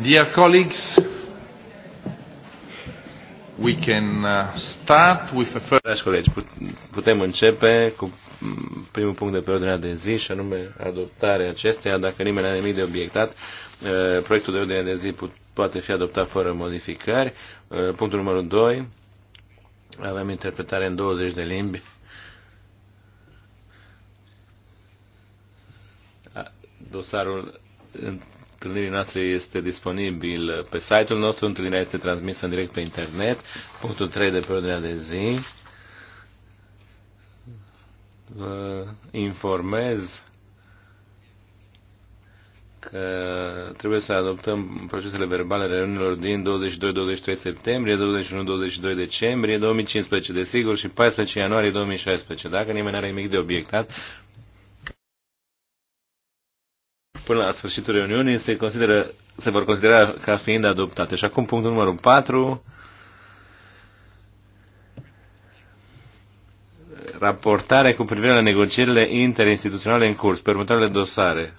Dear colleagues, we can uh, start with the first... Dragi colegi, putem începe cu mm, primul punct de pe ordinea de zi și anume adoptarea acesteia. Dacă nimeni nu are nimic de obiectat, uh, proiectul de ordine de zi poate fi adoptat fără modificări. Uh, punctul numărul 2, avem interpretare în 20 de limbi. Dosarul întâlnirii noastre este disponibil pe site-ul nostru, întâlnirea este transmisă în direct pe internet, punctul 3 de pe ordinea de zi. Vă informez că trebuie să adoptăm procesele verbale ale reuniunilor din 22-23 septembrie, 21-22 decembrie 2015, desigur, și 14 ianuarie 2016. Dacă nimeni nu are nimic de obiectat, până la sfârșitul reuniunii se, consideră, se vor considera ca fiind adoptate. Și acum punctul numărul 4. Raportare cu privire la negocierile interinstituționale în curs pe următoarele dosare.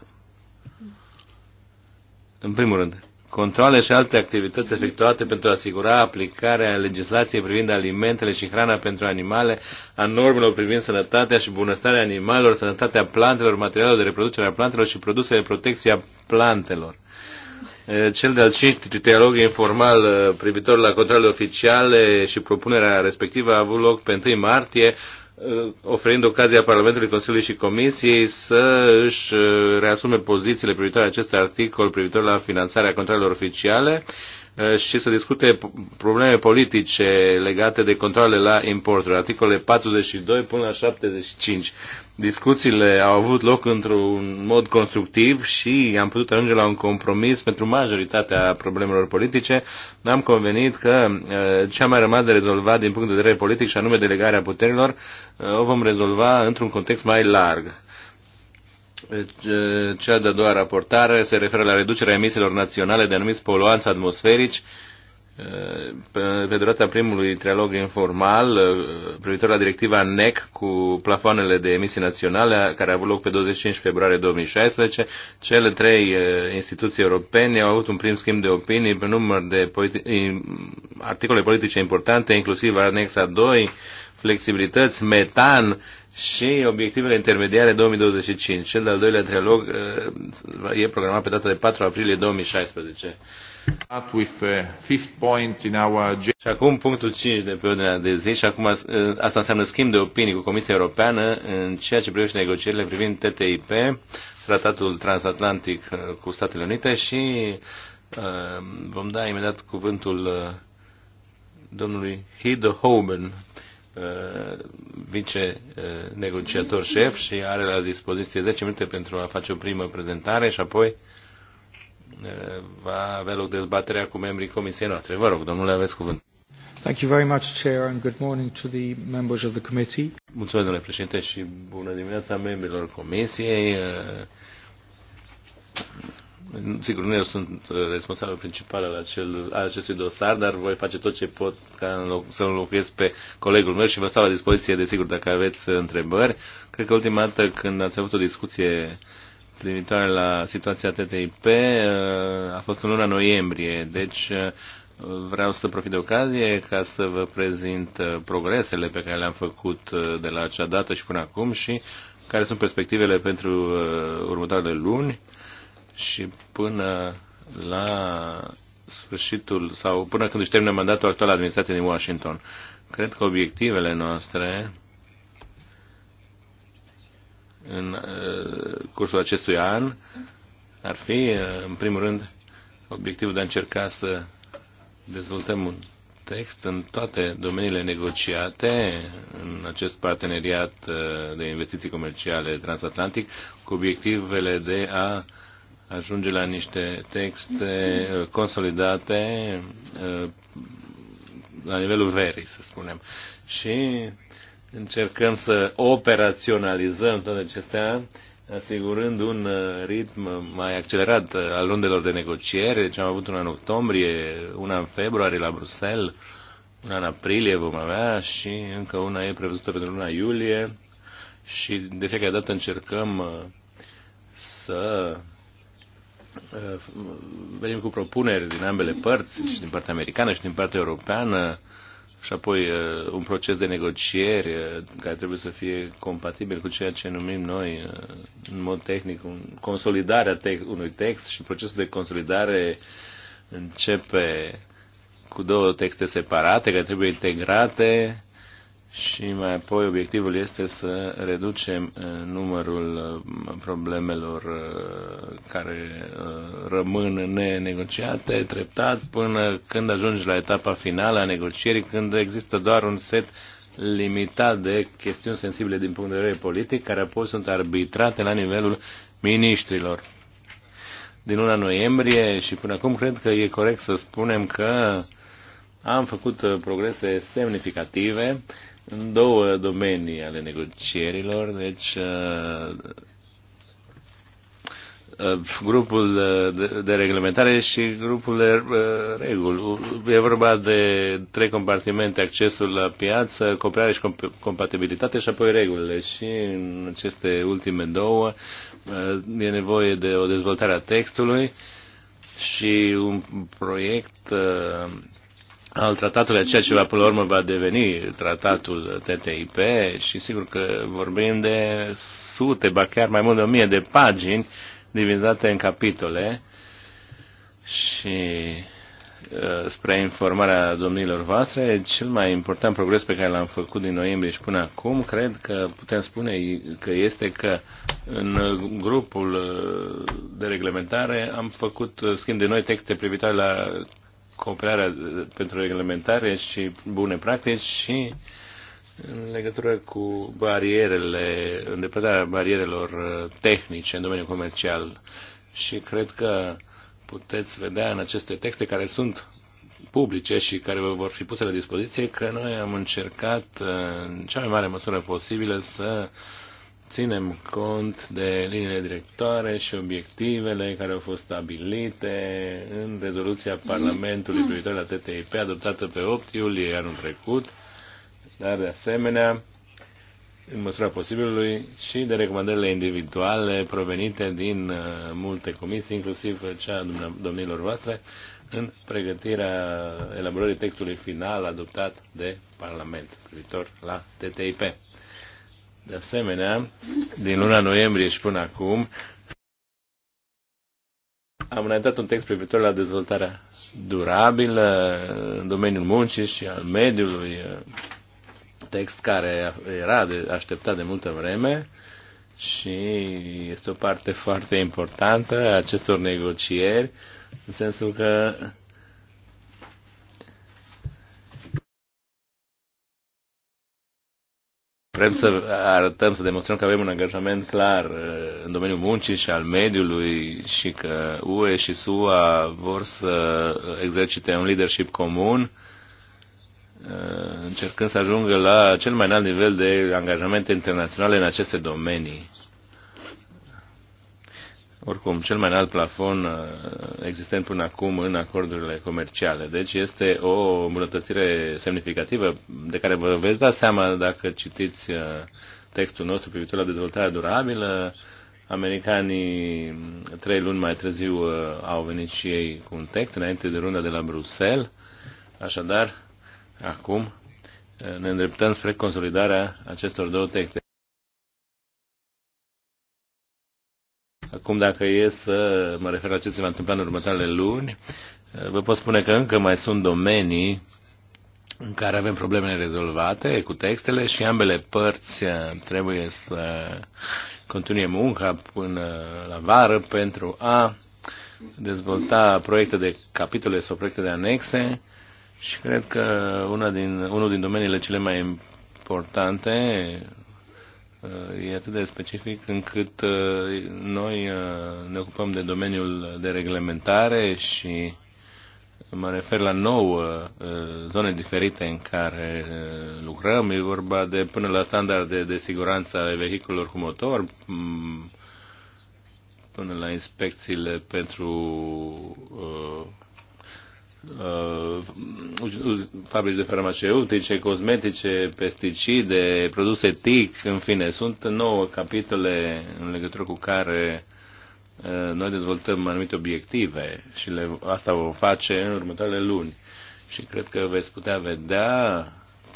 În primul rând, controle și alte activități efectuate pentru a asigura aplicarea legislației privind alimentele și hrana pentru animale, a normelor privind sănătatea și bunăstarea animalelor, sănătatea plantelor, materialul de reproducere a plantelor și produsele de protecție a plantelor. Cel de-al cincilea dialog informal privitor la controlele oficiale și propunerea respectivă a avut loc pe 1 martie Uh, oferind ocazia Parlamentului, Consiliului și Comisiei să își uh, reasume pozițiile privitoare la acest articol privitor la finanțarea controlelor oficiale și să discute probleme politice legate de controle la importuri, articole 42 până la 75. Discuțiile au avut loc într-un mod constructiv și am putut ajunge la un compromis pentru majoritatea problemelor politice. Am convenit că ce a mai rămas de rezolvat din punct de vedere politic și anume delegarea puterilor o vom rezolva într-un context mai larg deci, cea de-a doua raportare se referă la reducerea emisiilor naționale de anumiți poluanți atmosferici pe durata primului trialog informal privitor la directiva NEC cu plafoanele de emisii naționale care a avut loc pe 25 februarie 2016. Cele trei instituții europene au avut un prim schimb de opinii pe număr de politi- articole politice importante, inclusiv anexa 2, flexibilități, metan și obiectivele intermediare 2025. Cel de-al doilea trilog uh, e programat pe data de 4 aprilie 2016. With, fifth point in our... Și acum punctul 5 de pe ordinea de zi și acum uh, asta înseamnă schimb de opinii cu Comisia Europeană în ceea ce privește negocierile privind TTIP, Tratatul Transatlantic uh, cu Statele Unite și uh, vom da imediat cuvântul uh, domnului Hido Hoban Uh, vice-negociator uh, șef și are la dispoziție 10 minute pentru a face o primă prezentare și apoi uh, va avea loc dezbaterea cu membrii comisiei noastre. Vă rog, domnule, aveți cuvânt. Thank you very much, Chair, and good morning to the members of the committee. Mulțumesc, domnule președinte, și bună dimineața membrilor comisiei. Sigur, nu eu sunt uh, responsabil principal al, acel, al acestui dosar, dar voi face tot ce pot ca înloc, să înlocuiesc pe colegul meu și vă stau la dispoziție, desigur, dacă aveți uh, întrebări. Cred că ultima dată când ați avut o discuție privitoare la situația TTIP uh, a fost în luna noiembrie, deci vreau să profit de ocazie ca să vă prezint progresele pe care le-am făcut de la acea dată și până acum și care sunt perspectivele pentru următoarele luni și până la sfârșitul sau până când își termină mandatul actual administrației din Washington. Cred că obiectivele noastre în uh, cursul acestui an ar fi, uh, în primul rând, obiectivul de a încerca să dezvoltăm un text în toate domeniile negociate în acest parteneriat uh, de investiții comerciale transatlantic cu obiectivele de a uh, ajunge la niște texte mhm. uh, consolidate uh, la nivelul verii, să spunem. Și încercăm să operaționalizăm toate acestea, asigurând un uh, ritm mai accelerat al rundelor de negociere. Deci am avut una în octombrie, una în februarie la Bruxelles, una în aprilie vom avea și încă una e prevăzută pentru luna iulie și de fiecare dată încercăm să Uh, venim cu propuneri din ambele părți, și din partea americană și din partea europeană, și apoi uh, un proces de negocieri uh, care trebuie să fie compatibil cu ceea ce numim noi în mod tehnic consolidarea unui text și procesul de consolidare începe cu două texte separate care trebuie integrate și mai apoi obiectivul este să reducem uh, numărul uh, problemelor uh, care rămân nenegociate treptat până când ajungi la etapa finală a negocierii, când există doar un set limitat de chestiuni sensibile din punct de vedere politic, care apoi sunt arbitrate la nivelul miniștrilor. Din luna noiembrie și până acum cred că e corect să spunem că am făcut progrese semnificative în două domenii ale negocierilor, deci uh, uh, grupul de, de reglementare și grupul de uh, reguli. E vorba de trei compartimente, accesul la piață, comprare și comp compatibilitate și apoi regulile. Și în aceste ultime două uh, e nevoie de o dezvoltare a textului și un proiect uh, al tratatului, ceea ce va, până la urmă va deveni tratatul TTIP și sigur că vorbim de sute, ba chiar mai mult de o mie de pagini divizate în capitole și uh, spre informarea domnilor voastre, cel mai important progres pe care l-am făcut din noiembrie și până acum, cred că putem spune că este că în grupul uh, de reglementare am făcut uh, schimb de noi texte privitoare la cooperarea pentru reglementare și bune practici și în legătură cu barierele, îndepărtarea barierelor uh, tehnice în domeniul comercial. Și cred că puteți vedea în aceste texte care sunt publice și care vă vor fi puse la dispoziție că noi am încercat uh, în cea mai mare măsură posibilă să uh, ținem cont de liniile directoare și obiectivele care au fost stabilite în rezoluția Parlamentului privitor la TTIP adoptată pe 8 iulie anul trecut, dar de asemenea, în măsura posibilului, și de recomandările individuale provenite din uh, multe comisii, inclusiv cea a domnilor voastre, în pregătirea elaborării textului final adoptat de Parlament privitor la TTIP. De asemenea, din luna noiembrie și până acum, am înaintat un text privitor la dezvoltarea durabilă în domeniul muncii și al mediului, text care era de, așteptat de multă vreme și este o parte foarte importantă a acestor negocieri, în sensul că Vrem să arătăm, să demonstrăm că avem un angajament clar uh, în domeniul muncii și al mediului și că UE și SUA vor să exercite un leadership comun uh, încercând să ajungă la cel mai înalt nivel de angajamente internaționale în aceste domenii oricum, cel mai înalt plafon uh, existent până acum în acordurile comerciale. Deci este o îmbunătățire semnificativă de care vă veți da seama dacă citiți uh, textul nostru privitor la dezvoltarea durabilă. Americanii trei luni mai târziu uh, au venit și ei cu un text înainte de runda de la Bruxelles. Așadar, acum ne îndreptăm spre consolidarea acestor două texte. Acum, dacă e să mă refer la ce se va întâmpla în următoarele luni, vă pot spune că încă mai sunt domenii în care avem probleme rezolvate cu textele și ambele părți uh, trebuie să continue munca până la vară pentru a dezvolta proiecte de capitole sau proiecte de anexe și cred că una din, unul din domeniile cele mai importante Uh, e atât de specific încât uh, noi uh, ne ocupăm de domeniul de reglementare și mă refer la nouă zone diferite în care lucrăm. E vorba de până la standarde de siguranță ale vehiculelor cu motor, până la inspecțiile pentru uh, fabrici de farmaceutice, cosmetice, pesticide, produse TIC, în fine, sunt nouă capitole în legătură cu care uh, noi dezvoltăm anumite obiective și le, asta vom face în următoarele luni. Și cred că veți putea vedea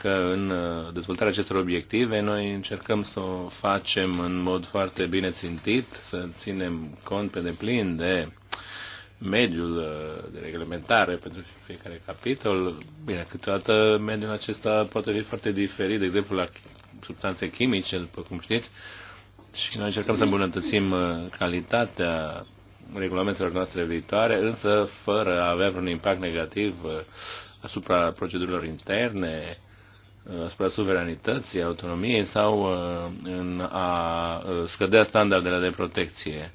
că în uh, dezvoltarea acestor obiective noi încercăm să o facem în mod foarte bine țintit, să ținem cont pe deplin de uh, mediul uh, de reglementare pentru fiecare capitol. Bine, câteodată mediul acesta poate fi foarte diferit, de exemplu la substanțe chimice, după cum știți, și noi încercăm să îmbunătățim uh, calitatea regulamentelor noastre viitoare, însă fără a avea un impact negativ uh, asupra procedurilor interne, asupra suveranității, autonomiei sau în a scădea standardele de protecție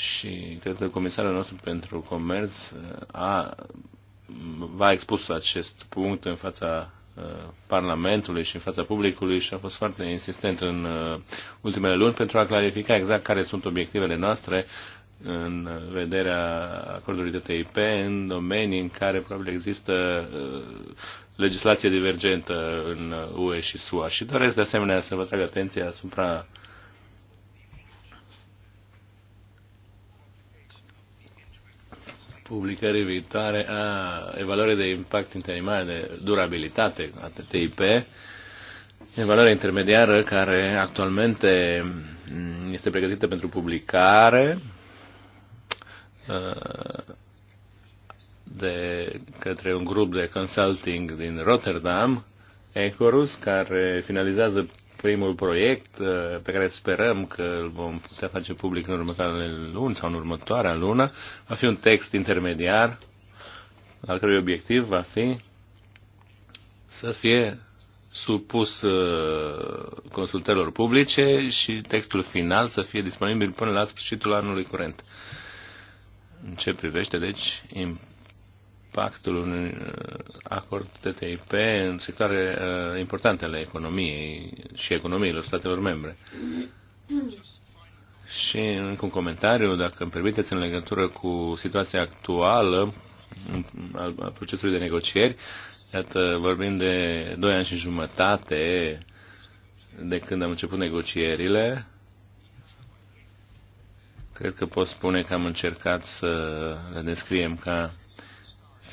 și cred că comisarul nostru pentru comerț uh, a, v-a expus acest punct în fața uh, Parlamentului și în fața publicului și a fost foarte insistent în uh, ultimele luni pentru a clarifica exact care sunt obiectivele noastre în vederea acordului de TIP în domenii în care probabil există legislație divergentă în UE și SUA. Și doresc de asemenea să vă trag atenția asupra publicării viitoare a evaluării de impact interimare de durabilitate a TTIP, evaluarea intermediară care actualmente mm, este pregătită pentru publicare uh, de către un grup de consulting din Rotterdam, Ecorus, care finalizează primul proiect uh, pe care sperăm că îl vom putea face public în următoarele luni sau în următoarea lună. Va fi un text intermediar al cărui obiectiv va fi să fie supus uh, consultărilor publice și textul final să fie disponibil până la sfârșitul anului curent. În ce privește, deci, impactul unui uh, acord TTIP în sectoare uh, importante ale economiei și economiilor statelor membre. Și încă un comentariu, dacă îmi permiteți, în legătură cu situația actuală a procesului de negocieri. Iată, vorbim de doi ani și jumătate de când am început negocierile. Cred că pot spune că am încercat să le descriem ca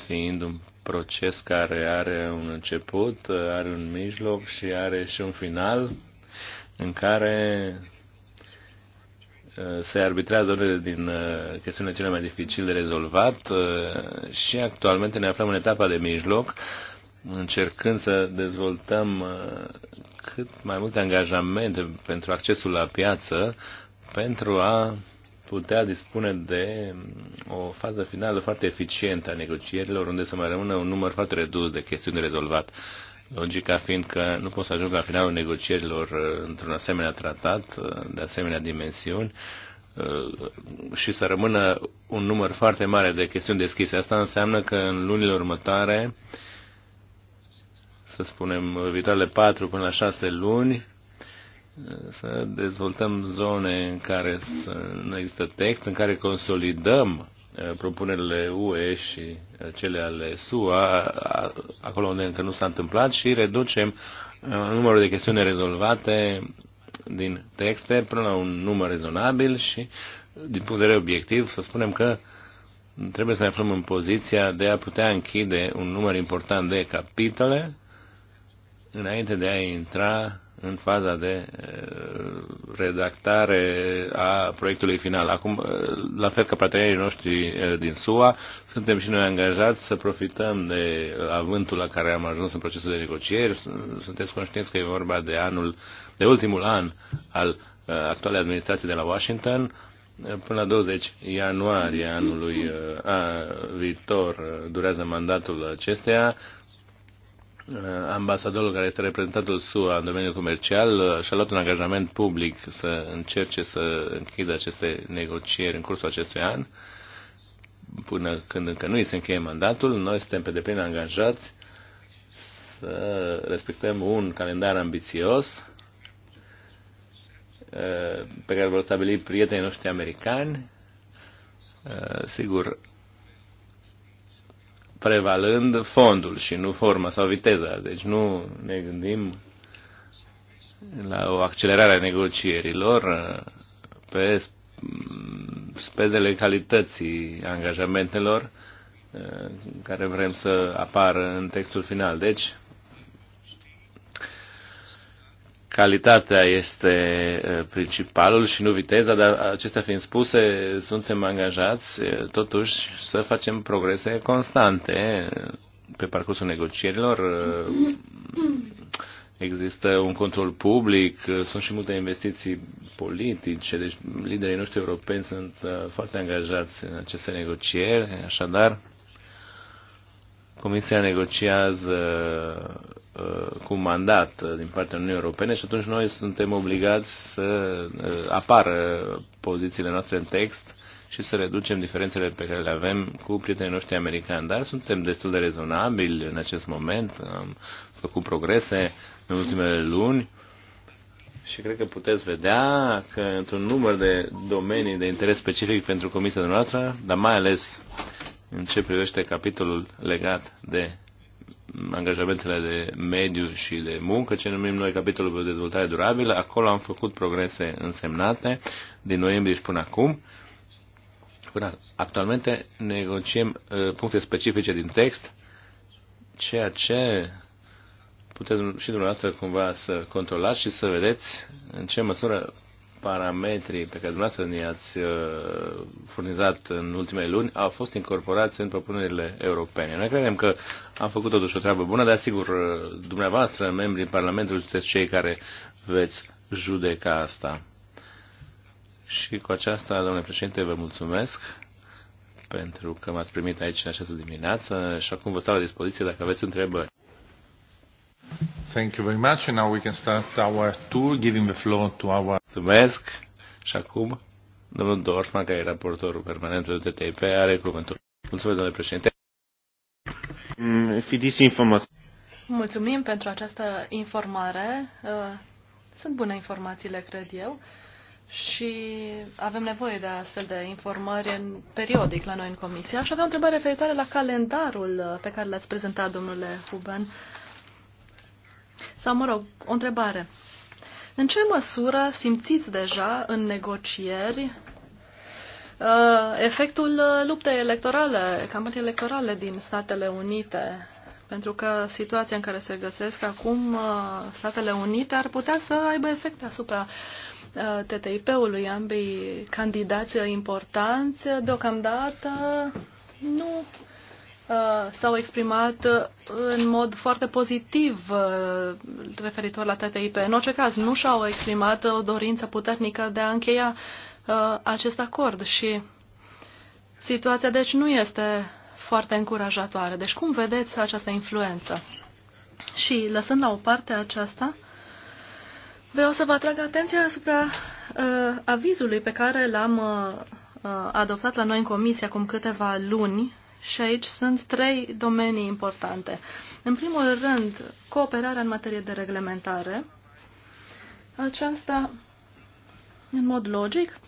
fiind un proces care are un început, are un mijloc și are și un final în care uh, se arbitrează unele din uh, chestiunile cele mai dificil de rezolvat uh, și actualmente ne aflăm în etapa de mijloc, încercând să dezvoltăm cât mai multe angajamente pentru accesul la piață, pentru a putea dispune de mm, o fază finală foarte eficientă a negocierilor, unde să mai rămână un număr foarte redus de chestiuni rezolvat. Logica fiind că nu poți să ajungi la finalul negocierilor uh, într-un asemenea tratat, uh, de asemenea dimensiuni, uh, și să rămână un număr foarte mare de chestiuni deschise. Asta înseamnă că în lunile următoare, să spunem, viitoarele 4 până la 6 luni, să dezvoltăm zone în care să, nu există text, în care consolidăm uh, propunerile UE și uh, cele ale SUA, acolo unde încă nu s-a întâmplat, și reducem uh, numărul de chestiuni rezolvate din texte până la un număr rezonabil și, din punct de vedere obiectiv, să spunem că trebuie să ne aflăm în poziția de a putea închide un număr important de capitole înainte de a intra în faza de eh, redactare a proiectului final. Acum, eh, la fel ca partenerii noștri eh, din SUA, suntem și noi angajați să profităm de avântul la care am ajuns în procesul de negocieri. Sunteți conștienți că e vorba de anul, de ultimul an al actualei administrații de la Washington, până la 20 ianuarie anului a, viitor durează mandatul acesteia. Eh, ambasadorul care este reprezentantul SUA în domeniul comercial eh, și-a luat un angajament public să încerce să închidă aceste negocieri în cursul acestui an, până când încă nu îi se încheie mandatul. Noi suntem pe deplin angajați să respectăm un calendar ambițios eh, pe care vor stabili prietenii noștri americani. Sigur, prevalând fondul și nu forma sau viteza. Deci nu ne gândim la o accelerare a negocierilor uh, pe mm, spedele calității angajamentelor uh, care vrem să apară în textul final. Deci, calitatea este principalul și nu viteza, dar acestea fiind spuse, suntem angajați totuși să facem progrese constante pe parcursul negocierilor. Există un control public, sunt și multe investiții politice, deci liderii noștri europeni sunt foarte angajați în aceste negocieri, așadar Comisia negociază uh, cu mandat uh, din partea Uniunii Europene și atunci noi suntem obligați să uh, apară pozițiile noastre în text și să reducem diferențele pe care le avem cu prietenii noștri americani. Dar suntem destul de rezonabili în acest moment, am făcut progrese în ultimele luni și cred că puteți vedea că într-un număr de domenii de interes specific pentru comisia noastră, dar mai ales în ce privește capitolul legat de angajamentele de mediu și de muncă, ce numim noi capitolul de dezvoltare durabilă. Acolo am făcut progrese însemnate din noiembrie și până acum. Până actualmente negociem uh, puncte specifice din text, ceea ce puteți și dumneavoastră cumva să controlați și să vedeți în ce măsură parametrii pe care dumneavoastră ne-ați uh, furnizat în ultimele luni au fost incorporați în propunerile europene. Noi credem că am făcut totuși o treabă bună, dar sigur, uh, dumneavoastră, membrii Parlamentului, sunteți cei care veți judeca asta. Și cu aceasta, domnule președinte, vă mulțumesc pentru că m-ați primit aici în această dimineață și acum vă stau la dispoziție dacă aveți întrebări. Thank you very much. And now we can start our tour, giving the floor to our... Mulțumesc. Și acum, domnul Dorfman, care e raportorul permanent de TTIP, are cuvântul. Mulțumesc, domnule președinte. Mm, informații. Mulțumim pentru această informare. Uh, sunt bune informațiile, cred eu, și avem nevoie de astfel de informări în, periodic la noi în comisie. Aș avea o întrebare referitoare la calendarul uh, pe care l-ați prezentat, domnule Huben. Sau, mă rog, o întrebare. În ce măsură simțiți deja în negocieri uh, efectul uh, luptei electorale, campanii electorale din Statele Unite? Pentru că situația în care se găsesc acum uh, Statele Unite ar putea să aibă efecte asupra TTIP-ului. Ambii candidați importanți deocamdată nu Uh, s-au exprimat uh, în mod foarte pozitiv uh, referitor la TTIP. În orice caz, nu și-au exprimat o dorință puternică de a încheia acest acord și situația deci nu este foarte încurajatoare. Deci cum vedeți această influență? Și lăsând la o parte aceasta, vreau să vă atrag atenția asupra uh, avizului pe care l-am uh, adoptat la noi în comisie acum câteva luni și aici sunt trei domenii importante. În primul rând, cooperarea în materie de reglementare. Aceasta, în mod logic,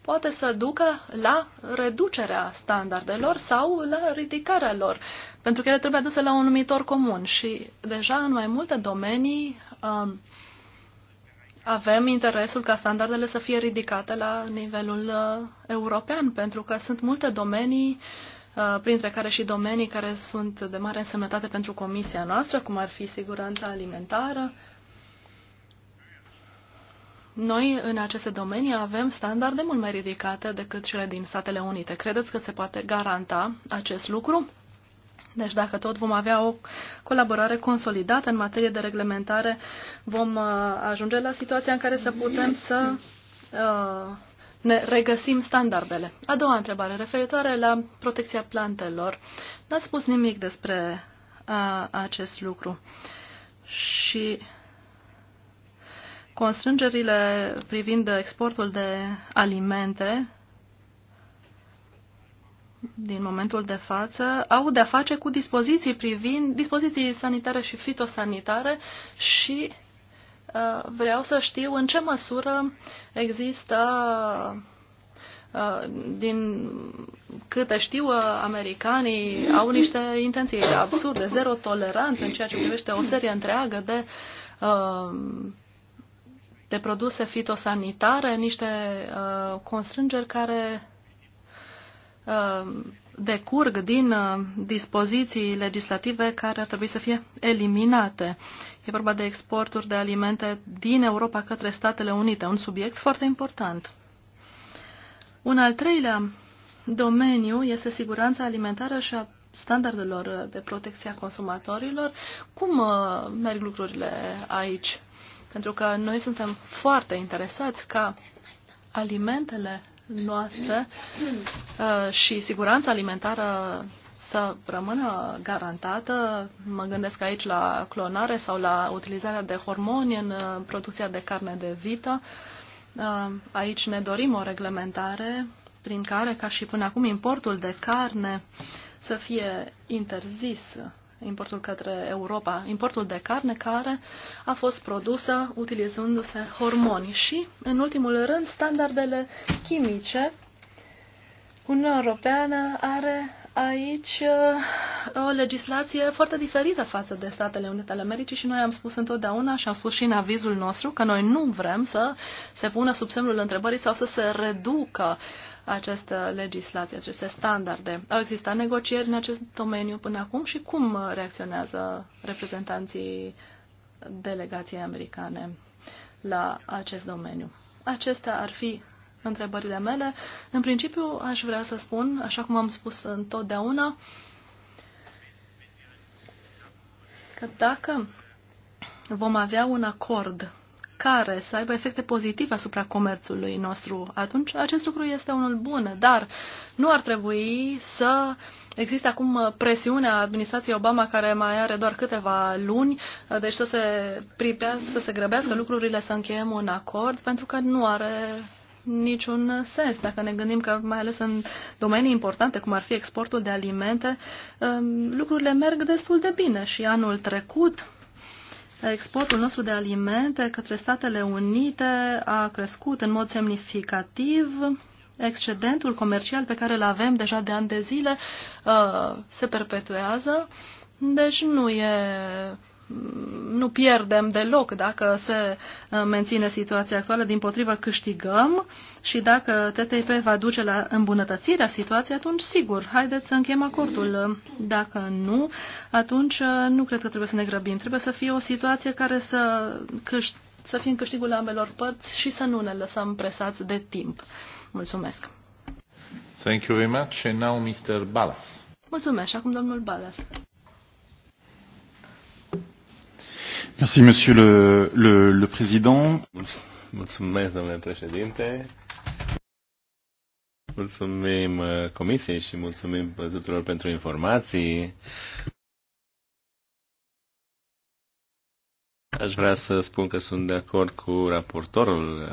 poate să ducă la reducerea standardelor sau la ridicarea lor, pentru că ele trebuie aduse la un numitor comun și deja în mai multe domenii um, avem interesul ca standardele să fie ridicate la nivelul uh, european, pentru că sunt multe domenii uh, Uh, printre care și domenii care sunt de mare însemnătate pentru comisia noastră, cum ar fi siguranța alimentară. Noi, în aceste domenii, avem standarde mult mai ridicate decât cele din Statele Unite. Credeți că se poate garanta acest lucru? Deci dacă tot vom avea o colaborare consolidată în materie de reglementare, vom uh, ajunge la situația în care să putem să uh, ne regăsim standardele. A doua întrebare, referitoare la protecția plantelor. N-ați spus nimic despre a, acest lucru. Și constrângerile privind exportul de alimente din momentul de față au de-a face cu dispoziții privind dispoziții sanitare și fitosanitare și Uh, vreau să știu în ce măsură există uh, din câte știu, uh, americanii au niște intenții absurde, zero toleranță în ceea ce privește o serie întreagă de, de produse fitosanitare, niște constrângeri care decurg din uh, dispoziții legislative care ar trebui să fie eliminate. E vorba de exporturi de alimente din Europa către Statele Unite, un subiect foarte important. Un al treilea domeniu este siguranța alimentară și a standardelor de protecție a consumatorilor. Cum uh, merg lucrurile aici? Pentru că noi suntem foarte interesați ca alimentele noastre uh, și siguranța alimentară să rămână garantată. Mă gândesc aici la clonare sau la utilizarea de hormoni în uh, producția de carne de vită. Uh, aici ne dorim o reglementare prin care, ca și până acum, importul de carne să fie interzis importul către Europa, importul de carne care a fost produsă utilizându-se hormoni și, în ultimul rând, standardele chimice. Uniunea Europeană are aici uh, o legislație foarte diferită față de Statele Unite ale Americii și noi am spus întotdeauna și am spus și în avizul nostru că noi nu vrem să se pună sub semnul întrebării sau să se reducă această legislație, aceste standarde. Au existat negocieri în acest domeniu până acum și cum reacționează reprezentanții delegației americane la acest domeniu? Acestea ar fi întrebările mele. În principiu, aș vrea să spun, așa cum am spus întotdeauna, că dacă vom avea un acord care să aibă efecte pozitive asupra comerțului nostru, atunci acest lucru este unul bun, dar nu ar trebui să există acum presiunea administrației Obama care mai are doar câteva luni, deci să se pripească, să se grăbească lucrurile, să încheiem un acord, pentru că nu are niciun sens. Dacă ne gândim că, mai ales în domenii importante, cum ar fi exportul de alimente, um, lucrurile merg destul de bine și anul trecut Exportul nostru de alimente către Statele Unite a crescut în mod semnificativ. Excedentul comercial pe care îl avem deja de ani de zile uh, se perpetuează. Deci nu e nu pierdem deloc dacă se uh, menține situația actuală, din potrivă câștigăm și dacă TTIP va duce la îmbunătățirea situației, atunci sigur, haideți să încheiem acordul. Dacă nu, atunci uh, nu cred că trebuie să ne grăbim. Trebuie să fie o situație care să, câșt, să fie în câștigul ambelor părți și să nu ne lăsăm presați de timp. Mulțumesc! Thank you very much. And now Mr. Balas. Mulțumesc. Acum domnul Balas. Merci, monsieur le, le, le président. Mulțumesc, domnule președinte. Mulțumim uh, comisiei și mulțumim tuturor pentru informații. Aș vrea să spun că sunt de acord cu raportorul uh,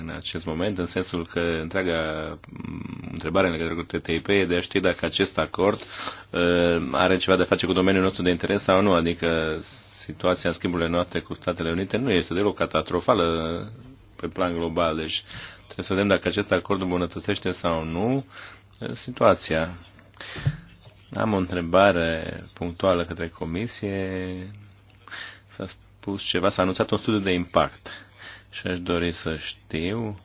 în acest moment, în sensul că întreaga mm, întrebare în legătură cu TTIP e de a ști dacă acest acord uh, are ceva de a face cu domeniul nostru de interes sau nu, adică situația în schimburile noastre cu Statele Unite nu este deloc catastrofală pe plan global. Deci trebuie să vedem dacă acest acord îmbunătățește sau nu situația. Am o întrebare punctuală către comisie. S-a spus ceva, s-a anunțat un studiu de impact și aș dori să știu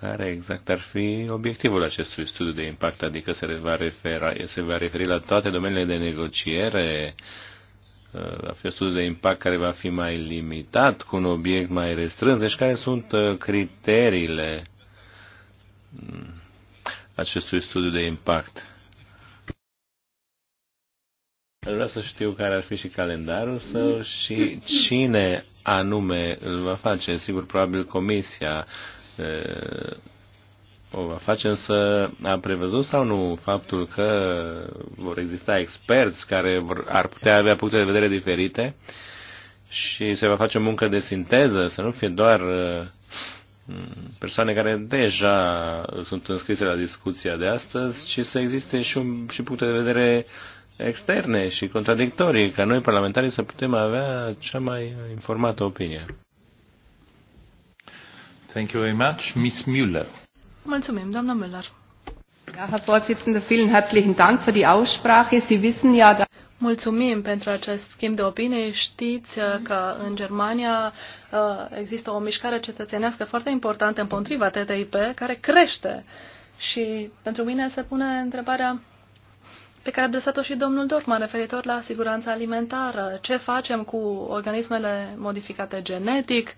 care exact ar fi obiectivul acestui studiu de impact, adică se va referi, se va referi la toate domeniile de negociere, la fi un studiu de impact care va fi mai limitat, cu un obiect mai restrâns. Deci care sunt uh, criteriile mm, acestui studiu de impact? Vreau să știu care ar fi și calendarul său și cine anume îl va face. Sigur, probabil comisia uh, o va face, însă a prevăzut sau nu faptul că vor exista experți care vor, ar putea avea puncte de vedere diferite și se va face o muncă de sinteză, să nu fie doar uh, persoane care deja sunt înscrise la discuția de astăzi, ci să existe și, un, și puncte de vedere externe și contradictorii, ca noi parlamentarii să putem avea cea mai informată opinie. Thank you very much. Miss Müller. Mulțumim, doamna Müller. Ja, Herr Vorsitzender, vielen herzlichen Dank für die Aussprache. Sie wissen ja, dass Mulțumim pentru acest schimb de opinie. Știți uh, că în Germania uh, există o mișcare cetățenească foarte importantă împotriva TTIP, care crește. Și pentru mine se pune întrebarea pe care a adresat-o și domnul Dorfman referitor la siguranța alimentară. Ce facem cu organismele modificate genetic,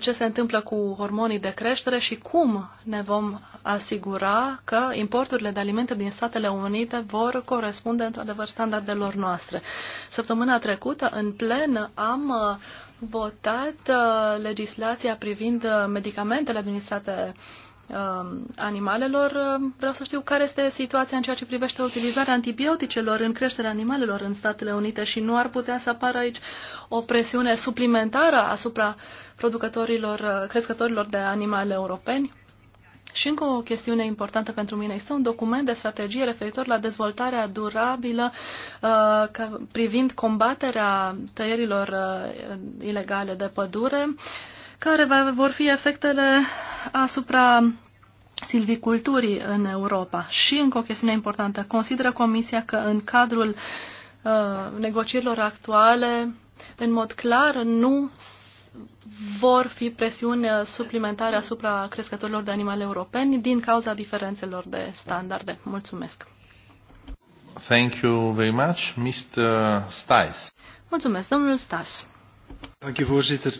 ce se întâmplă cu hormonii de creștere și cum ne vom asigura că importurile de alimente din Statele Unite vor corespunde într-adevăr standardelor noastre. Săptămâna trecută, în plen, am uh, votat uh, legislația privind uh, medicamentele administrate uh, Um, animalelor. Um, vreau să știu care este situația în ceea ce privește utilizarea antibioticelor în creșterea animalelor în Statele Unite și nu ar putea să apară aici o presiune suplimentară asupra producătorilor, uh, crescătorilor de animale europeni. Și încă o chestiune importantă pentru mine. Este un document de strategie referitor la dezvoltarea durabilă uh, privind combaterea tăierilor uh, ilegale de pădure. Uh, care va, vor fi efectele asupra silviculturii în Europa. Și încă o chestiune importantă. Consideră Comisia că în cadrul uh, negocierilor actuale, în mod clar, nu vor fi presiuni suplimentare asupra crescătorilor de animale europeni din cauza diferențelor de standarde. Mulțumesc. Thank you very much, Mr. Stais. Mulțumesc, domnul Stas. Thank you, voorzitter.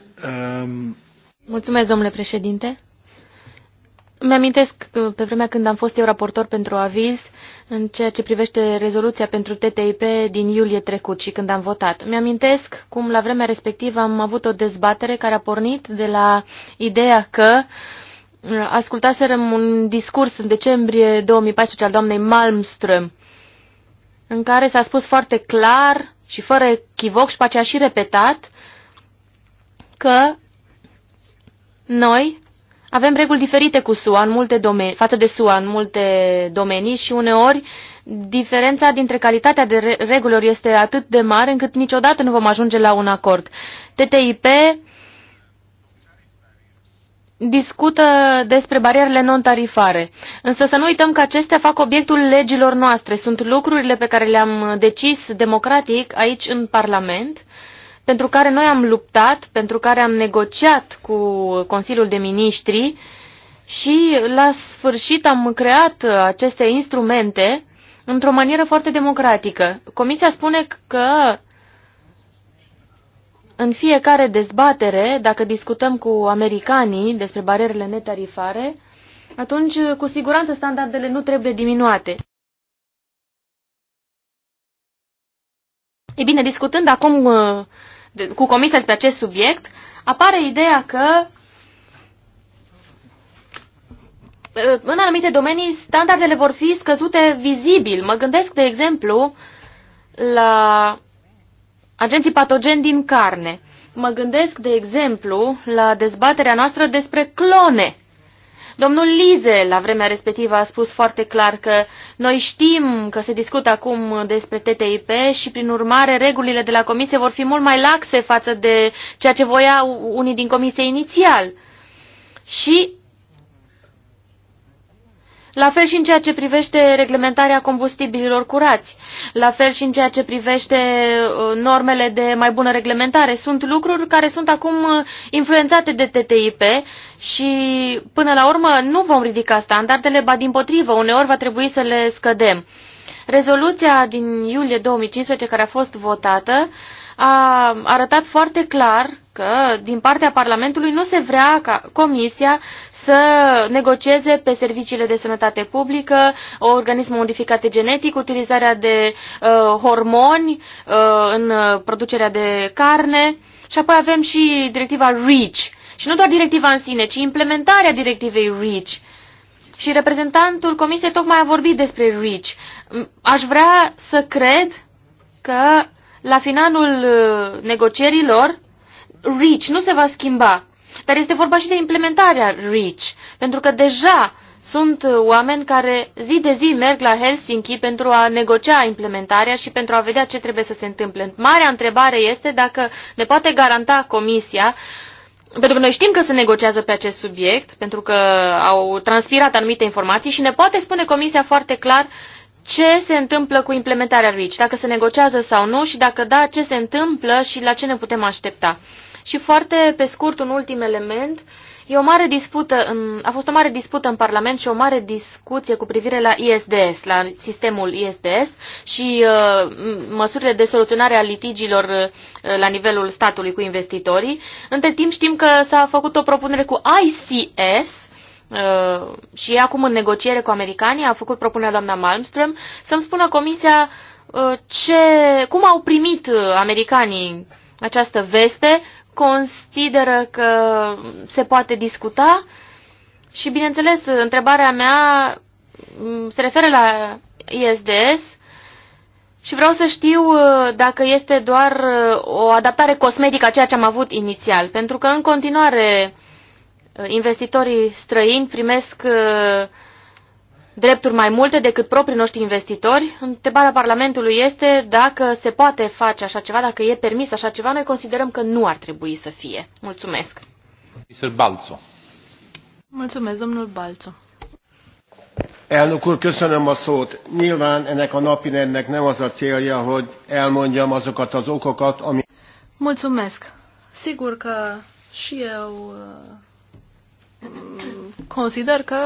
Um, Mulțumesc, domnule președinte. Mi-amintesc pe vremea când am fost eu raportor pentru aviz în ceea ce privește rezoluția pentru TTIP din iulie trecut și când am votat. Mi-amintesc cum la vremea respectivă am avut o dezbatere care a pornit de la ideea că uh, ascultaserăm un discurs în decembrie 2014 al doamnei Malmström în care s-a spus foarte clar și fără echivoc și pe aceea și repetat că noi avem reguli diferite cu SUA în multe domenii, față de SUA în multe domenii și uneori diferența dintre calitatea de re regulilor este atât de mare încât niciodată nu vom ajunge la un acord. TTIP discută despre barierele non-tarifare. Însă să nu uităm că acestea fac obiectul legilor noastre. Sunt lucrurile pe care le-am decis democratic aici în Parlament pentru care noi am luptat, pentru care am negociat cu Consiliul de Ministri și la sfârșit am creat aceste instrumente într-o manieră foarte democratică. Comisia spune că în fiecare dezbatere, dacă discutăm cu americanii despre barierele netarifare, atunci cu siguranță standardele nu trebuie diminuate. E bine, discutând acum uh, cu comisia despre acest subiect, apare ideea că ă, în anumite domenii standardele vor fi scăzute vizibil. Mă gândesc, de exemplu, la agenții patogeni din carne. Mă gândesc, de exemplu, la dezbaterea noastră despre clone. Domnul Lize, la vremea respectivă, a spus foarte clar că noi știm că se discută acum despre TTIP și, prin urmare, regulile de la Comisie vor fi mult mai laxe față de ceea ce voia unii din Comisie inițial. Și la fel și în ceea ce privește reglementarea combustibililor curați, la fel și în ceea ce privește uh, normele de mai bună reglementare. Sunt lucruri care sunt acum uh, influențate de TTIP și până la urmă nu vom ridica standardele, ba din potrivă, uneori va trebui să le scădem. Rezoluția din iulie 2015 care a fost votată uh, a arătat foarte clar că din partea Parlamentului nu se vrea ca Comisia să negocieze pe serviciile de sănătate publică, organisme modificate genetic, utilizarea de uh, hormoni uh, în producerea de carne și apoi avem și directiva REACH. Și nu doar directiva în sine, ci implementarea directivei REACH. Și reprezentantul Comisiei tocmai a vorbit despre REACH. Aș vrea să cred că la finalul uh, negocierilor, REACH nu se va schimba. Dar este vorba și de implementarea REACH, pentru că deja sunt uh, oameni care zi de zi merg la Helsinki pentru a negocia implementarea și pentru a vedea ce trebuie să se întâmple. Marea întrebare este dacă ne poate garanta Comisia, pentru că noi știm că se negociază pe acest subiect, pentru că au transpirat anumite informații și ne poate spune Comisia foarte clar uh, ce se întâmplă cu implementarea RICI, dacă se negociază sau nu și dacă da, ce se întâmplă și la ce ne putem aștepta. Și foarte pe scurt, un ultim element, e o mare dispută în, a fost o mare dispută în Parlament și o mare discuție cu privire la ISDS, la sistemul ISDS și uh, măsurile de soluționare a litigiilor uh, la nivelul statului cu investitorii. Între timp știm că s-a făcut o propunere cu ICS, Uh, și e acum în negociere cu americanii, a făcut propunerea doamna Malmström, să-mi spună comisia uh, ce, cum au primit uh, americanii această veste, consideră că se poate discuta și, bineînțeles, întrebarea mea mm, se referă la ISDS și vreau să știu dacă este doar o adaptare cosmetică a ceea ce am avut inițial, pentru că în continuare Uh, investitorii străini primesc uh, drepturi mai multe decât proprii noștri investitori. Întrebarea Parlamentului este dacă se poate face așa ceva, dacă e permis așa ceva. Noi considerăm că nu ar trebui să fie. Mulțumesc. Balțu. Mulțumesc, domnul Balțu. Elnök úr, köszönöm a szót. Nyilván ennek a napirendnek nem az a célja, hogy elmondjam azokat az okokat, ami... Mulțumesc. Sigur că și eu consider că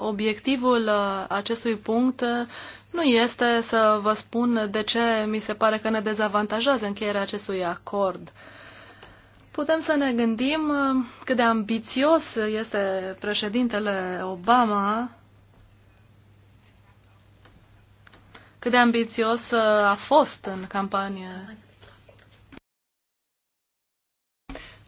obiectivul uh, acestui punct uh, nu este să vă spun de ce mi se pare că ne dezavantajează încheierea acestui acord. Putem să ne gândim uh, cât de ambițios este președintele Obama, cât de ambițios a fost în campanie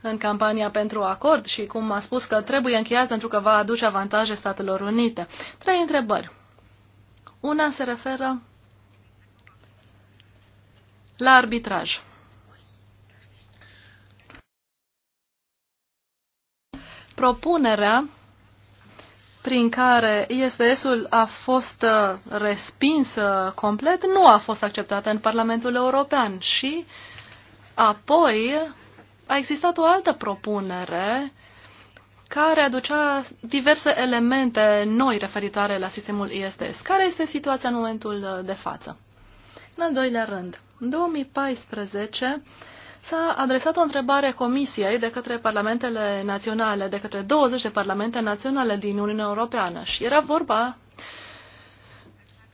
în campania pentru acord și cum a spus că trebuie încheiat pentru că va aduce avantaje Statelor Unite. Trei întrebări. Una se referă la arbitraj. Propunerea prin care ISDS-ul a fost uh, respins uh, complet nu a fost acceptată în Parlamentul European și apoi a existat o altă propunere care aducea diverse elemente noi referitoare la sistemul ISDS. Care este situația în momentul uh, de față? În al doilea rând, în 2014 s-a adresat o întrebare Comisiei de către parlamentele naționale, de către 20 de parlamente naționale din Uniunea Europeană și era vorba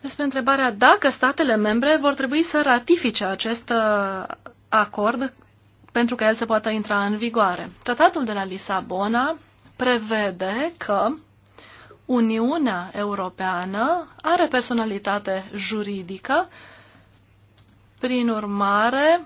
despre întrebarea dacă statele membre vor trebui să ratifice acest uh, acord pentru că el se poată intra în vigoare. Tratatul de la Lisabona prevede că Uniunea Europeană are personalitate juridică, prin urmare,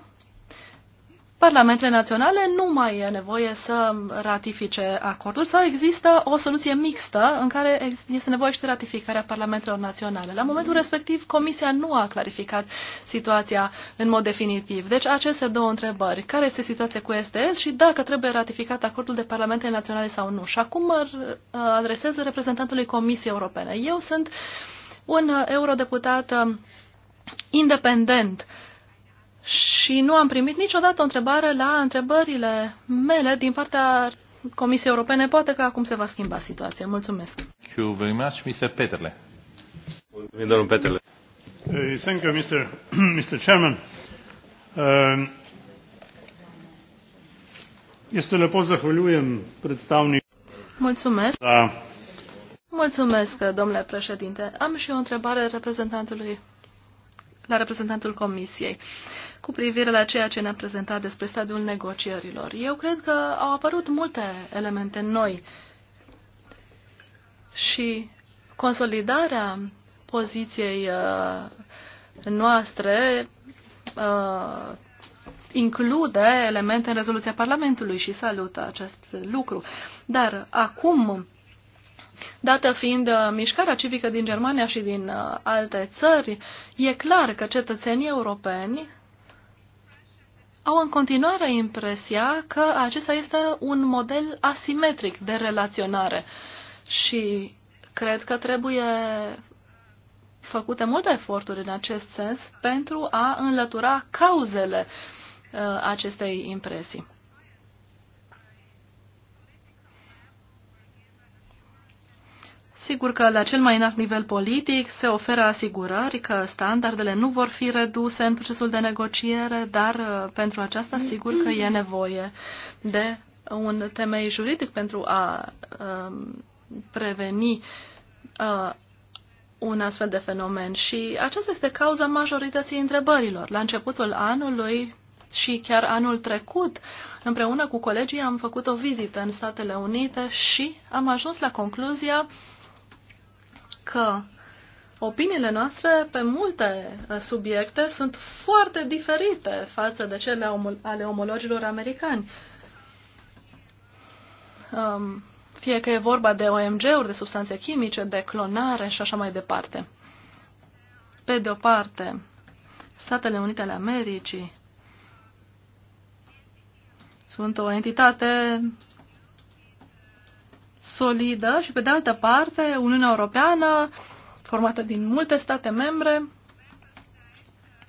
Parlamentele naționale nu mai e nevoie să ratifice acordul sau există o soluție mixtă în care este nevoie și de ratificarea Parlamentelor naționale. La momentul respectiv, Comisia nu a clarificat situația în mod definitiv. Deci aceste două întrebări, care este situația cu STS și dacă trebuie ratificat acordul de Parlamentele naționale sau nu. Și acum mă adresez reprezentantului Comisiei Europene. Eu sunt un eurodeputat um, independent uh, și nu am primit niciodată o întrebare la întrebările mele din partea Comisiei Europene. Poate că acum se va schimba situația. Mulțumesc. Thank you very much, Mr. Petrele. Mulțumim, domnul Petrele. Eh, thank you, Mr. Mr. Chairman. Eh, este se lepo zahvaljujem predstavniku. Mulțumesc. Da. Mulțumesc, domnule președinte. Am și o întrebare reprezentantului la reprezentantul Comisiei cu privire la ceea ce ne-a prezentat despre stadiul negocierilor. Eu cred că au apărut multe elemente noi și consolidarea poziției uh, noastre uh, include elemente în rezoluția Parlamentului și salută acest lucru. Dar acum Dată fiind uh, mișcarea civică din Germania și din uh, alte țări, e clar că cetățenii europeni au în continuare impresia că acesta este un model asimetric de relaționare și cred că trebuie făcute multe eforturi în acest sens pentru a înlătura cauzele uh, acestei impresii. Sigur că la cel mai înalt nivel politic se oferă asigurări că standardele nu vor fi reduse în procesul de negociere, dar uh, pentru aceasta sigur că e nevoie de un temei juridic pentru a um, preveni uh, un astfel de fenomen. Și aceasta este cauza majorității întrebărilor. La începutul anului și chiar anul trecut, împreună cu colegii, am făcut o vizită în Statele Unite și am ajuns la concluzia că opiniile noastre pe multe uh, subiecte sunt foarte diferite față de cele ale omologilor americani. Um, fie că e vorba de OMG-uri, de substanțe chimice, de clonare și așa mai departe. Pe de o parte, Statele Unite ale Americii sunt o entitate solidă și, pe de altă parte, Uniunea Europeană, formată din multe state membre,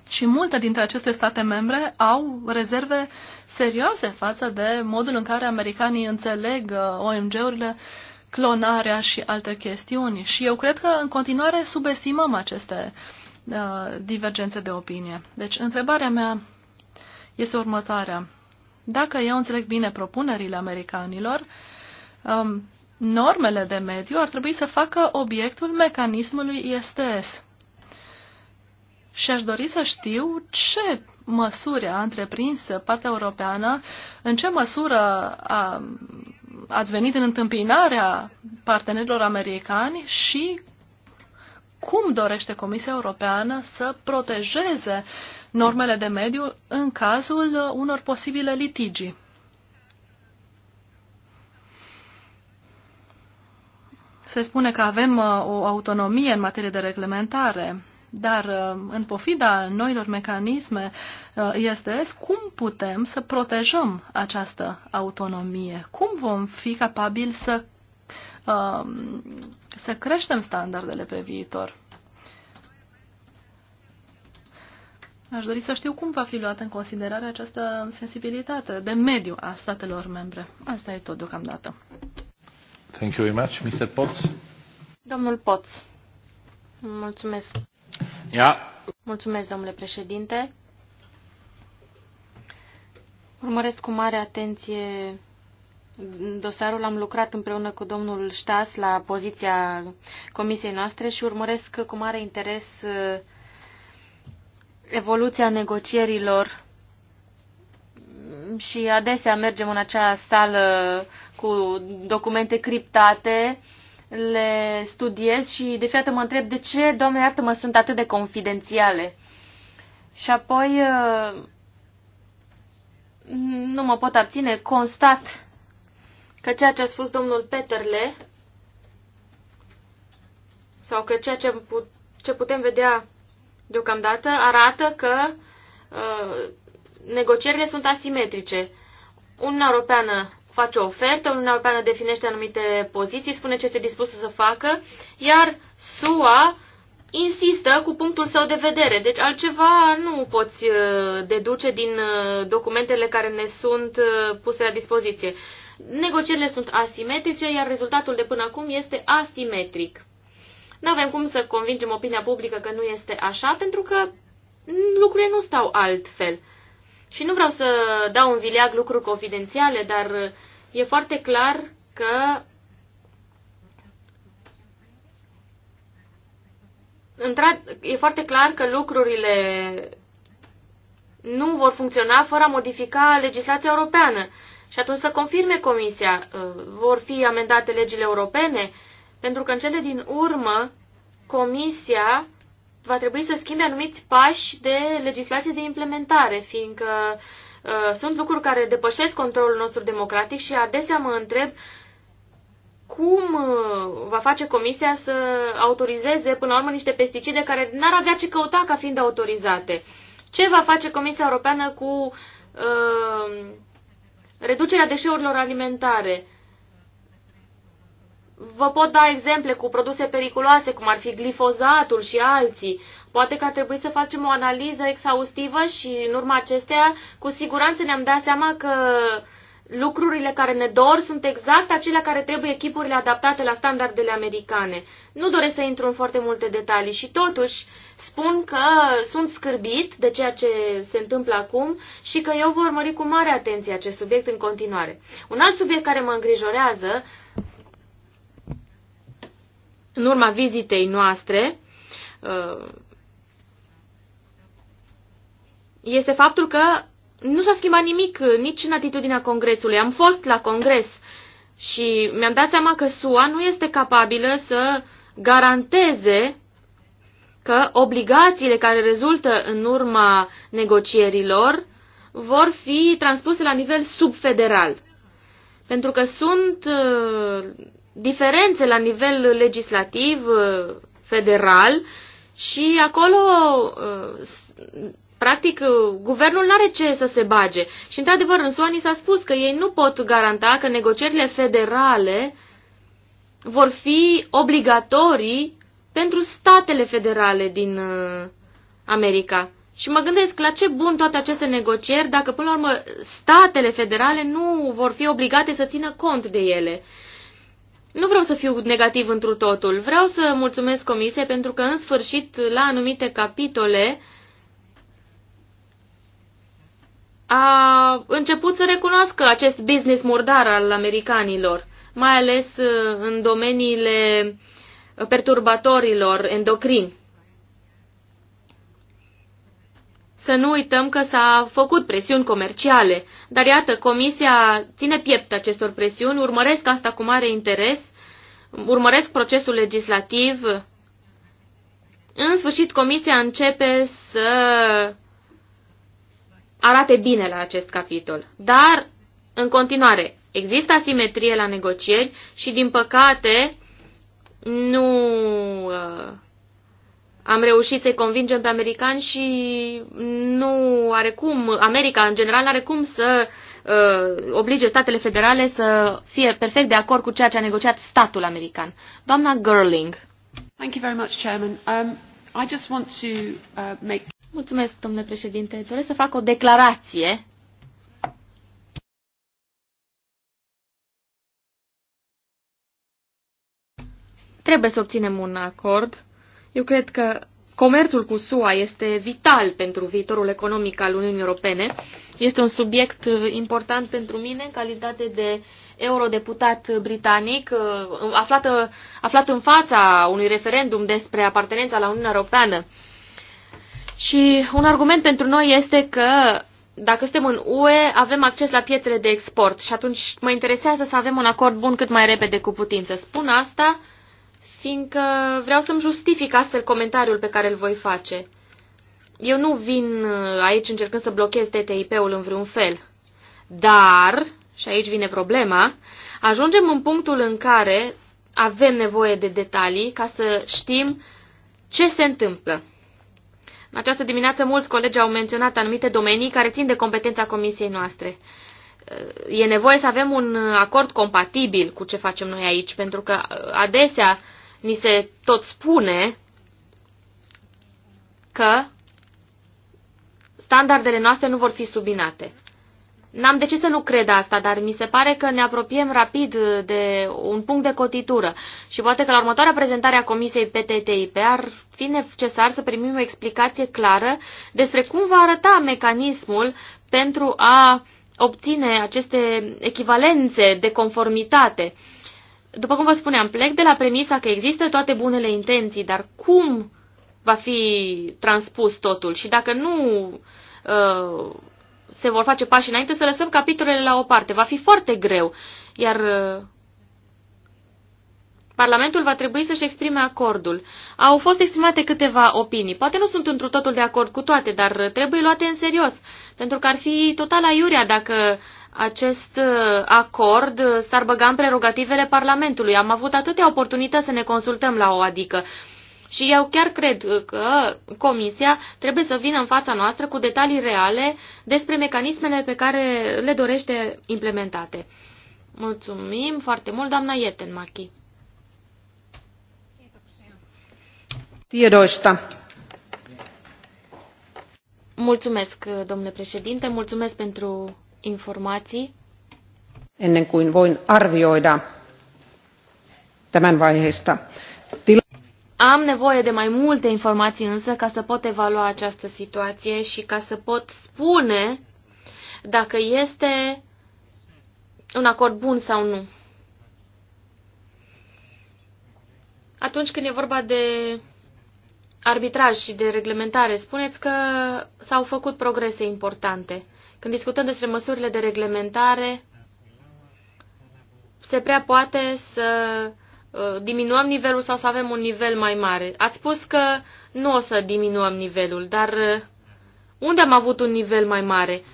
și multe dintre aceste state membre au rezerve serioase față de modul în care americanii înțeleg uh, OMG-urile, clonarea și alte chestiuni. Și eu cred că în continuare subestimăm aceste uh, divergențe de opinie. Deci, întrebarea mea este următoarea. Dacă eu înțeleg bine propunerile americanilor, um, normele de mediu ar trebui să facă obiectul mecanismului ISTS. Și aș dori să știu ce măsuri a întreprins partea europeană, în ce măsură a, ați venit în întâmpinarea partenerilor americani și cum dorește Comisia Europeană să protejeze normele de mediu în cazul unor posibile litigi. Se spune că avem uh, o autonomie în materie de reglementare, dar uh, în pofida noilor mecanisme uh, este cum putem să protejăm această autonomie, cum vom fi capabili să, să creștem standardele pe viitor. Aș dori să știu cum va fi luată în considerare această sensibilitate de mediu a statelor membre. Asta e tot deocamdată. Thank you very much, Mr. Potts. Domnul Potts. Mulțumesc. Yeah. Mulțumesc, domnule președinte. Urmăresc cu mare atenție dosarul. Am lucrat împreună cu domnul Ștas la poziția comisiei noastre și urmăresc cu mare interes uh, evoluția negocierilor și adesea mergem în acea sală cu documente criptate, le studiez și de fiată mă întreb de ce, doamne iartă-mă, sunt atât de confidențiale. Și apoi uh, nu mă pot abține, constat că ceea ce a spus domnul Peterle sau că ceea ce, put, ce putem vedea deocamdată arată că uh, negocierile sunt asimetrice. Uniunea Europeană face o ofertă, Uniunea Europeană definește anumite poziții, spune ce este dispusă să facă, iar SUA insistă cu punctul său de vedere. Deci altceva nu poți uh, deduce din uh, documentele care ne sunt uh, puse la dispoziție. Negocierile sunt asimetrice, iar rezultatul de până acum este asimetric. Nu avem cum să convingem opinia publică că nu este așa, pentru că lucrurile nu stau altfel. Și nu vreau să dau în vileag lucruri confidențiale, dar e foarte clar că e foarte clar că lucrurile nu vor funcționa fără a modifica legislația europeană. Și atunci să confirme Comisia, uh, vor fi amendate legile europene, pentru că în cele din urmă Comisia va trebui să schimbe anumiți pași de legislație de implementare, fiindcă uh, sunt lucruri care depășesc controlul nostru democratic și adesea mă întreb cum uh, va face Comisia să autorizeze până la urmă niște pesticide care n-ar avea ce căuta ca fiind autorizate. Ce va face Comisia Europeană cu uh, reducerea deșeurilor alimentare? Vă pot da exemple cu produse periculoase, cum ar fi glifozatul și alții. Poate că ar trebui să facem o analiză exhaustivă și în urma acesteia, cu siguranță ne-am dat seama că lucrurile care ne dor sunt exact acelea care trebuie echipurile adaptate la standardele americane. Nu doresc să intru în foarte multe detalii și totuși spun că sunt scârbit de ceea ce se întâmplă acum și că eu vor urmări cu mare atenție acest subiect în continuare. Un alt subiect care mă îngrijorează în urma vizitei noastre uh, este faptul că nu s-a schimbat nimic nici în atitudinea Congresului. Am fost la Congres și mi-am dat seama că SUA nu este capabilă să garanteze că obligațiile care rezultă în urma negocierilor vor fi transpuse la nivel subfederal. Pentru că sunt uh, diferențe la nivel legislativ, uh, federal și acolo, uh, practic, uh, guvernul nu are ce să se bage. Și, într-adevăr, în SUA s-a spus că ei nu pot garanta că negocierile federale vor fi obligatorii pentru statele federale din America. Și mă gândesc la ce bun toate aceste negocieri dacă, până la urmă, statele federale nu vor fi obligate să țină cont de ele. Nu vreau să fiu negativ întru totul. Vreau să mulțumesc comisiei pentru că, în sfârșit, la anumite capitole a început să recunoască acest business murdar al americanilor, mai ales uh, în domeniile perturbatorilor endocrini. Să nu uităm că s-a făcut presiuni comerciale, dar iată, Comisia ține piept acestor presiuni, urmăresc asta cu mare interes, urmăresc procesul legislativ. În sfârșit, Comisia începe să arate bine la acest capitol. Dar, în continuare, există asimetrie la negocieri și, din păcate, nu uh, am reușit să-i convingem pe americani și nu are cum, America în general are cum să uh, oblige statele federale să fie perfect de acord cu ceea ce a negociat statul american. Doamna Girling. Thank you very much, Chairman. Um, I just want to uh, make... Mulțumesc, domnule președinte. Doresc să fac o declarație Trebuie să obținem un acord eu cred că comerțul cu SUA este vital pentru viitorul economic al Uniunii Europene. Este un subiect uh, important pentru mine în calitate de eurodeputat britanic, uh, aflat, aflat în fața unui referendum despre apartenența la Uniunea Europeană. Și un argument pentru noi este că dacă suntem în UE, avem acces la pietrele de export și atunci mă interesează să avem un acord bun cât mai repede cu putință. Spun asta fiindcă vreau să-mi justific astfel comentariul pe care îl voi face. Eu nu vin uh, aici încercând să blochez TTIP-ul în vreun fel. Dar, și aici vine problema, ajungem în punctul în care avem nevoie de detalii ca să știm ce se întâmplă. În această dimineață mulți colegi au menționat anumite domenii care țin de competența comisiei noastre. Uh, e nevoie să avem un acord compatibil cu ce facem noi aici, pentru că uh, adesea ni se tot spune că standardele noastre nu vor fi subinate. N-am de ce să nu cred asta, dar mi se pare că ne apropiem rapid de un punct de cotitură și poate că la următoarea prezentare a Comisiei PTTIP ar fi necesar să primim o explicație clară despre cum va arăta mecanismul pentru a obține aceste echivalențe de conformitate după cum vă spuneam, plec de la premisa că există toate bunele intenții, dar cum va fi transpus totul și dacă nu uh, se vor face pași înainte, să lăsăm capitolele la o parte. Va fi foarte greu, iar uh, Parlamentul va trebui să-și exprime acordul. Au fost exprimate câteva opinii. Poate nu sunt într totul de acord cu toate, dar trebuie luate în serios, pentru că ar fi total aiurea dacă acest uh, acord uh, s-ar băga în prerogativele Parlamentului. Am avut atâtea oportunități să ne consultăm la o adică. Și eu chiar cred că Comisia trebuie să vină în fața noastră cu detalii reale despre mecanismele pe care le dorește implementate. Mulțumim foarte mult, doamna Jetenmachi. Tiedoista. Mulțumesc, domnule președinte, mulțumesc pentru informații. Ennen kuin voin arvioida tämän vaiheesta. Am nevoie de mai multe informații însă ca să pot evalua această situație și ca să pot spune dacă este un acord bun sau nu. Atunci când e vorba de arbitraj și de reglementare, spuneți că s-au făcut progrese importante. Când discutăm despre măsurile de reglementare, se prea poate să uh, diminuăm nivelul sau să avem un nivel mai mare. Ați spus că nu o să diminuăm nivelul, dar uh, unde am avut un nivel mai mare?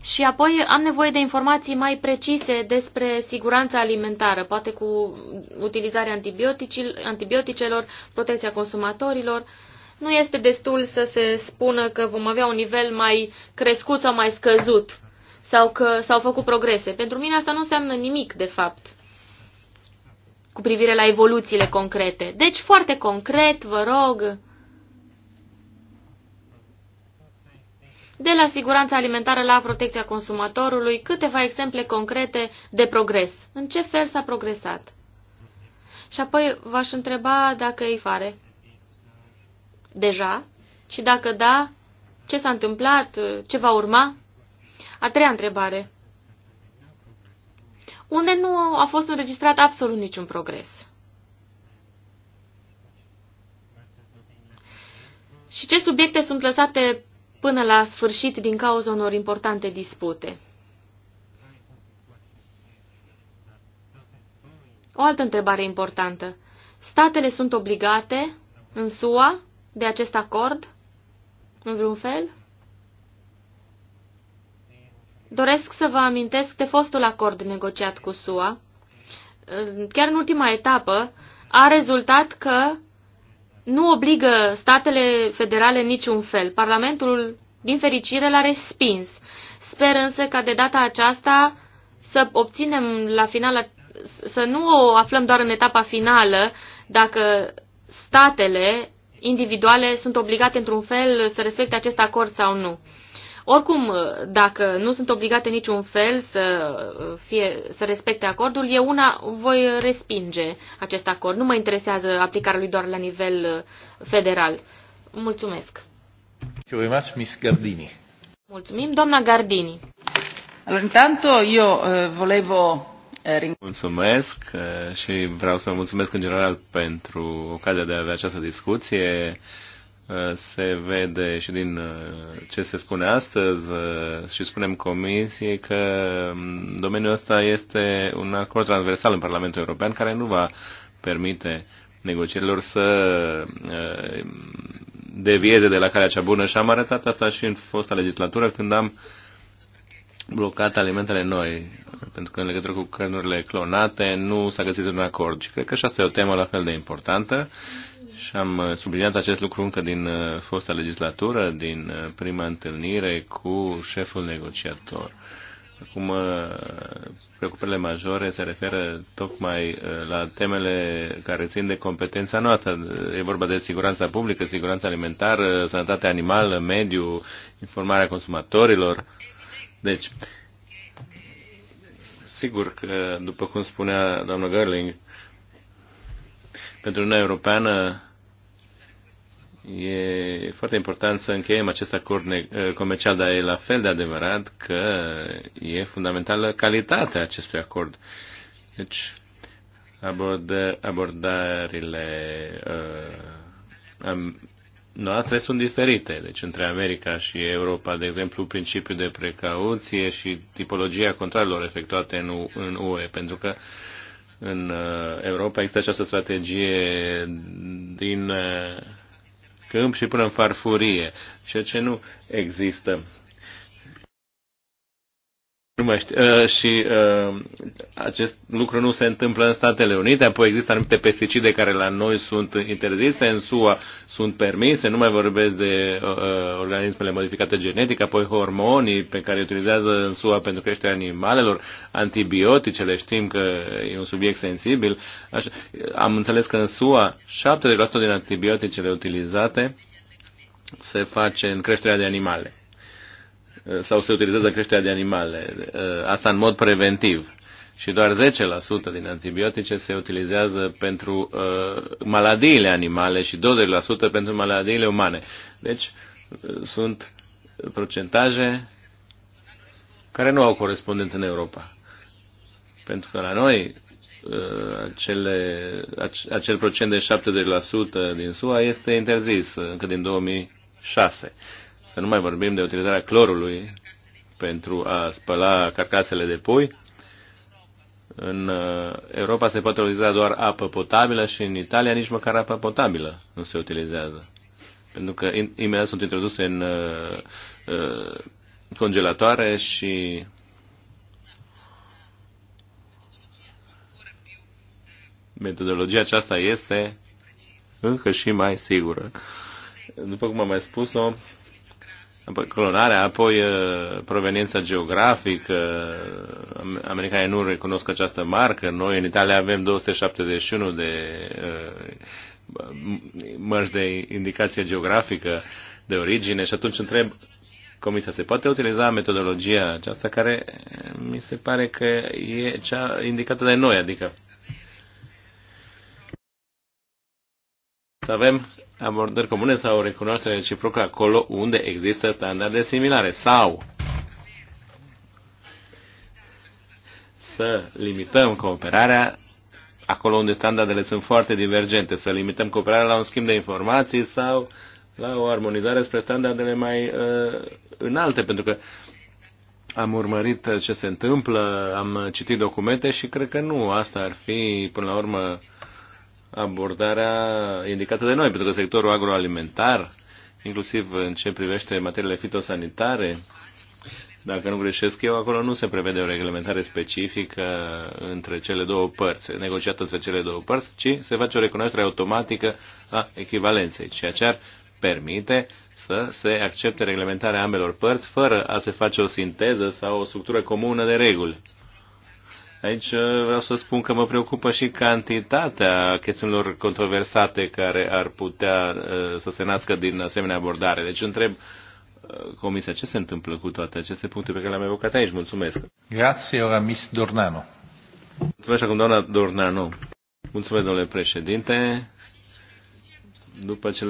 Și apoi am nevoie de informații mai precise despre siguranța alimentară, poate cu utilizarea antibioticelor, protecția consumatorilor nu este destul să se spună că vom avea un nivel mai crescut sau mai scăzut sau că s-au făcut progrese. Pentru mine asta nu înseamnă nimic, de fapt, cu privire la evoluțiile concrete. Deci, foarte concret, vă rog, de la siguranța alimentară la protecția consumatorului, câteva exemple concrete de progres. În ce fel s-a progresat? Și apoi v-aș întreba dacă îi fare deja? Și dacă da, ce s-a întâmplat? Ce va urma? A treia întrebare. Unde nu a fost înregistrat absolut niciun progres? Și ce subiecte sunt lăsate până la sfârșit din cauza unor importante dispute? O altă întrebare importantă. Statele sunt obligate în SUA de acest acord, în vreun fel? Doresc să vă amintesc de fostul acord negociat cu SUA. Chiar în ultima etapă a rezultat că nu obligă statele federale niciun fel. Parlamentul, din fericire, l-a respins. Sper însă ca de data aceasta să obținem la final, să nu o aflăm doar în etapa finală, dacă statele individuale sunt obligate într-un fel să respecte acest acord sau nu. Oricum, dacă nu sunt obligate niciun fel să, fie, să respecte acordul, eu una voi respinge acest acord. Nu mă interesează aplicarea lui doar la nivel uh, federal. Mulțumesc. Mulțumim, doamna Gardini. Allora, intanto io eh, volevo Mulțumesc și vreau să mulțumesc în general pentru ocazia de a avea această discuție. Se vede și din ce se spune astăzi și spunem comisiei că domeniul ăsta este un acord transversal în Parlamentul European care nu va permite negocierilor să devieze de la calea cea bună și am arătat asta și în fosta legislatură când am uh, blocat alimentele noi, pentru că în legătură cu cărnurile clonate nu s-a găsit un acord. Și cred că și asta e o temă la fel de importantă și am uh, subliniat acest lucru încă din uh, fosta legislatură, din uh, prima întâlnire cu șeful negociator. Acum, preocupările majore se referă tocmai la temele care țin de competența noastră. E vorba de siguranța publică, siguranța alimentară, sănătatea animală, mediu, informarea consumatorilor. Deci, sigur că, după cum spunea doamna Gerling, pentru Uniunea Europeană e foarte important să încheiem acest acord eh, comercial, dar e la fel de adevărat că e fundamentală calitatea acestui acord. Deci, abordă, abordările uh, noastre sunt diferite. Deci între America și Europa, de exemplu, principiul de precauție și tipologia contrarilor efectuate în, în UE, pentru că în uh, Europa există această strategie din uh, câmp și până în farfurie, ceea ce nu există nu mai știu. Uh, și uh, acest lucru nu se întâmplă în Statele Unite, apoi există anumite pesticide care la noi sunt interzise, în SUA sunt permise, nu mai vorbesc de uh, uh, organismele modificate genetic, apoi hormonii pe care utilizează în SUA pentru creșterea animalelor, antibioticele, știm că e un subiect sensibil. Așa, am înțeles că în SUA 70% din antibioticele utilizate se face în creșterea de animale sau se utilizează în creșterea de animale. Eh, asta în mod preventiv. Și doar 10% din antibiotice se utilizează pentru uh, maladiile animale și 20% pentru maladiile umane. Deci eh, sunt procentaje care nu au corespondență în Europa. Pentru că la noi acele, acel procent de 70% din SUA este interzis încă din 2006. Să nu mai vorbim de utilizarea clorului pentru a spăla carcasele de pui. În uh, Europa se poate utiliza doar apă potabilă și în Italia nici măcar apă potabilă nu se utilizează. Pentru că imediat sunt introduse în uh, uh, congelatoare și metodologia aceasta este încă și mai sigură. După cum am mai spus-o, apoi clonarea, apoi uh, proveniența geografică. Americanii nu recunosc această marcă. Noi în Italia avem 271 de uh, mărci de indicație geografică de origine și atunci întreb Comisia se poate utiliza metodologia aceasta care mi se pare că e cea indicată de noi, adică să avem abordări comune sau recunoaștere reciprocă acolo unde există standarde similare sau să limităm cooperarea acolo unde standardele sunt foarte divergente, să limităm cooperarea la un schimb de informații sau la o armonizare spre standardele mai uh, înalte, pentru că am urmărit uh, ce se întâmplă, am citit documente și cred că nu, asta ar fi până la urmă uh, abordarea indicată de noi, pentru că sectorul agroalimentar, inclusiv în ce privește materiile fitosanitare, dacă nu greșesc eu, acolo nu se prevede o reglementare specifică între cele două părți, negociată între cele două părți, ci se face o recunoaștere automatică a echivalenței, ceea ce ar permite să se accepte reglementarea ambelor părți fără a se face o sinteză sau o structură comună de reguli. Aici uh, vreau să spun că mă preocupă și cantitatea chestiunilor controversate care ar putea uh, să se nască din asemenea abordare. Deci întreb uh, Comisia, ce se întâmplă cu toate aceste puncte pe care le-am evocat aici? Mulțumesc! Grazie, ora Miss Dornano. Mulțumesc acum, doamna Dornano. Mulțumesc, domnule președinte. După cea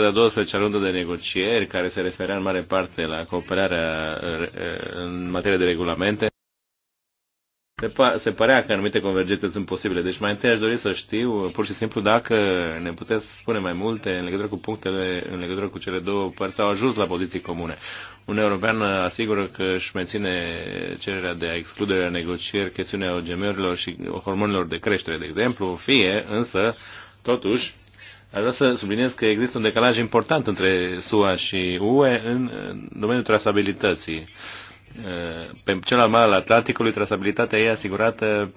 de-a 12-a rundă de negocieri, care se referea în mare parte la cooperarea în materie de regulamente, se, se părea că anumite convergențe sunt posibile. Deci mai întâi aș dori să știu, pur și simplu, dacă ne puteți spune mai multe în legătură cu punctele, în legătură cu cele două părți, au ajuns la poziții comune. Un european asigură că își menține cererea de a exclude la negocieri chestiunea ogm și hormonilor de creștere, de exemplu, fie, însă, totuși, Aș vrea să subliniez că există un decalaj important între SUA și UE în domeniul trasabilității Eh, pe celălalt mare al Atlanticului, trasabilitatea e asigurată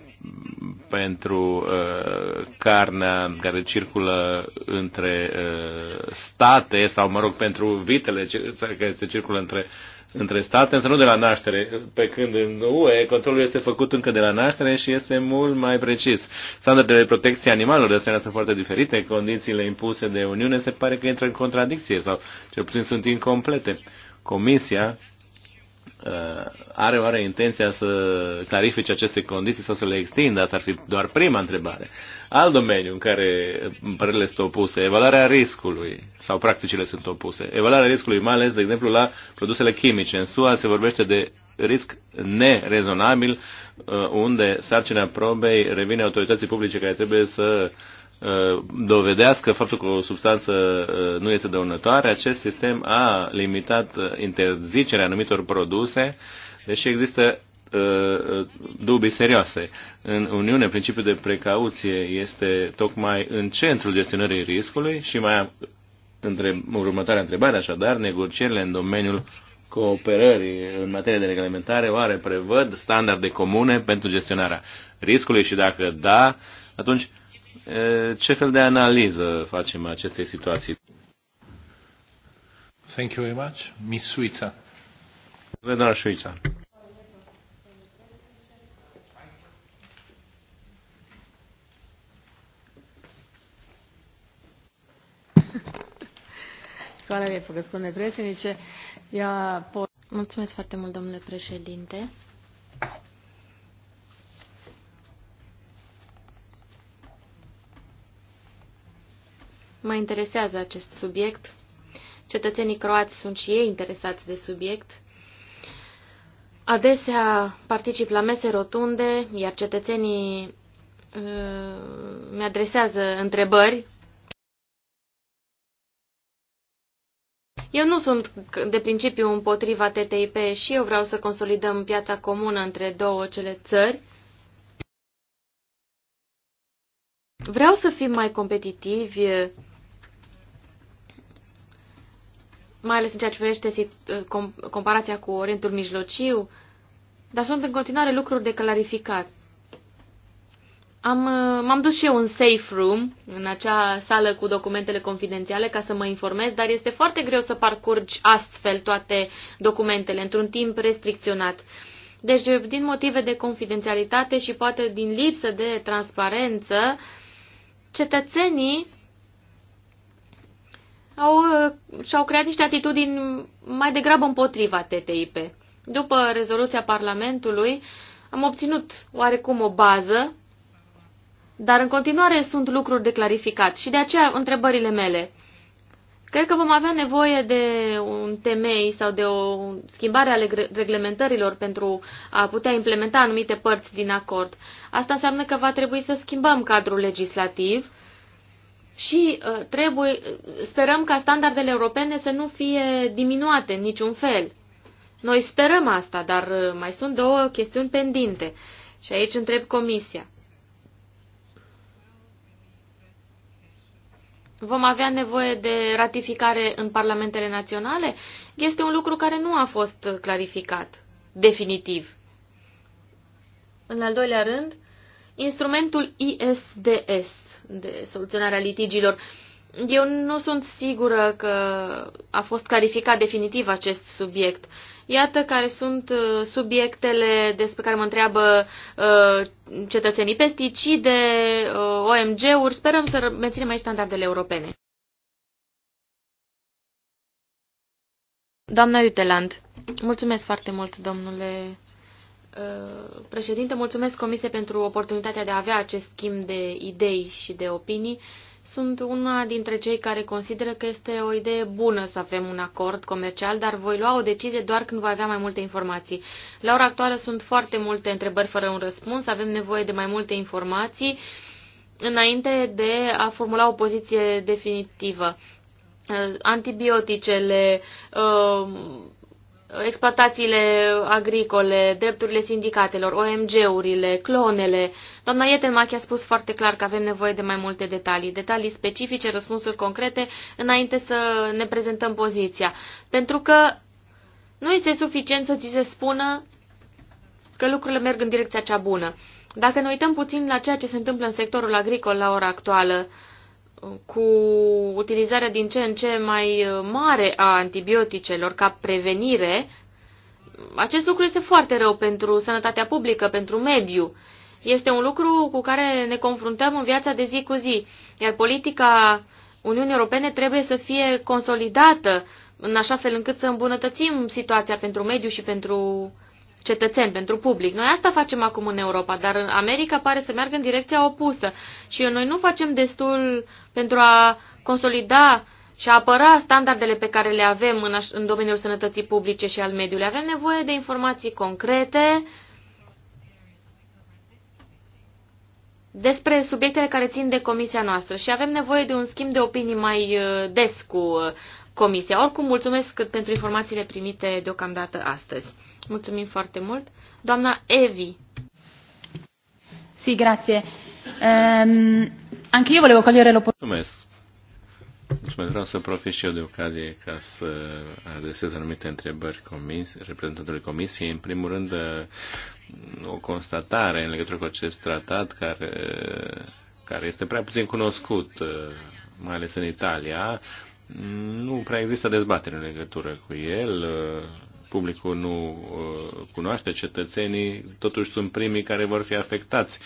pentru uh, carnea care circulă între uh, state sau, mă rog, pentru vitele care se circulă între, între state, însă nu de la naștere, pe când în UE controlul este făcut încă de la naștere și este mult mai precis. Standardele de protecție animalelor de asemenea sunt foarte diferite, condițiile impuse de Uniune se pare că intră în contradicție sau cel puțin sunt incomplete. Comisia Uh, are oare intenția să clarifice aceste condiții sau să le extindă? Asta ar fi doar prima întrebare. Alt domeniu în care părerile sunt opuse, evaluarea riscului sau practicile sunt opuse. Evaluarea riscului, mai ales, de exemplu, la produsele chimice. În SUA se vorbește de risc nerezonabil, uh, unde sarcina probei revine autorității publice care trebuie să uh, Uh, dovedească faptul că o substanță uh, nu este dăunătoare, acest sistem a limitat uh, interzicerea anumitor produse, deși există dubii serioase. În Uniune, principiul de precauție este tocmai în centrul gestionării riscului și mai am între, următoarea întrebare, așadar, negocierile în domeniul cooperării în materie de reglementare oare prevăd standarde comune pentru gestionarea riscului și dacă da, atunci ce fel de analiză facem acestei situații? Thank you very much. Miss Suița. Doamna Suița. Hvala lijepo, gospodine predsjedniče. Ja... Mulțumesc foarte mult, domnule președinte. Mă interesează acest subiect. Cetățenii croați sunt și ei interesați de subiect. Adesea particip la mese rotunde, iar cetățenii uh, mi-adresează întrebări. Eu nu sunt de principiu împotriva TTIP și eu vreau să consolidăm piața comună între două cele țări. Vreau să fim mai competitivi mai ales în ceea ce privește comparația cu Orientul Mijlociu, dar sunt în continuare lucruri de clarificat. Am, uh, m-am dus și eu în safe room, în acea sală cu documentele confidențiale, ca să mă informez, dar este foarte greu să parcurgi astfel toate documentele, într-un timp restricționat. Deci, din motive de confidențialitate și poate din lipsă de transparență, cetățenii au, uh, și-au creat niște atitudini mai degrabă împotriva TTIP. După rezoluția Parlamentului am obținut oarecum o bază, dar în continuare sunt lucruri de clarificat și de aceea întrebările mele. Cred că vom avea nevoie de un temei sau de o schimbare ale reglementărilor pentru a putea implementa anumite părți din acord. Asta înseamnă că va trebui să schimbăm cadrul legislativ și uh, trebuie, uh, sperăm ca standardele europene să nu fie diminuate în niciun fel. Noi sperăm asta, dar uh, mai sunt două chestiuni pendinte. Și aici întreb Comisia. Vom avea nevoie de ratificare în parlamentele naționale? Este un lucru care nu a fost clarificat definitiv. În al doilea rând, instrumentul ISDS de soluționarea litigiilor. Eu nu sunt sigură că a fost clarificat definitiv acest subiect. Iată care sunt uh, subiectele despre care mă întreabă uh, cetățenii. Pesticide, uh, OMG-uri, sperăm să menținem aici standardele europene. Doamna Uteland, mulțumesc foarte mult, domnule Uh, președinte, mulțumesc comisiei pentru oportunitatea de a avea acest schimb de idei și de opinii. Sunt una dintre cei care consideră că este o idee bună să avem un acord comercial, dar voi lua o decizie doar când voi avea mai multe informații. La ora actuală sunt foarte multe întrebări fără un răspuns, avem nevoie de mai multe informații înainte de a formula o poziție definitivă. Uh, antibioticele, uh, exploatațiile agricole, drepturile sindicatelor, OMG-urile, clonele. Doamna Ietenmachi a spus foarte clar că avem nevoie de mai multe detalii, detalii specifice, răspunsuri concrete, înainte să ne prezentăm poziția. Pentru că nu este suficient să ți se spună că lucrurile merg în direcția cea bună. Dacă ne uităm puțin la ceea ce se întâmplă în sectorul agricol la ora actuală, uh, cu utilizarea din ce în ce mai uh, mare a antibioticelor ca prevenire, acest lucru este foarte rău pentru sănătatea publică, pentru mediu. Este un lucru cu care ne confruntăm în viața de zi cu zi, iar politica Uniunii Europene trebuie să fie consolidată în așa fel încât să îmbunătățim situația pentru mediu și pentru cetățeni, pentru public. Noi asta facem acum în Europa, dar în America pare să meargă în direcția opusă. Și noi nu facem destul pentru a consolida și a apăra standardele pe care le avem în, în domeniul sănătății publice și al mediului. Avem nevoie de informații concrete despre subiectele care țin de comisia noastră și avem nevoie de un schimb de opinii mai uh, des cu uh, comisia. Oricum, mulțumesc pentru informațiile primite deocamdată astăzi. Mulțumim foarte mult. Doamna Evi. Si, grazie. Um, ehm, anche io volevo cogliere l'opportunità. Mulțumesc. Mulțumesc. Vreau să profit și eu de ocazie ca să adresez anumite întrebări comis, reprezentantului Comisiei. În primul rând, eh, o constatare în legătură cu acest tratat care, care este prea puțin cunoscut, eh, mai ales în Italia. Nu prea există dezbatere în legătură cu el eh, publicul nu uh, cunoaște, cetățenii totuși sunt primii care vor fi afectați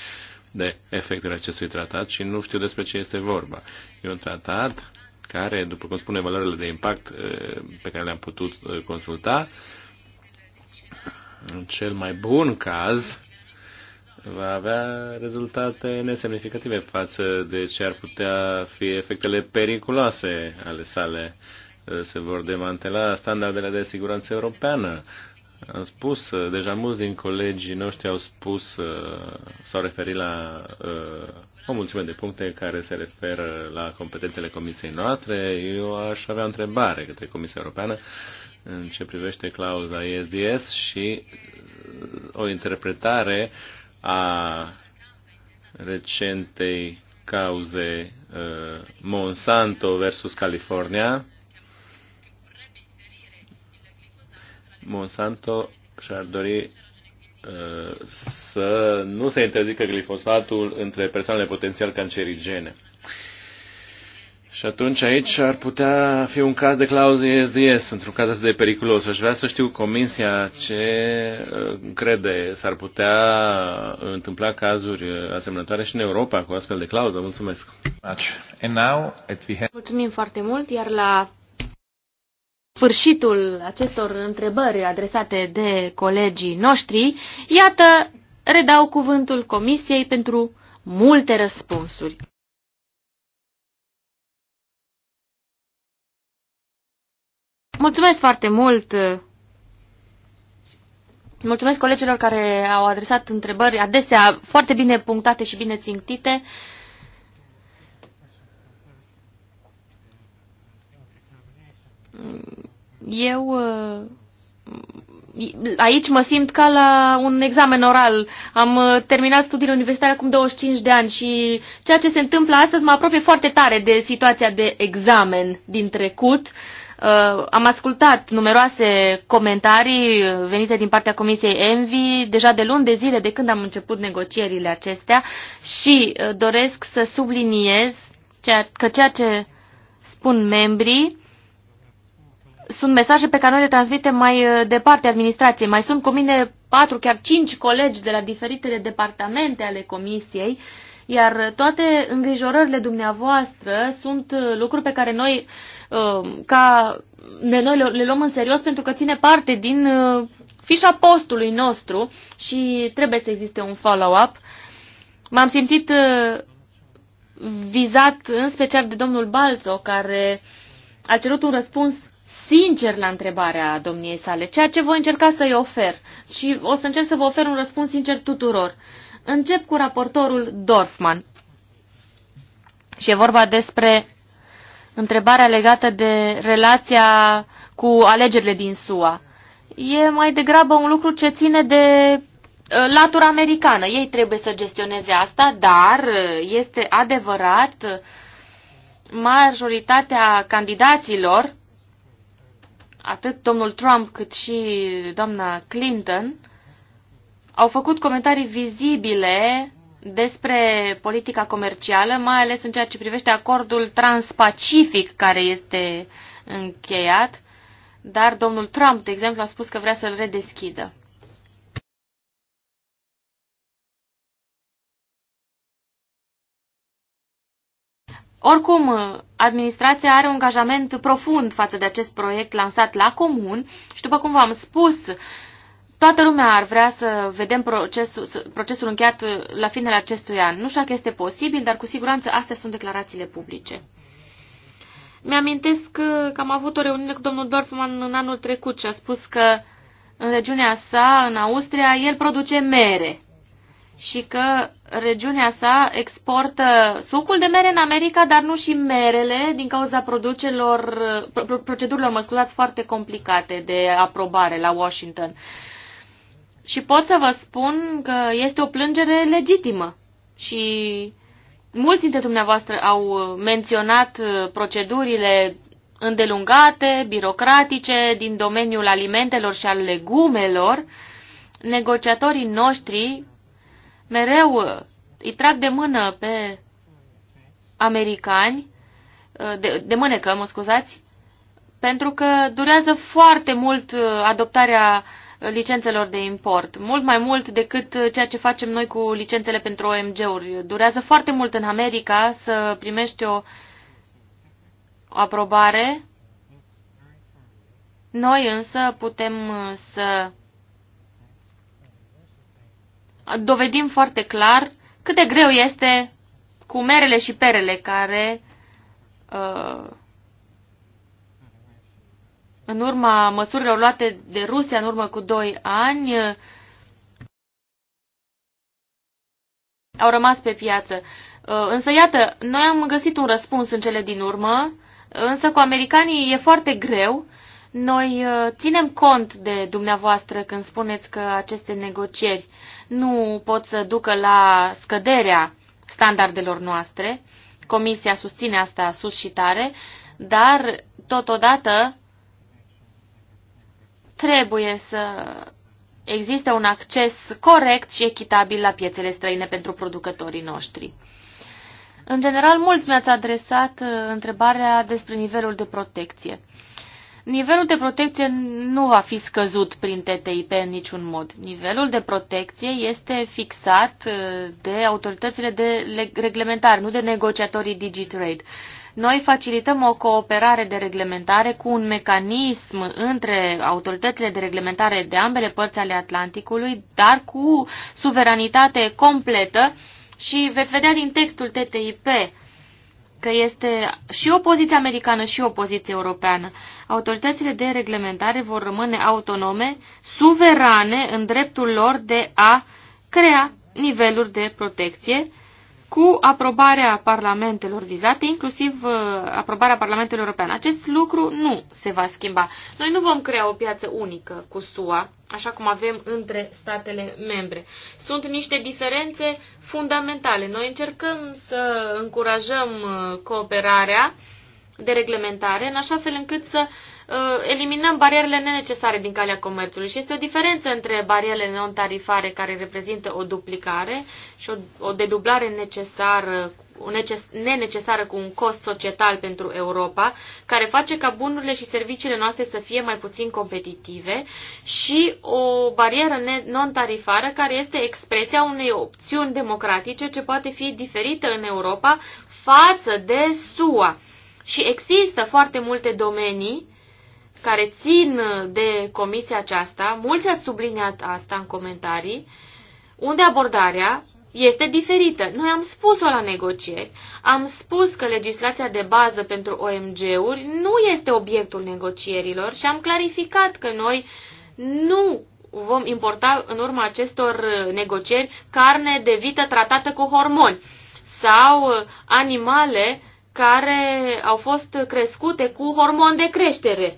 de efectele acestui tratat și nu știu despre ce este vorba. E un tratat care, după cum spune valorile de impact uh, pe care le-am putut uh, consulta, în cel mai bun caz va avea rezultate nesemnificative față de ce ar putea fi efectele periculoase ale sale Eh, se vor demantela standardele de siguranță europeană. Am spus, eh, deja mulți din colegii noștri au spus, eh, s-au referit la o mulțime de puncte care se referă la competențele Comisiei noastre. Eu aș avea întrebare către Comisia Europeană în ce privește clauza ESDS și o interpretare a recentei cauze Monsanto versus California Monsanto și-ar dori uh, să nu se interzică glifosatul între persoanele potențial cancerigene. Și atunci aici ar putea fi un caz de clauze SDS, într-un caz atât de periculos. Aș vrea să știu comisia ce uh, crede s-ar putea uh, întâmpla cazuri asemănătoare și în Europa cu astfel de clauză. Mulțumesc! Mulțumim foarte mult, iar la sfârșitul acestor întrebări adresate de colegii noștri, iată, redau cuvântul Comisiei pentru multe răspunsuri. Mulțumesc foarte mult! Mulțumesc colegilor care au adresat întrebări adesea foarte bine punctate și bine țintite. Eu uh, aici mă simt ca la un examen oral. Am uh, terminat studiile universitare acum 25 de ani și ceea ce se întâmplă astăzi mă apropie foarte tare de situația de examen din trecut. Uh, am ascultat numeroase comentarii venite din partea Comisiei Envi deja de luni de zile de când am început negocierile acestea și uh, doresc să subliniez ceea, că ceea ce spun membrii sunt mesaje pe care noi le transmitem mai uh, departe administrației. Mai sunt cu mine patru, chiar cinci colegi de la diferitele departamente ale comisiei, iar toate îngrijorările dumneavoastră sunt uh, lucruri pe care noi, uh, ca noi le luăm în serios pentru că ține parte din fișa postului nostru și trebuie să existe un follow-up. M-am simțit vizat în special de domnul Balțo, care a cerut un răspuns sincer la întrebarea domniei sale, ceea ce voi încerca să-i ofer și o să încerc să vă ofer un răspuns sincer tuturor. Încep cu raportorul Dorfman și e vorba despre întrebarea legată de relația cu alegerile din SUA. E mai degrabă un lucru ce ține de ă, latura americană. Ei trebuie să gestioneze asta, dar ă, este adevărat majoritatea candidaților atât domnul Trump cât și doamna Clinton au făcut comentarii vizibile despre politica comercială, mai ales în ceea ce privește acordul transpacific care este încheiat, dar domnul Trump, de exemplu, a spus că vrea să-l redeschidă. Oricum, administrația are un angajament profund față de acest proiect lansat la comun și, după cum v-am spus, toată lumea ar vrea să vedem procesul, procesul încheiat la finele acestui an. Nu știu dacă este posibil, dar cu siguranță astea sunt declarațiile publice. Mi-amintesc că am avut o reuniune cu domnul Dorfman în anul trecut și a spus că în regiunea sa, în Austria, el produce mere și că regiunea sa exportă sucul de mere în America, dar nu și merele, din cauza producelor, procedurilor, mă scuzați, foarte complicate de aprobare la Washington. Și pot să vă spun că este o plângere legitimă și mulți dintre dumneavoastră au menționat procedurile îndelungate, birocratice, din domeniul alimentelor și al legumelor, negociatorii noștri mereu uh, îi trag de mână pe americani, uh, de, de mânecă, mă scuzați, pentru că durează foarte mult uh, adoptarea licențelor de import, mult mai mult decât ceea ce facem noi cu licențele pentru OMG-uri. Durează foarte mult în America să primești o, o aprobare. Noi însă putem să dovedim foarte clar cât de greu este cu merele și perele care uh, în urma măsurilor luate de Rusia în urmă cu doi ani uh, au rămas pe piață. Uh, însă, iată, noi am găsit un răspuns în cele din urmă, însă cu americanii e foarte greu. Noi ținem cont de dumneavoastră când spuneți că aceste negocieri nu pot să ducă la scăderea standardelor noastre. Comisia susține asta sus și tare, dar totodată trebuie să existe un acces corect și echitabil la piețele străine pentru producătorii noștri. În general, mulți mi-ați adresat uh, întrebarea despre nivelul de protecție. Nivelul de protecție nu va fi scăzut prin TTIP în niciun mod. Nivelul de protecție este fixat uh, de autoritățile de reglementare, nu de negociatorii DigiTrade. Noi facilităm o cooperare de reglementare cu un mecanism între autoritățile de reglementare de ambele părți ale Atlanticului, dar cu suveranitate completă și veți vedea din textul TTIP că este și o poziție americană și o poziție europeană. Autoritățile de reglementare vor rămâne autonome, suverane în dreptul lor de a crea niveluri de protecție cu aprobarea parlamentelor vizate, inclusiv uh, aprobarea Parlamentului European. Acest lucru nu se va schimba. Noi nu vom crea o piață unică cu SUA, așa cum avem între statele membre. Sunt niște diferențe fundamentale. Noi încercăm să încurajăm uh, cooperarea de reglementare, în așa fel încât să uh, Uh, eliminăm barierele nenecesare din calea comerțului și este o diferență între barierele non-tarifare care reprezintă o duplicare și o, o dedublare necesară nenecesară cu un cost societal pentru Europa, care face ca bunurile și serviciile noastre să fie mai puțin competitive și o barieră non-tarifară care este expresia unei opțiuni democratice ce poate fi diferită în Europa față de SUA. Și există foarte multe domenii care țin de comisia aceasta, mulți ați subliniat asta în comentarii, unde abordarea este diferită. Noi am spus-o la negocieri, am spus că legislația de bază pentru OMG-uri nu este obiectul negocierilor și am clarificat că noi nu vom importa în urma acestor negocieri carne de vită tratată cu hormoni sau animale care au fost crescute cu hormon de creștere.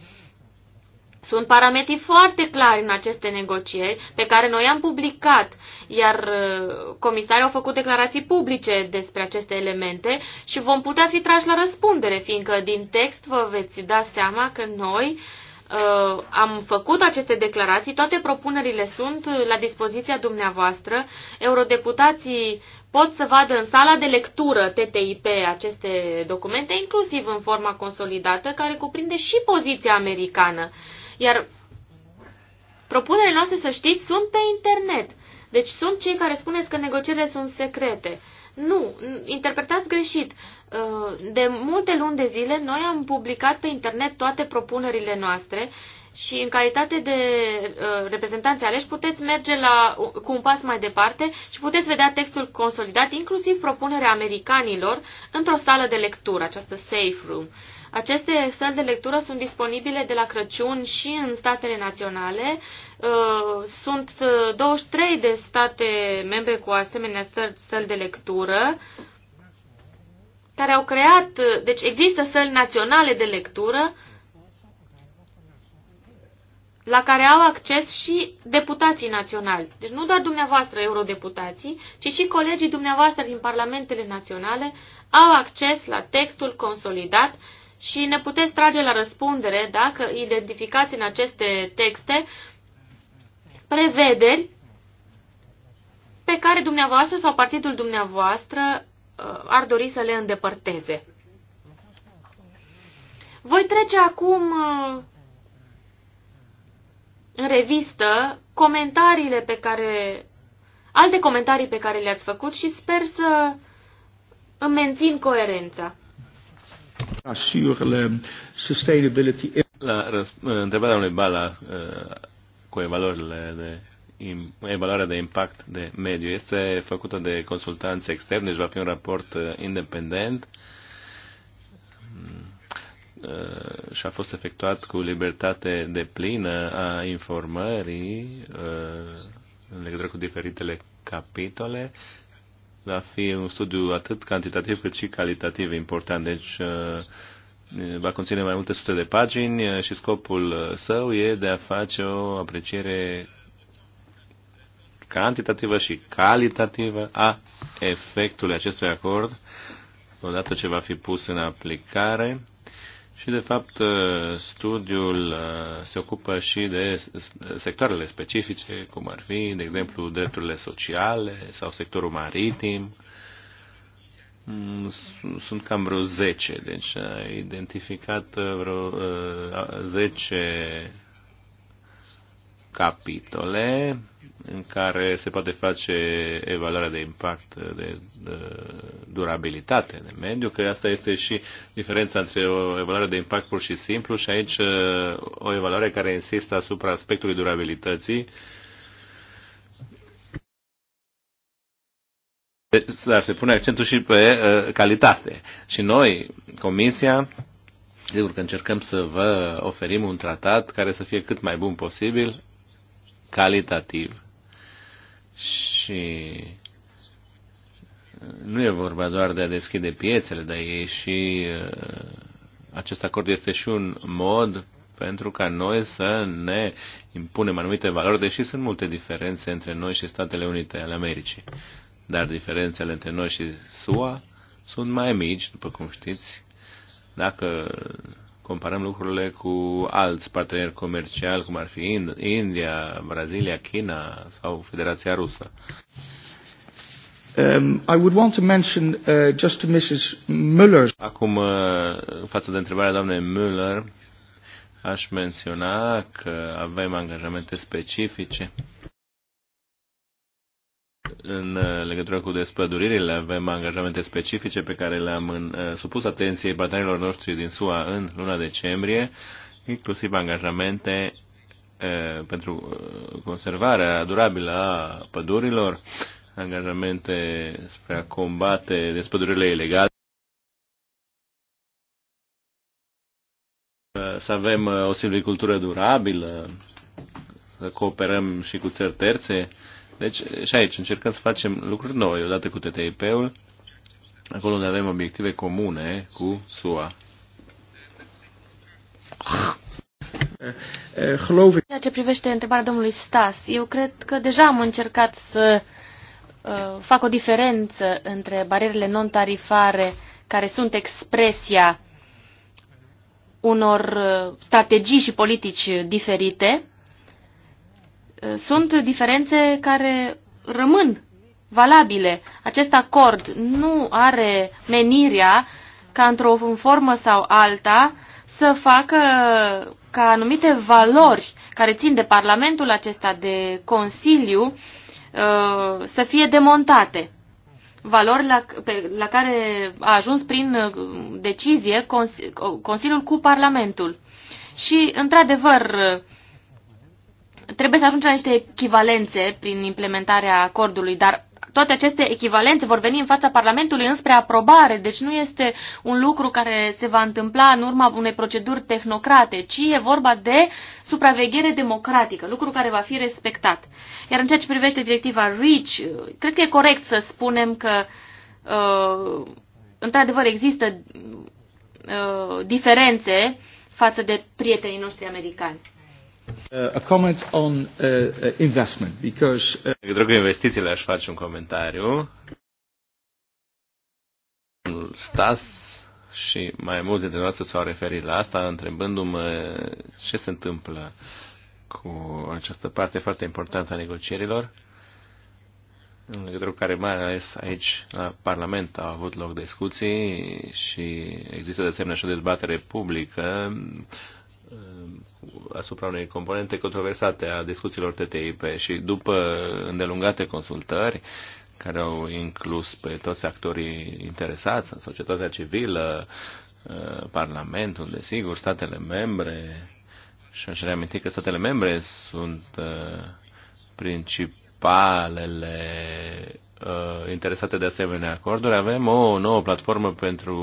Sunt parametri foarte clari în aceste negocieri pe care noi am publicat, iar uh, comisarii au făcut declarații publice despre aceste elemente și vom putea fi trași la răspundere, fiindcă din text vă veți da seama că noi uh, am făcut aceste declarații, toate propunerile sunt la dispoziția dumneavoastră. Eurodeputații pot să vadă în sala de lectură TTIP aceste documente, inclusiv în forma consolidată, care cuprinde și poziția americană. Iar propunerile noastre, să știți, sunt pe internet. Deci sunt cei care spuneți că negocierile sunt secrete. Nu, interpretați greșit. Uh, de multe luni de zile noi am publicat pe internet toate propunerile noastre și în calitate de uh, reprezentanți aleși puteți merge la, uh, cu un pas mai departe și puteți vedea textul consolidat, inclusiv propunerea americanilor, într-o sală de lectură, această safe room. Aceste săli de lectură sunt disponibile de la Crăciun și în statele naționale. Uh, sunt 23 uh, de state membre cu asemenea săli de lectură care au creat, uh, deci există săli naționale de lectură la care au acces și deputații naționali. Deci nu doar dumneavoastră, eurodeputații, ci și colegii dumneavoastră din parlamentele naționale au acces la textul consolidat și ne puteți trage la răspundere dacă identificați în aceste texte prevederi pe care dumneavoastră sau partidul dumneavoastră uh, ar dori să le îndepărteze. Voi trece acum uh, în revistă comentariile pe care alte comentarii pe care le-ați făcut și sper să îmi mențin coerența. Sur le sustainability. La întrebarea lui Bala uh, cu evaluările de evaluarea de impact de mediu este făcută de consultanți externi, deci va fi un raport uh, independent uh, și a fost efectuat cu libertate de plină a informării în legătură cu diferitele capitole va fi un studiu atât cantitativ cât și calitativ important. Deci uh, uh, va conține mai multe sute de pagini uh, și scopul său e de a face o apreciere cantitativă și calitativă a efectului acestui acord odată ce va fi pus în aplicare și, de fapt, uh, studiul uh, se ocupă și de sectoarele specifice, cum ar fi, de exemplu, drepturile sociale sau sectorul maritim. Mm, sunt cam vreo 10, deci a identificat uh, vreo 10 capitole în care se poate face evaluarea de impact de, de durabilitate de mediu, că asta este și diferența între o evaluare de impact pur și simplu și aici uh, o evaluare care insistă asupra aspectului durabilității. Dar se pune accentul și pe uh, calitate. Și noi, Comisia, Sigur că încercăm să vă oferim un tratat care să fie cât mai bun posibil, calitativ și nu e vorba doar de a deschide piețele, dar e și uh, acest acord este și un mod pentru ca noi să ne impunem anumite valori, deși sunt multe diferențe între noi și Statele Unite ale Americii. Dar diferențele între noi și SUA sunt mai mici, după cum știți. Dacă comparăm lucrurile cu alți parteneri comerciali, cum ar fi India, Brazilia, China sau Federația Rusă. Um, I would want to mention uh, just to Mrs. Müller. Acum, uh, față de întrebarea doamnei Müller, aș menționa că avem angajamente specifice în uh, legătură cu despăduririle avem angajamente specifice pe care le-am uh, supus atenției partenerilor noștri din SUA în luna decembrie, inclusiv angajamente uh, pentru conservarea durabilă a pădurilor, angajamente spre a combate despădurile ilegale. Să avem o silvicultură durabilă, să cooperăm și cu țări terțe, deci și aici încercăm să facem lucruri noi odată cu TTIP-ul, acolo unde avem obiective comune cu SUA. În ceea ce privește întrebarea domnului Stas, eu cred că deja am încercat să uh, fac o diferență între barierele non-tarifare care sunt expresia unor uh, strategii și politici diferite Eh, sunt diferențe care rămân valabile. Acest acord nu are menirea ca într-o formă sau alta să facă ca anumite valori care țin de Parlamentul acesta, de Consiliu, eh, să fie demontate. Valori la, pe, la care a ajuns prin eh, decizie Consiliul cu Parlamentul. Și, într-adevăr, trebuie să ajungi la niște echivalențe prin implementarea acordului, dar toate aceste echivalențe vor veni în fața Parlamentului înspre aprobare, deci nu este un lucru care se va întâmpla în urma unei proceduri tehnocrate, ci e vorba de supraveghere democratică, lucru care va fi respectat. Iar în ceea ce privește directiva REACH, cred că e corect să spunem că uh, într-adevăr există uh, diferențe față de prietenii noștri americani. Uh, a comment on uh, uh investment, because... Uh... investițiile aș face un comentariu. Stas și mai mulți dintre noastre s-au referit la asta, întrebându-mă ce se întâmplă cu această parte foarte importantă a negocierilor, în legătură cu care mai ales aici la Parlament au avut loc discuții și există de asemenea și o dezbatere publică Um, asupra unei componente controversate a discuțiilor TTIP și după îndelungate consultări care au inclus pe toți actorii interesați, societatea civilă, uh, Parlamentul, desigur, statele membre, și aș reaminti că statele membre sunt uh, principalele uh, interesate de asemenea acorduri. Avem o nouă platformă pentru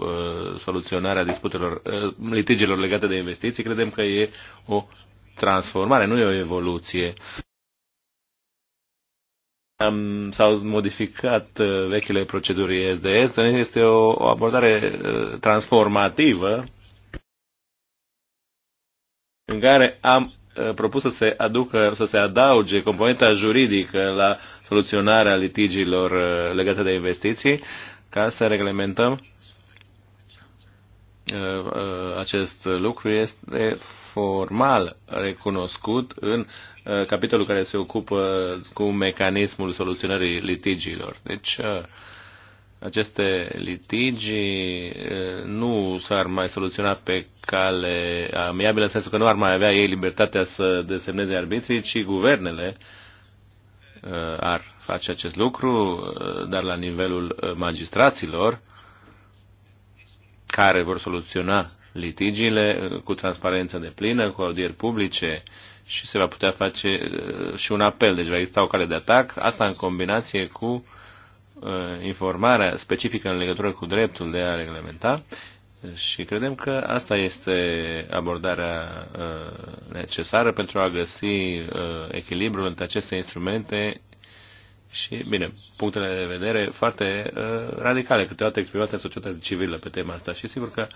uh, soluționarea disputelor, uh, litigiilor legate de investiții. Credem că e o transformare, nu e o evoluție. Am, s-au modificat uh, vechile proceduri SDS, este o, o abordare uh, transformativă în care am Uh, propus să se aducă, să se adauge componenta juridică la soluționarea litigiilor uh, legate de investiții ca să reglementăm uh, acest lucru este formal recunoscut în capitolul care se ocupă cu mecanismul soluționării litigiilor. Deci aceste litigi nu s-ar mai soluționa pe cale amiabilă, în sensul că nu ar mai avea ei libertatea să desemneze arbitrii, ci guvernele ar face acest lucru, dar la nivelul magistraților care vor soluționa litigiile cu transparență de plină, cu audieri publice și se va putea face și un apel, deci va exista o cale de atac, asta în combinație cu uh, Uh, informarea specifică în legătură cu dreptul de a reglementa și credem că asta este abordarea uh, necesară pentru a găsi uh, echilibrul între aceste instrumente și, bine, punctele de vedere foarte radicale, câteodată exprimate în societatea civilă pe tema asta și sigur că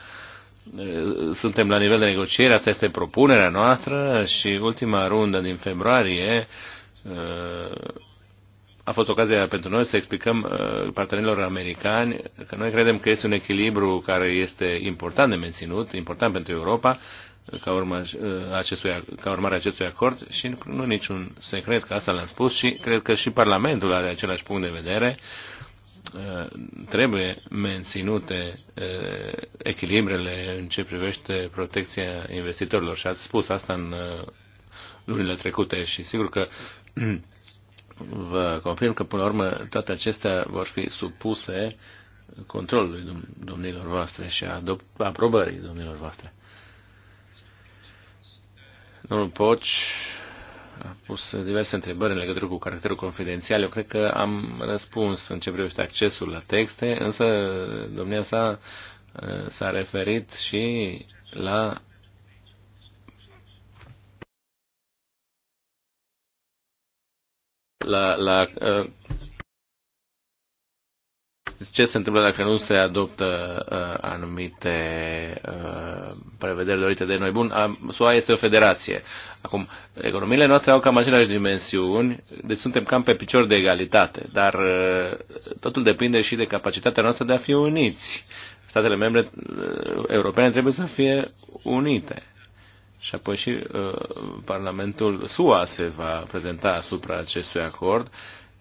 suntem la nivel de negociere, asta este propunerea noastră și ultima rundă din februarie a fost ocazia pentru noi să explicăm uh, partenerilor americani că noi credem că este un echilibru care este important de menținut, important pentru Europa, ca, urma uh, acestui, ca urmare a acestui acord și nu niciun secret că asta l-am spus și cred că și Parlamentul are același punct de vedere. Uh, trebuie menținute echilibrele în ce privește protecția investitorilor și ați spus asta în lunile trecute și sigur că vă confirm că, până la urmă, toate acestea vor fi supuse controlului domnilor voastre și a aprobării domnilor voastre. Domnul Poci a pus diverse întrebări în legătură cu caracterul confidențial. Eu cred că am răspuns în ce privește accesul la texte, însă domnia sa eh, s-a referit și la la, la uh, ce se întâmplă dacă nu se adoptă uh, anumite uh, prevederi dorite de noi. Bun, SUA este o federație. Acum, economiile noastre au cam aceleași dimensiuni, deci suntem cam pe picior de egalitate, dar uh, totul depinde și de capacitatea noastră de a fi uniți. Statele membre uh, europene trebuie să fie unite. Și apoi și uh, Parlamentul SUA se va prezenta asupra acestui acord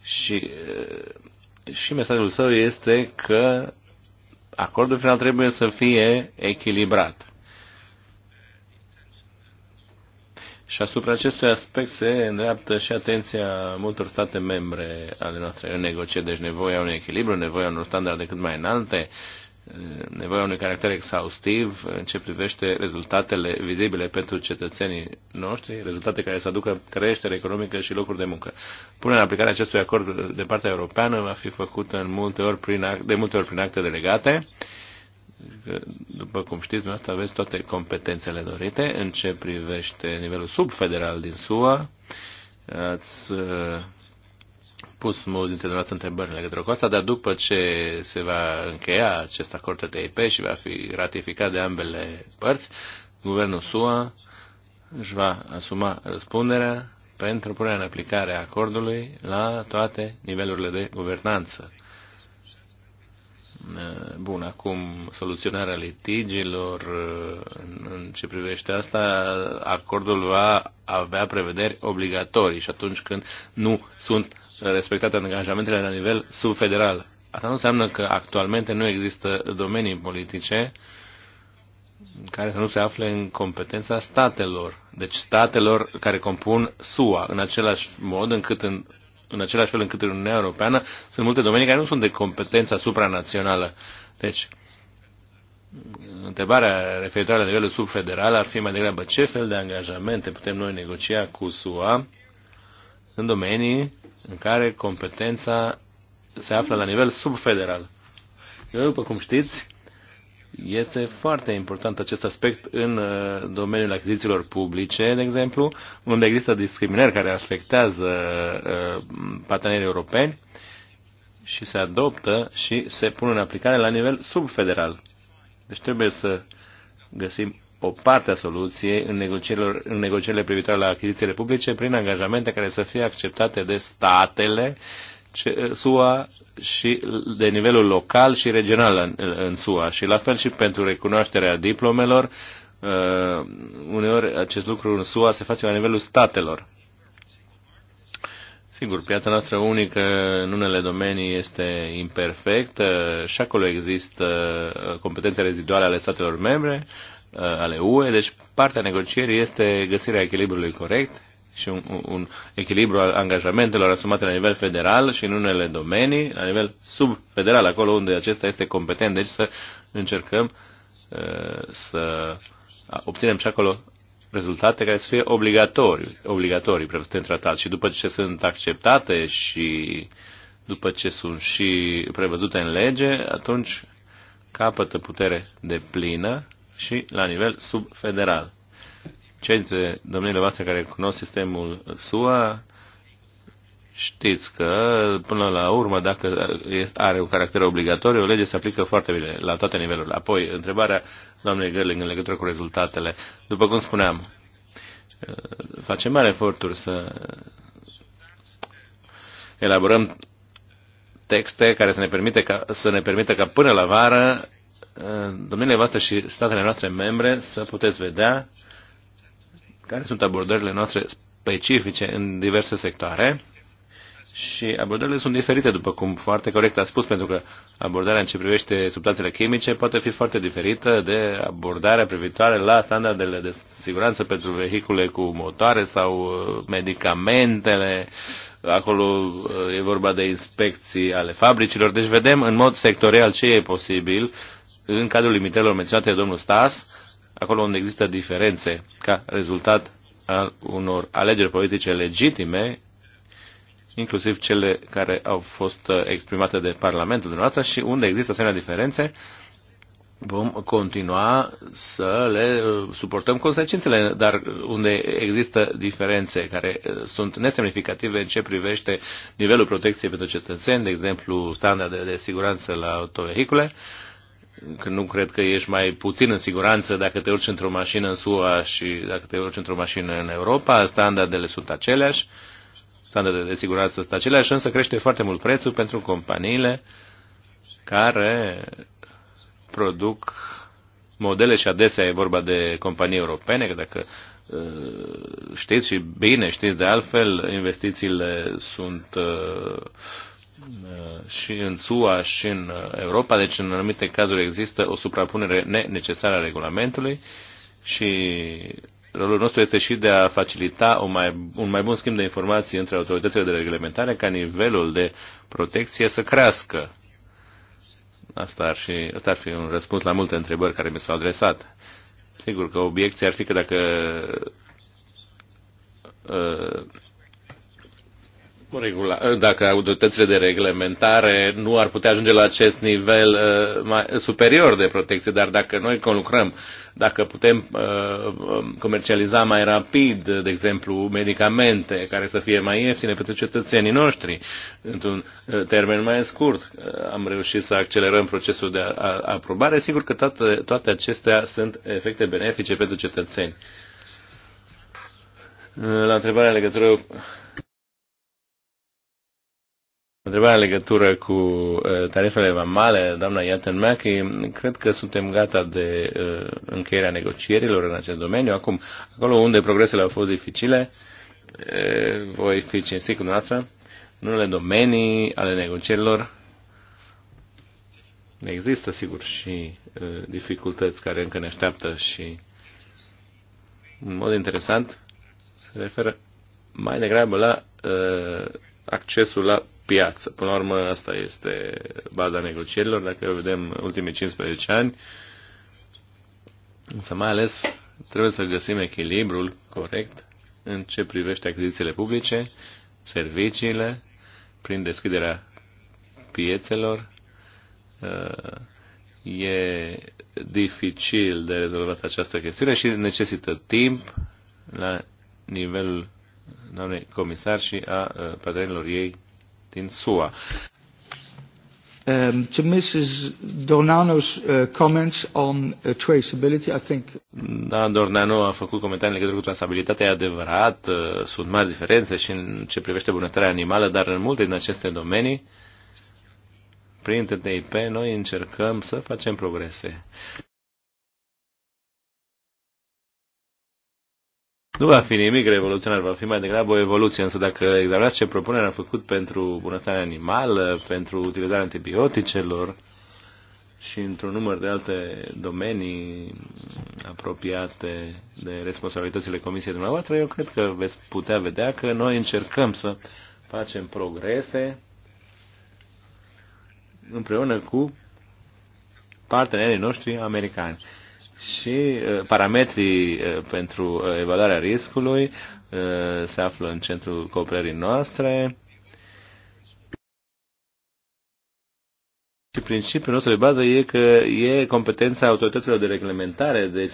și, uh, și mesajul său este că acordul final trebuie să fie echilibrat. Și asupra acestui aspect se îndreaptă și atenția multor state membre ale noastre în negocieri. Deci nevoia unui echilibru, nevoia unor standarde cât mai înalte nevoia unui caracter exhaustiv în ce privește rezultatele vizibile pentru cetățenii noștri, rezultate care să aducă creștere economică și locuri de muncă. Punerea în aplicare acestui acord de partea europeană va fi făcută în multe ori prin act, de multe ori prin acte delegate. După cum știți, noastră aveți toate competențele dorite în ce privește nivelul subfederal din SUA. Ați pus mulți dintre dumneavoastră întrebări în legătură cu asta, dar după ce se va încheia acest acord TTIP și va fi ratificat de ambele părți, guvernul SUA își va asuma răspunderea pentru punerea în aplicare a acordului la toate nivelurile de guvernanță. Bun, acum soluționarea litigiilor în ce privește asta, acordul va avea prevederi obligatorii și atunci când nu sunt respectate angajamentele la nivel subfederal. Asta nu înseamnă că actualmente nu există domenii politice care să nu se afle în competența statelor. Deci statelor care compun SUA în același mod încât în, în același fel încât în Uniunea Europeană sunt multe domenii care nu sunt de competența supranațională. Deci întrebarea referitoare la nivelul subfederal ar fi mai degrabă ce fel de angajamente putem noi negocia cu SUA în domenii în care competența se află la nivel subfederal. Eu, după cum știți, este foarte important acest aspect în uh, domeniul achizițiilor publice, de exemplu, unde există discriminări care afectează uh, partenerii europeni și se adoptă și se pun în aplicare la nivel subfederal. Deci trebuie să găsim o parte a soluției în negocierile, în negocierile privitoare la achizițiile publice prin angajamente care să fie acceptate de statele SUA și de nivelul local și regional în, în SUA și la fel și pentru recunoașterea diplomelor. Uh, uneori acest lucru în SUA se face la nivelul statelor. Sigur, piața noastră unică în unele domenii este imperfectă și acolo există uh, competențe reziduale ale statelor membre, Uh, ale UE, deci partea negocierii este găsirea echilibrului corect și un, un echilibru al angajamentelor asumate la nivel federal și în unele domenii, la nivel subfederal, acolo unde acesta este competent, deci să încercăm uh, să obținem și acolo rezultate care să fie obligatorii, obligatorii prevăzute în tratat și după ce sunt acceptate și după ce sunt și prevăzute în lege, atunci capătă putere de plină și la nivel subfederal. Cei dintre domnile voastre care cunosc sistemul SUA știți că, până la urmă, dacă are un caracter obligatoriu, o lege se aplică foarte bine la toate nivelurile. Apoi, întrebarea doamnei Gerling în legătură cu rezultatele. După cum spuneam, facem mari eforturi să elaborăm texte care să ne, permite ca, să ne permită ca până la vară domeniile voastre și statele noastre membre să puteți vedea care sunt abordările noastre specifice în diverse sectoare și abordările sunt diferite, după cum foarte corect a spus, pentru că abordarea în ce privește substanțele chimice poate fi foarte diferită de abordarea privitoare la standardele de siguranță pentru vehicule cu motoare sau uh, medicamentele. Acolo uh, e vorba de inspecții ale fabricilor. Deci vedem în mod sectorial ce e posibil în cadrul limitelor menționate de domnul Stas, acolo unde există diferențe ca rezultat al unor alegeri politice legitime, inclusiv cele care au fost uh, exprimate de Parlamentul dumneavoastră și unde există asemenea diferențe, vom continua să le uh, suportăm consecințele, dar unde există diferențe care uh, sunt nesemnificative în ce privește nivelul protecției pentru cetățeni, de exemplu standarde de siguranță la autovehicule, că nu cred că ești mai puțin în siguranță dacă te urci într-o mașină în SUA și dacă te urci într-o mașină în Europa, standardele sunt aceleași, standardele de siguranță sunt aceleași, însă crește foarte mult prețul pentru companiile care produc modele și adesea e vorba de companii europene, că dacă uh, știți și bine știți de altfel, investițiile sunt uh, Uh, și în SUA și în uh, Europa, deci în anumite cazuri există o suprapunere necesară a regulamentului și rolul nostru este și de a facilita o mai, un mai bun schimb de informații între autoritățile de reglementare ca nivelul de protecție să crească. Asta ar, și, asta ar fi un răspuns la multe întrebări care mi s-au adresat. Sigur că obiecția ar fi că dacă uh, regula, dacă autoritățile de reglementare nu ar putea ajunge la acest nivel uh, mai, superior de protecție, dar dacă noi conlucrăm, dacă putem uh, um, comercializa mai rapid, de exemplu, medicamente care să fie mai ieftine pentru cetățenii noștri, într-un uh, termen mai scurt, uh, am reușit să accelerăm procesul de aprobare, sigur că toate, toate acestea sunt efecte benefice pentru cetățeni. Uh, la întrebarea legătură întreba în legătură cu uh, tarifele vamale, doamna Iatenmeachi, cred că suntem gata de uh, încheierea negocierilor în acest domeniu. Acum, acolo unde progresele au fost dificile, uh, voi fi cinstit cu noastră, în unele domenii ale negocierilor există, sigur, și dificultăți care încă ne așteaptă și, în mod interesant, se referă mai degrabă la accesul la piață. Până la urmă, asta este baza negocierilor, dacă vedem ultimii 15 ani. Însă mai ales trebuie să găsim echilibrul corect în ce privește achizițiile publice, serviciile, prin deschiderea piețelor. Uh, e dificil de rezolvat această chestiune și necesită timp la nivelul doamnei comisar și a uh, partenerilor ei din SUA. Um, to Mrs. Dornano's uh, comments on uh, traceability, I think... Da, Dornano a făcut comentarii legătură cu trasabilitatea, e adevărat, uh, sunt mari diferențe și în ce privește bunătarea animală, dar în multe din aceste domenii, prin TTIP, noi încercăm să facem progrese. Nu va fi nimic revoluționar, va fi mai degrabă o evoluție, însă dacă examinați ce propunere a făcut pentru bunăstarea animală, pentru utilizarea antibioticelor și într-un număr de alte domenii apropiate de responsabilitățile comisiei dumneavoastră, eu cred că veți putea vedea că noi încercăm să facem progrese împreună cu partenerii noștri americani și uh, parametrii uh, pentru uh, evaluarea riscului se află în centrul cooperării noastre. Și principiul nostru de bază e că e competența autorităților de reglementare, deci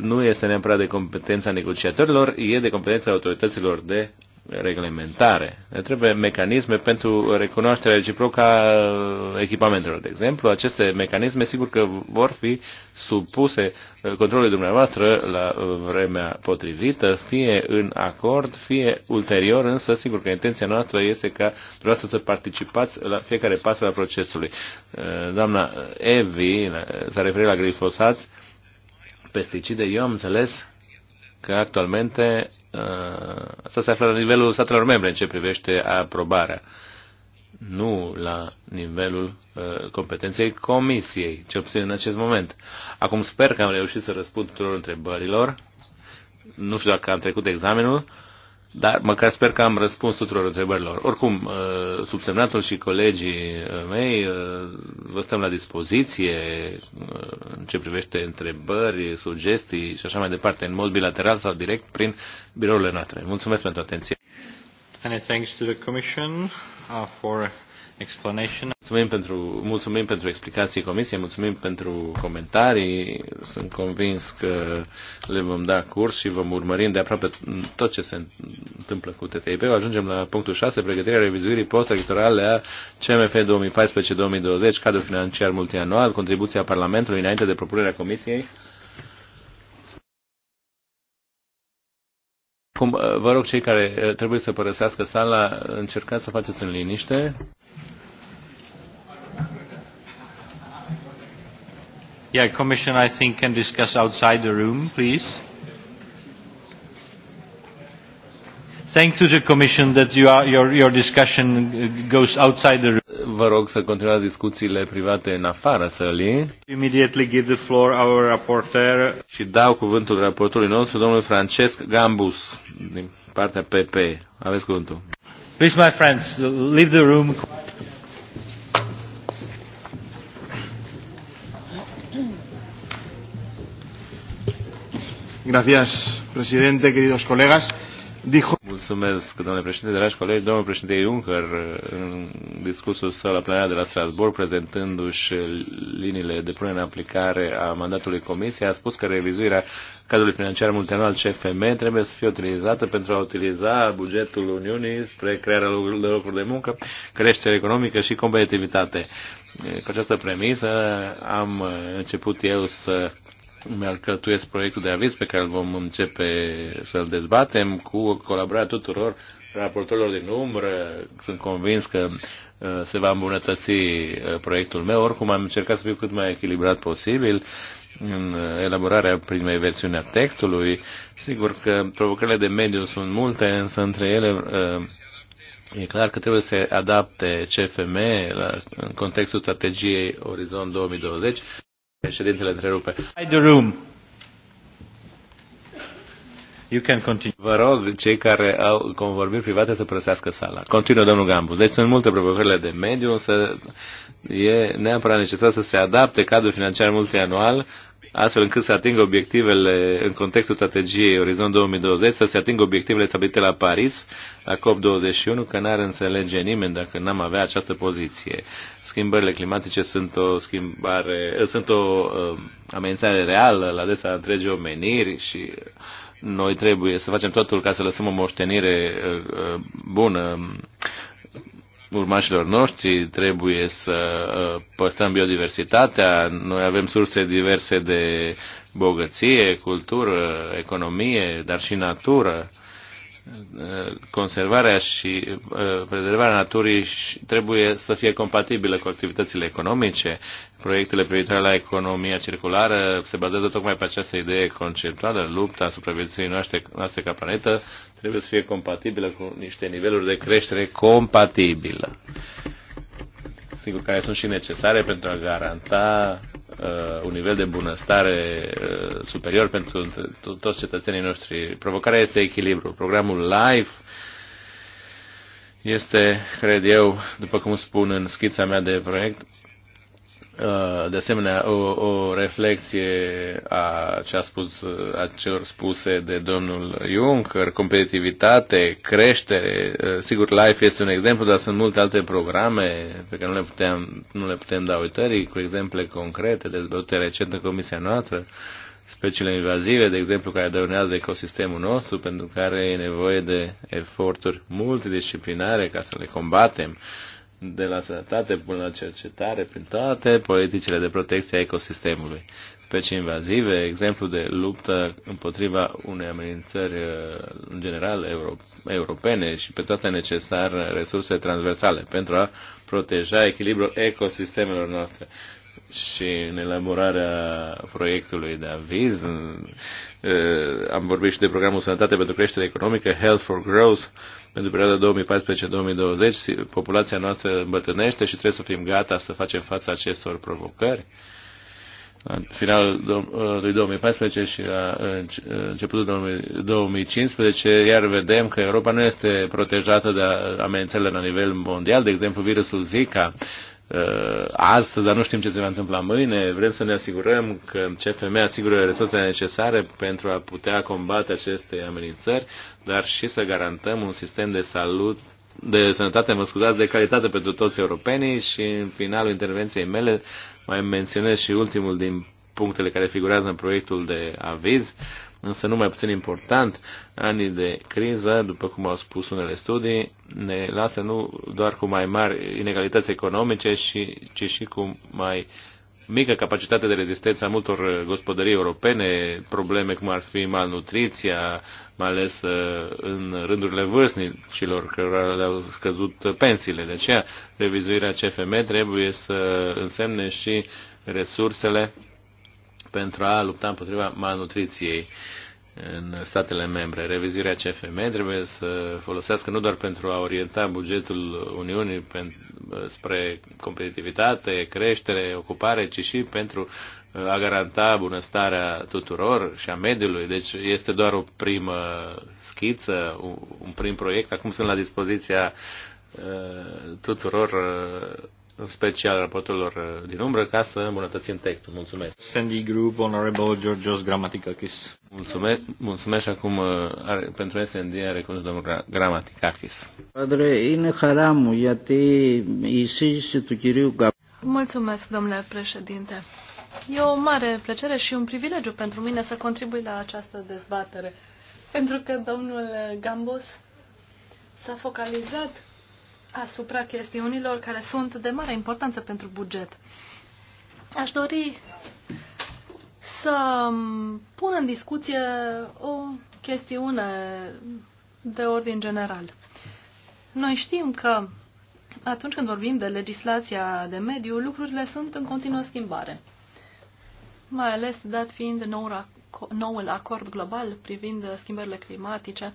nu este neapărat de competența negociatorilor, e de competența autorităților de reglementare. Ne trebuie mecanisme pentru recunoașterea reciprocă a uh, echipamentelor, de exemplu. Aceste mecanisme, sigur că vor fi supuse uh, controlului dumneavoastră la uh, vremea potrivită, fie în acord, fie ulterior, însă sigur că intenția noastră este ca dumneavoastră să participați la fiecare pas al procesului. Doamna Evi s-a referit la glifosați, pesticide, eu am înțeles că actualmente uh, asta se află la nivelul statelor membre în ce privește aprobarea, nu la nivelul uh, competenței comisiei, cel puțin în acest moment. Acum sper că am reușit să răspund tuturor întrebărilor. Nu știu dacă am trecut examenul. Dar măcar sper că am răspuns tuturor întrebărilor. Oricum, uh, subsemnatul și colegii uh, mei uh, vă stăm la dispoziție în ce privește întrebări, sugestii și așa mai departe, în mod bilateral sau direct prin birourile noastre. Mulțumesc pentru atenție. And thanks to the Commission for Mulțumim pentru, mulțumim pentru explicații comisiei, mulțumim pentru comentarii. Sunt convins că le vom da curs și vom urmări de aproape tot ce se întâmplă cu TTIP. Ajungem la punctul 6, pregătirea revizuirii post-electorale a CMF 2014-2020, cadrul financiar multianual, contribuția Parlamentului înainte de propunerea comisiei. Acum, vă rog cei care eh, trebuie să părăsească sala, încercați să faceți în liniște. Yeah, Commission, I think, can discuss outside the room, please. Thank to the Commission that you are, your, your discussion uh, goes outside the room. Vă rog să continuați discuțiile private în afara sălii. Immediately give the floor our rapporteur. Și dau cuvântul raportului nostru, domnul Francesc Gambus, din partea PP. Aveți cuvântul. Please, my friends, leave the room. Gracias, presidente, queridos colegas. Dijo... Mulțumesc, domnule președinte, dragi colegi. Domnul președinte Juncker, în discursul său la plenarea de la Strasbourg, prezentându-și liniile de punere în aplicare a mandatului Comisiei, a spus că revizuirea cadrului financiar multianual CFM trebuie să fie utilizată pentru a utiliza bugetul Uniunii spre crearea de locuri de muncă, creștere economică și competitivitate. Cu această premisă am început eu să îmi alcătuiesc proiectul de aviz pe care îl vom începe să-l dezbatem cu colaborarea tuturor raportorilor din umbră. Sunt convins că uh, se va îmbunătăți uh, proiectul meu. Oricum am încercat să fiu cât mai echilibrat posibil în uh, elaborarea primei versiuni a textului. Sigur că provocările de mediu sunt multe, însă între ele e clar că trebuie să se adapte CFM la, în contextul strategiei Orizont 2020 Președintele întrerupe. The room. You can continue. Vă rog, cei care au convorbiri private să părăsească sala. Continuă domnul Gambus. Deci sunt multe provocările de mediu, însă e neapărat necesar să se adapte cadrul financiar multianual astfel încât să atingă obiectivele în contextul strategiei Orizont 2020, să se atingă obiectivele stabilite la Paris, la COP21, că n-ar înțelege nimeni dacă n-am avea această poziție. Schimbările climatice sunt o schimbare, sunt o um, amenințare reală la adresa întregii omeniri și noi trebuie să facem totul ca să lăsăm o moștenire uh, uh, bună urmașilor noștri, trebuie să uh, păstrăm biodiversitatea, noi avem surse diverse de bogăție, cultură, economie, dar și natură conservarea și uh, preservarea naturii trebuie să fie compatibilă cu activitățile economice. Proiectele privitoare la economia circulară se bazează tocmai pe această idee conceptuală. Lupta supraviețuirii noastre, noastre ca planetă trebuie să fie compatibilă cu niște niveluri de creștere compatibilă sigur, care sunt și necesare pentru a garanta uh, un nivel de bunăstare uh, superior pentru toți cetățenii noștri. Provocarea este echilibru. Programul LIFE este, cred eu, după cum spun în schița mea de proiect, Uh, de asemenea, o, o reflexie a, ce a, spus, a celor spuse de domnul Juncker, competitivitate, creștere. Uh, sigur, LIFE este un exemplu, dar sunt multe alte programe pe care nu le putem, nu le putem da uitării, cu exemple concrete, dezbătute recent în comisia noastră, speciile invazive, de exemplu, care dăunează ecosistemul nostru, pentru care e nevoie de eforturi multidisciplinare ca să le combatem. Uh, de la sănătate până la cercetare, prin toate politicile de protecție a ecosistemului. Specii invazive, exemplu de luptă împotriva unei amenințări uh, în general euro, europene și pe toate necesar resurse transversale pentru a proteja echilibrul ecosistemelor noastre. Și în elaborarea proiectului de aviz uh, am vorbit și de programul Sănătate pentru Creștere Economică, Health for Growth, pentru perioada 2014-2020 populația noastră îmbătrânește și trebuie să fim gata să facem față acestor provocări. La finalul lui 2014 și la începutul 2015, iar vedem că Europa nu este protejată de amenințele la nivel mondial, de exemplu virusul Zika Uh, astăzi, dar nu știm ce se va întâmpla mâine. Vrem să ne asigurăm că CFM asigură resursele necesare pentru a putea combate aceste amenințări, dar și să garantăm un sistem de salut de sănătate, mă scuzați, de calitate pentru toți europenii și în finalul intervenției mele mai menționez și ultimul din punctele care figurează în proiectul de aviz, însă nu mai puțin important, anii de criză, după cum au spus unele studii, ne lasă nu doar cu mai mari inegalități economice, ci și cu mai mică capacitate de rezistență a multor gospodării europene, probleme cum ar fi malnutriția, mai ales uh, în rândurile vârstnicilor care le-au scăzut pensiile. De aceea, revizuirea CFM trebuie să însemne și resursele pentru a lupta împotriva malnutriției în statele membre. Revizuirea CFM trebuie să folosească nu doar pentru a orienta bugetul Uniunii spre competitivitate, creștere, ocupare, ci și pentru uh, a garanta bunăstarea tuturor și a mediului. Deci este doar o primă schiță, un prim proiect. Acum sunt la dispoziția uh, tuturor uh, în special raportorilor uh, din umbră, ca să îmbunătățim textul. Mulțumesc. Sandy Group, Honorable Georgios Grammaticakis. Mulțumesc, mulțumesc acum uh, are, pentru SND are recunoscut domnul Grammaticakis. Padre, ine haramu, iate și η tu του Mulțumesc, domnule președinte. E o mare plăcere și un privilegiu pentru mine să contribui la această dezbatere. Pentru că domnul Gambos s-a focalizat asupra chestiunilor care sunt de mare importanță pentru buget. Aș dori să pun în discuție o chestiune de ordin general. Noi știm că atunci când vorbim de legislația de mediu, lucrurile sunt în continuă schimbare. Mai ales dat fiind noul acord global privind schimbările climatice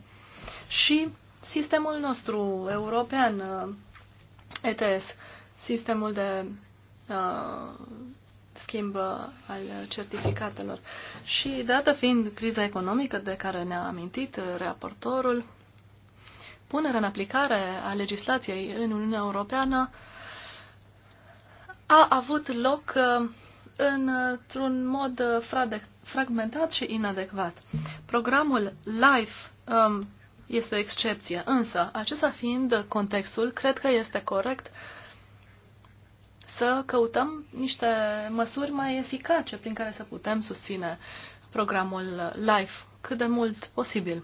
și sistemul nostru european uh, ETS, sistemul de uh, schimb uh, al certificatelor. Și dată fiind criza economică de care ne-a amintit uh, raportorul, punerea în aplicare a legislației în Uniunea Europeană a avut loc într-un mod fragmentat și inadecvat. Programul LIFE um, este o excepție. Însă, acesta fiind contextul, cred că este corect să căutăm niște măsuri mai eficace prin care să putem susține programul LIFE cât de mult posibil.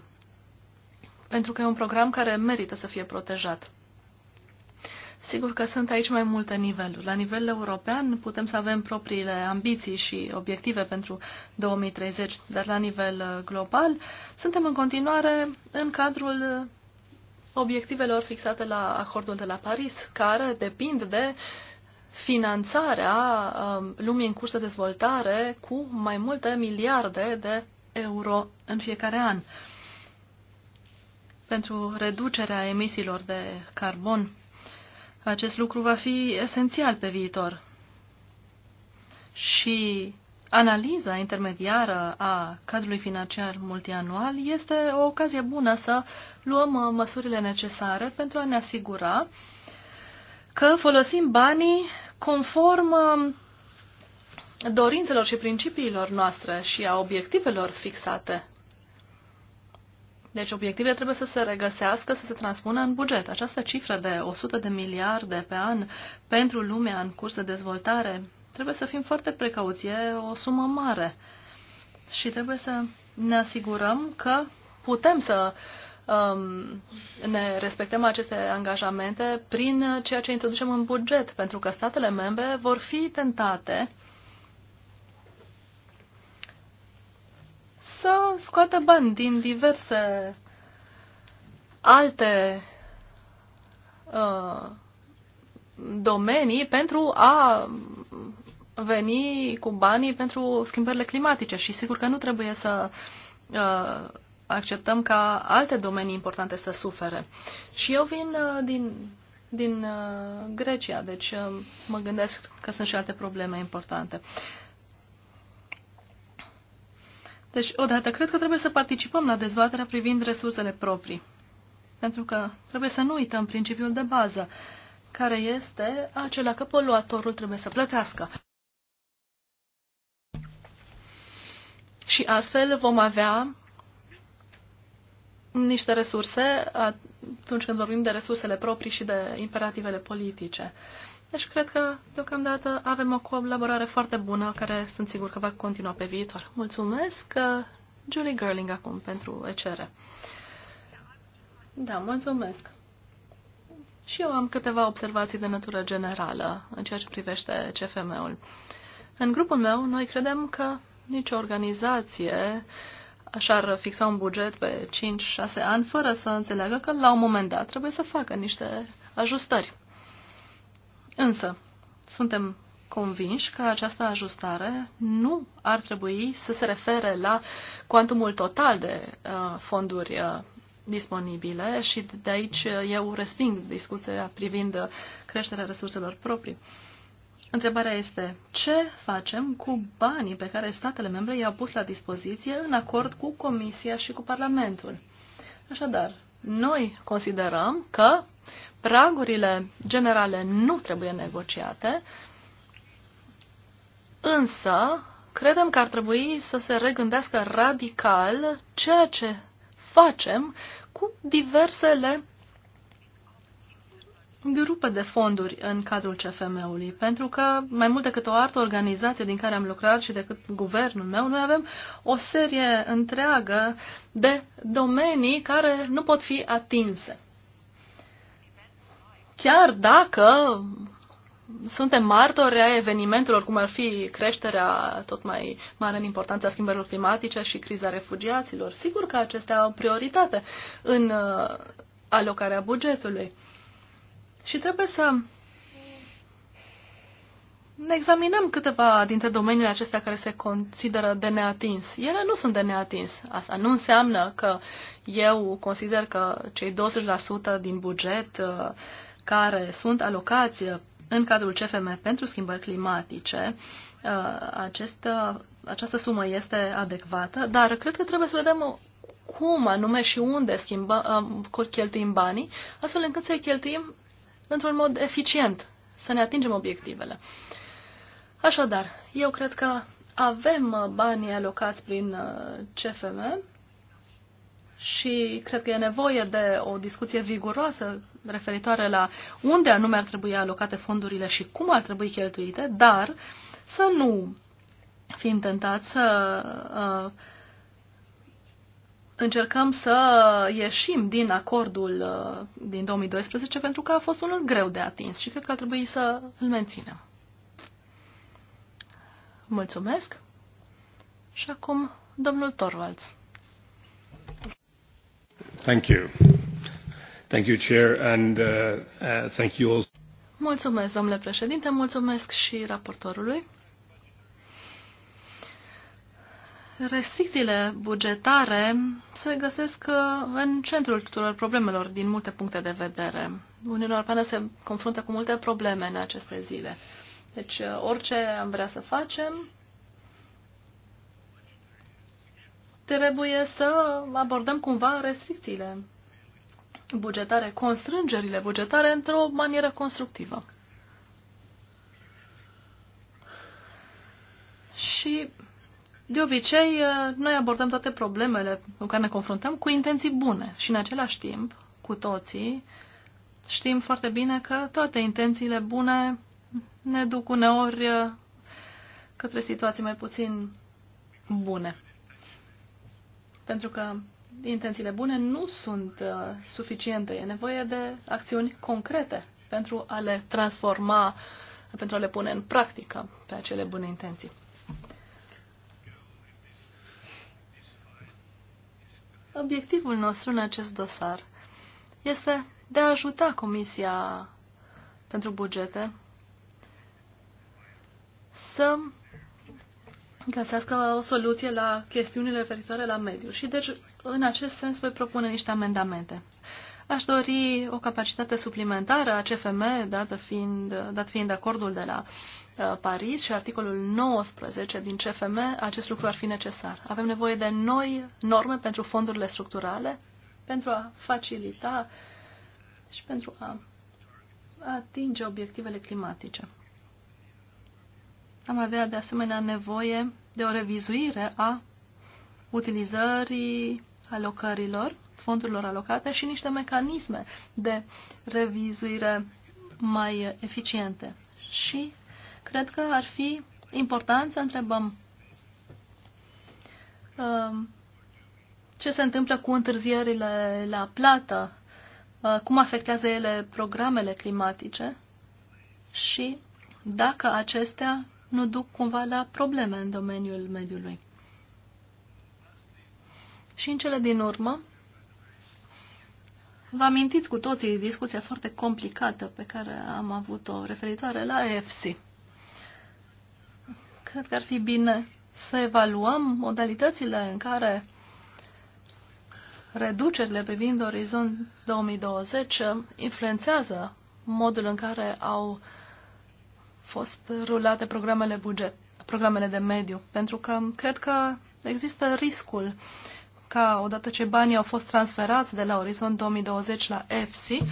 Pentru că e un program care merită să fie protejat. Sigur că sunt aici mai multe niveluri. La nivel european putem să avem propriile ambiții și obiective pentru 2030, dar la nivel uh, global suntem în continuare în cadrul obiectivelor fixate la acordul de la Paris, care depind de finanțarea um, lumii în curs de dezvoltare cu mai multe miliarde de euro în fiecare an pentru reducerea emisiilor de carbon acest lucru va fi esențial pe viitor. Și analiza intermediară a cadrului financiar multianual este o ocazie bună să luăm uh, măsurile necesare pentru a ne asigura că folosim banii conform um, dorințelor și principiilor noastre și a obiectivelor fixate. Deci obiectivele trebuie să se regăsească, să se transpună în buget. Această cifră de 100 de miliarde pe an pentru lumea în curs de dezvoltare trebuie să fim foarte precauți. E o sumă mare și trebuie să ne asigurăm că putem să um, ne respectăm aceste angajamente prin ceea ce introducem în buget, pentru că statele membre vor fi tentate să scoată bani din diverse alte uh, domenii pentru a veni cu banii pentru schimbările climatice și sigur că nu trebuie să uh, acceptăm ca alte domenii importante să sufere. Și eu vin uh, din, din uh, Grecia, deci uh, mă gândesc că sunt și alte probleme importante. Uh, deci, odată, cred că trebuie să participăm la dezbaterea privind resursele proprii. Pentru că trebuie să nu uităm principiul de bază, care este acela că poluatorul trebuie să plătească. Și astfel vom avea niște resurse atunci când vorbim de resursele proprii și de imperativele politice. Deci cred că deocamdată avem o colaborare foarte bună care sunt sigur că va continua pe viitor. Mulțumesc, uh, Julie Gerling, acum pentru ECR. Da, mulțumesc. Și eu am câteva observații de natură generală în ceea ce privește CFM-ul. În grupul meu, noi credem că nicio organizație așa ar fixa un buget pe 5-6 ani fără să înțeleagă că la un moment dat trebuie să facă niște ajustări. Însă, suntem convinși că această ajustare nu ar trebui să se refere la cuantumul total de uh, fonduri uh, disponibile și de aici uh, eu resping discuția privind uh, creșterea resurselor proprii. Întrebarea este ce facem cu banii pe care statele membre i-au pus la dispoziție în acord cu Comisia și cu Parlamentul. Așadar, noi considerăm că Pragurile generale nu trebuie negociate, însă credem că ar trebui să se regândească radical ceea ce facem cu diversele grupe de fonduri în cadrul CFM-ului, pentru că mai mult decât o altă organizație din care am lucrat și decât guvernul meu, noi avem o serie întreagă de domenii care nu pot fi atinse chiar dacă suntem martori a evenimentelor, cum ar fi creșterea tot mai mare în importanța schimbărilor climatice și criza refugiaților. Sigur că acestea au prioritate în uh, alocarea bugetului. Și trebuie să ne examinăm câteva dintre domeniile acestea care se consideră de neatins. Ele nu sunt de neatins. Asta nu înseamnă că eu consider că cei 20% din buget uh, care sunt alocați în cadrul CFM pentru schimbări climatice, uh, această uh, această sumă este adecvată, dar cred că trebuie să vedem cum anume și unde schimbă, uh, cheltuim banii, astfel încât să-i cheltuim într-un mod eficient, să ne atingem obiectivele. Așadar, eu cred că avem banii alocați prin CFM și cred că e nevoie de o discuție viguroasă referitoare la unde anume ar trebui alocate fondurile și cum ar trebui cheltuite, dar să nu fim tentați să uh, încercăm să ieșim din acordul uh, din 2012 pentru că a fost unul greu de atins și cred că ar trebui să îl menținem. Mulțumesc! Și acum domnul Torvalds. Mulțumesc, domnule președinte, mulțumesc și raportorului. Restricțiile bugetare se găsesc uh, în centrul tuturor problemelor din multe puncte de vedere. Uniunea Europeană se confruntă cu multe probleme în aceste zile. Deci uh, orice am vrea să facem, trebuie să abordăm cumva restricțiile bugetare, constrângerile bugetare într-o manieră constructivă. Și de obicei, noi abordăm toate problemele cu care ne confruntăm cu intenții bune și în același timp, cu toții, știm foarte bine că toate intențiile bune ne duc uneori către situații mai puțin bune. Pentru că intențiile bune nu sunt uh, suficiente. E nevoie de acțiuni concrete pentru a le transforma, pentru a le pune în practică pe acele bune intenții. Obiectivul nostru în acest dosar este de a ajuta Comisia pentru bugete să găsească o soluție la chestiunile referitoare la mediu. Și deci, în acest sens, voi propune niște amendamente. Aș dori o capacitate suplimentară a CFM, dată fiind, dat fiind acordul de la uh, Paris și articolul 19 din CFM, acest lucru ar fi necesar. Avem nevoie de noi norme pentru fondurile structurale, pentru a facilita și pentru a atinge obiectivele climatice am avea de asemenea nevoie de o revizuire a utilizării alocărilor, fondurilor alocate și niște mecanisme de revizuire mai eficiente. Și cred că ar fi important să întrebăm um, ce se întâmplă cu întârzierile la plată, uh, cum afectează ele programele climatice și dacă acestea nu duc cumva la probleme în domeniul mediului. Și în cele din urmă, vă amintiți cu toții discuția foarte complicată pe care am avut-o referitoare la EFC. Cred că ar fi bine să evaluăm modalitățile în care reducerile privind orizont 2020 uh, influențează modul în care au uh, fost rulate programele buget, programele de mediu, pentru că cred că există riscul ca odată ce banii au fost transferați de la Orizont 2020 la EFSI,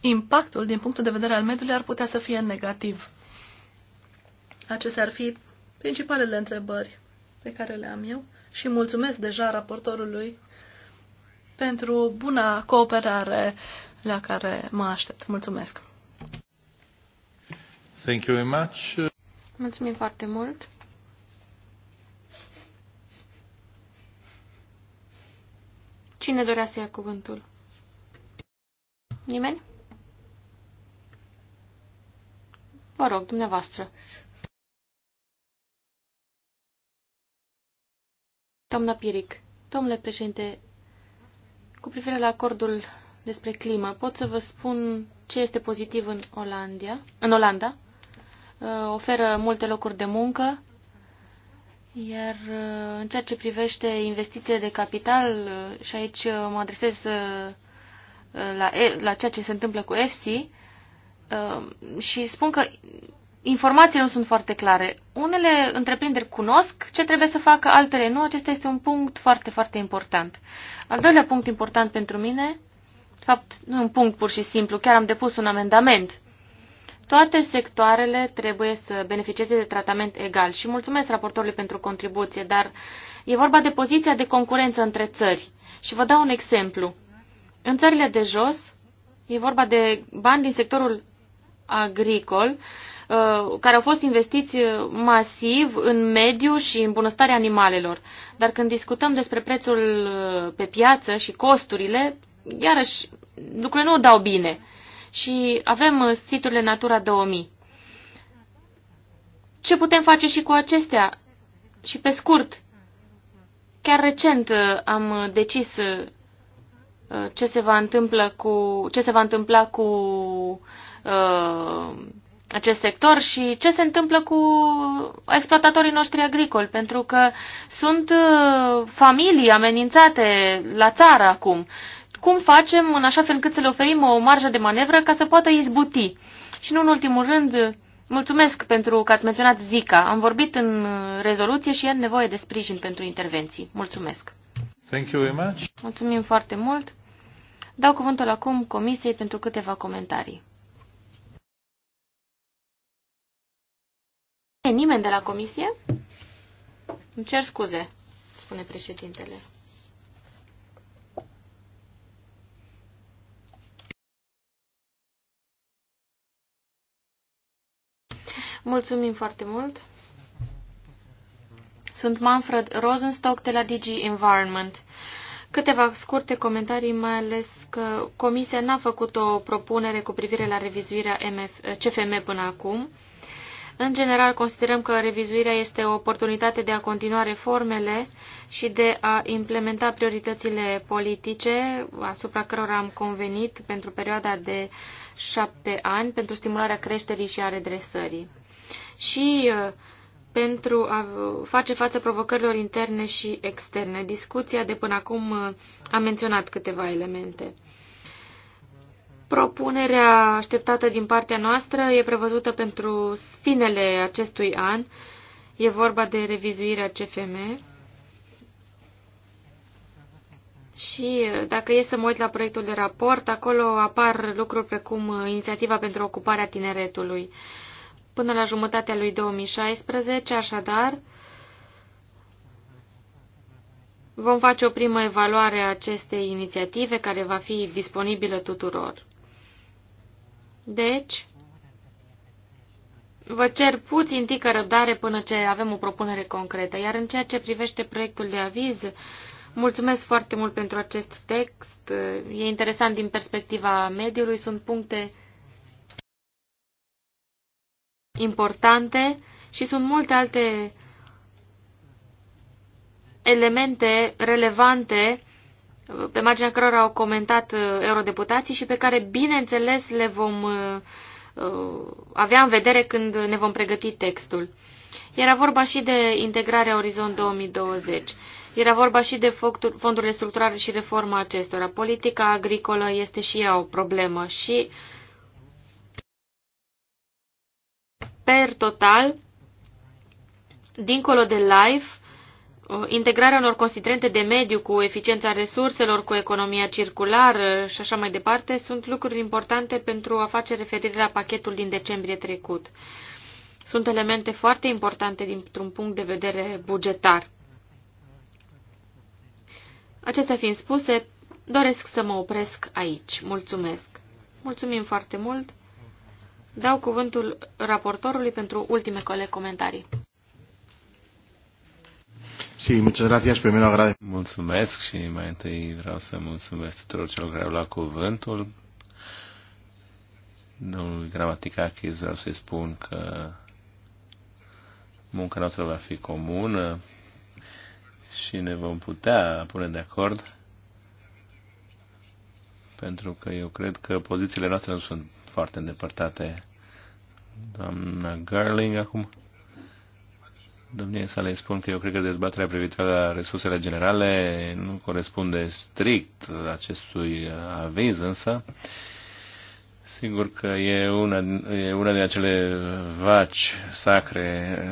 impactul din punctul de vedere al mediului ar putea să fie negativ. Acestea ar fi principalele întrebări pe care le am eu și mulțumesc deja raportorului pentru buna cooperare la care mă aștept. Mulțumesc! Thank you very much. Mulțumim foarte mult. Cine dorea să ia cuvântul? Nimeni? Vă rog, dumneavoastră. Doamna Piric, domnule președinte, cu privire la acordul despre climă, pot să vă spun ce este pozitiv în Olanda, în Olanda? Uh, oferă multe locuri de muncă, iar uh, în ceea ce privește investițiile de capital, uh, și aici mă adresez la, la ceea ce se întâmplă cu EFSI, și spun că informațiile nu sunt foarte clare. Unele întreprinderi cunosc ce trebuie să facă, altele nu. Acesta este un punct foarte, foarte important. Al doilea punct important pentru mine, fapt, nu un punct pur și simplu, chiar am depus un amendament toate sectoarele trebuie să beneficieze de tratament egal și mulțumesc raportorului pentru contribuție, dar e vorba de poziția de concurență între țări. Și vă dau un exemplu. În țările de jos e vorba de bani din sectorul agricol uh, care au fost investiți uh, masiv în mediu și în bunăstarea animalelor. Dar când discutăm despre prețul uh, pe piață și costurile, iarăși lucrurile nu dau bine și avem uh, siturile Natura 2000. Ce putem face și cu acestea? Și pe scurt, chiar recent uh, am uh, decis ce se va întâmpla cu, ce se va întâmpla cu uh, acest sector și ce se întâmplă cu exploatatorii noștri agricoli, pentru că sunt familii amenințate la țară acum. Uh, cum facem în așa fel încât să le oferim o marjă de manevră ca să poată izbuti. Și nu în ultimul rând, mulțumesc pentru că ați menționat Zika. Am vorbit în rezoluție și e nevoie de sprijin pentru intervenții. Mulțumesc! Thank you very much. Mulțumim foarte mult! Dau cuvântul acum Comisiei pentru câteva comentarii. E nimeni de la Comisie? Îmi cer scuze, spune președintele. Mulțumim foarte mult. Sunt Manfred Rosenstock de la DG Environment. Câteva scurte comentarii, mai ales că Comisia n-a făcut o propunere cu privire la revizuirea MF, CFM până acum. În general, considerăm că revizuirea este o oportunitate de a continua reformele și de a implementa prioritățile politice asupra cărora am convenit pentru perioada de șapte ani pentru stimularea creșterii și a redresării și uh, pentru a face față provocărilor interne și externe. Discuția de până acum uh, a menționat câteva elemente. Propunerea așteptată din partea noastră e prevăzută pentru finele acestui an. E vorba de revizuirea CFM. Și uh, dacă e să mă uit la proiectul de raport, acolo apar lucruri precum inițiativa pentru ocuparea tineretului. Uh, până la jumătatea lui 2016, așadar vom face o primă evaluare a acestei inițiative care va fi disponibilă tuturor. Deci, vă cer puțin tică răbdare până ce avem o propunere concretă, iar în ceea ce privește proiectul de aviz, Mulțumesc foarte mult pentru acest text. E interesant din perspectiva mediului. Sunt puncte importante și sunt multe alte elemente relevante pe marginea cărora au comentat uh, eurodeputații și pe care, bineînțeles, le vom uh, uh, avea în vedere când ne vom pregăti textul. Era vorba și de integrarea Orizont 2020. Era vorba și de fondurile structurale și reforma acestora. Politica agricolă este și ea o problemă și uh, per total, dincolo de life, integrarea unor considerente de mediu cu eficiența resurselor, cu economia circulară și așa mai departe, sunt lucruri importante pentru a face referire la pachetul din decembrie trecut. Sunt elemente foarte importante dintr-un punct de vedere bugetar. Acestea fiind spuse, doresc să mă opresc aici. Mulțumesc! Mulțumim foarte mult! Dau cuvântul raportorului pentru ultimele comentarii. Sí, muchas gracias. Primero agradezco. Mulțumesc și mai întâi vreau să mulțumesc tuturor celor care au luat cuvântul. Domnului Gramaticachis vreau să-i spun că munca noastră va fi comună și ne vom putea pune de acord pentru că eu cred că pozițiile noastre nu sunt foarte îndepărtate. Doamna Garling acum. Domnie să le spun că eu cred că dezbaterea privitoare la resursele generale nu corespunde strict acestui aviz, însă sigur că e una, e una din acele vaci sacre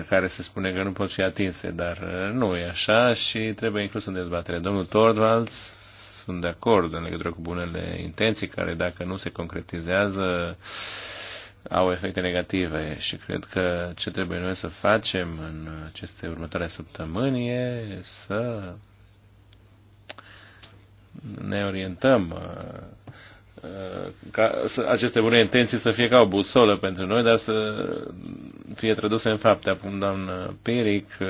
care se spune că nu pot fi atinse, dar nu e așa și trebuie inclus în dezbatere. Domnul Tordvalds sunt de acord în legătură cu bunele intenții care, dacă nu se concretizează, au efecte negative și cred că ce trebuie noi să facem în aceste următoare săptămâni e să ne orientăm ca să, aceste bune intenții să fie ca o busolă pentru noi, dar să fie traduse în fapte. Acum, doamnă Piric, uh,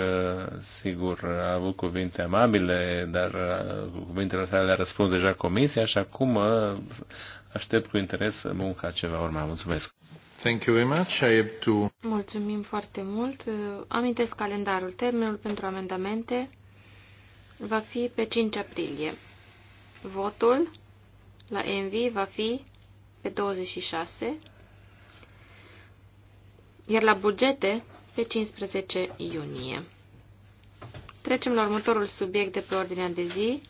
sigur, a avut cuvinte amabile, dar uh, cu cuvintele sale le-a răspuns deja comisia și acum uh, aștept cu interes munca ce va urma. Mulțumesc! Thank you very much. I have to... Mulțumim foarte mult. Amintesc calendarul. Termenul pentru amendamente va fi pe 5 aprilie. Votul la MV va fi pe 26, iar la bugete pe 15 iunie. Trecem la următorul subiect de pe ordinea de zi.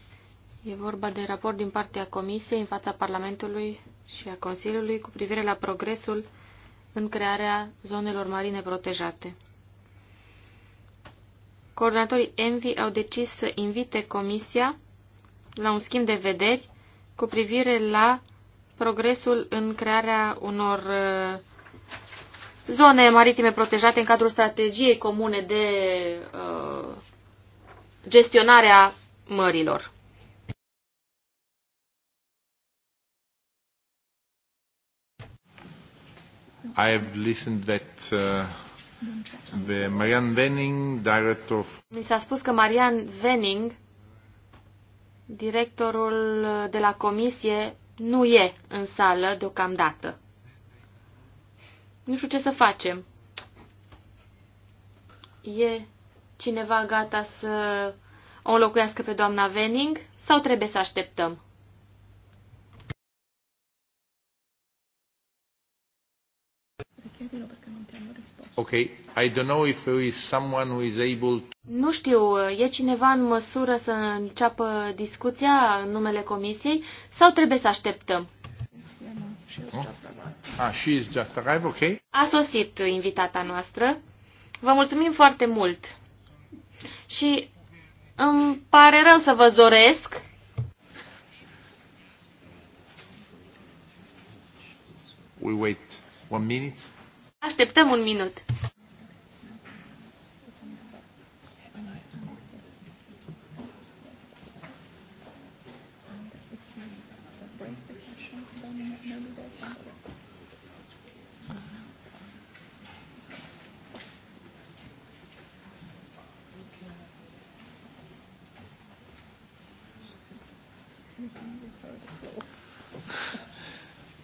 E vorba de raport din partea Comisiei în fața Parlamentului și a Consiliului cu privire la progresul în crearea zonelor marine protejate. Coordonatorii ENVI au decis să invite Comisia la un schimb de vederi cu privire la progresul în crearea unor uh, zone maritime protejate în cadrul strategiei comune de uh, gestionare a mărilor. I have listened that uh, the Marian Venning, director of... Mi s-a spus că Marian Venning, Directorul de la comisie nu e în sală deocamdată. Nu știu ce să facem. E cineva gata să o înlocuiască pe doamna Venning sau trebuie să așteptăm? Nu știu, e cineva în măsură să înceapă discuția în numele comisiei sau trebuie să așteptăm? Oh. Ah, she is just arrived, okay. A sosit invitata noastră. Vă mulțumim foarte mult. Și îmi pare rău să vă zoresc. We wait one minute. Așteptăm un minut.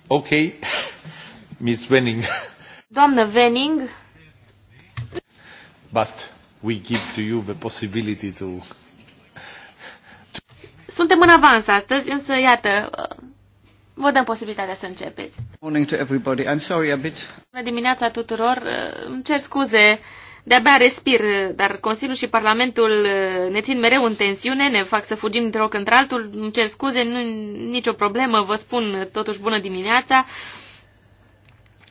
Okay, Miss Wenning. Doamnă Venning. But we give to you the possibility to... Suntem în avans astăzi, însă iată, vă dăm posibilitatea să începeți. Morning to everybody. I'm sorry a bit. Bună dimineața tuturor. Îmi cer scuze. De-abia respir, dar Consiliul și Parlamentul uh, ne țin mereu în tensiune, ne fac să fugim într-o într altul, îmi cer scuze, nu nicio problemă, vă spun totuși bună dimineața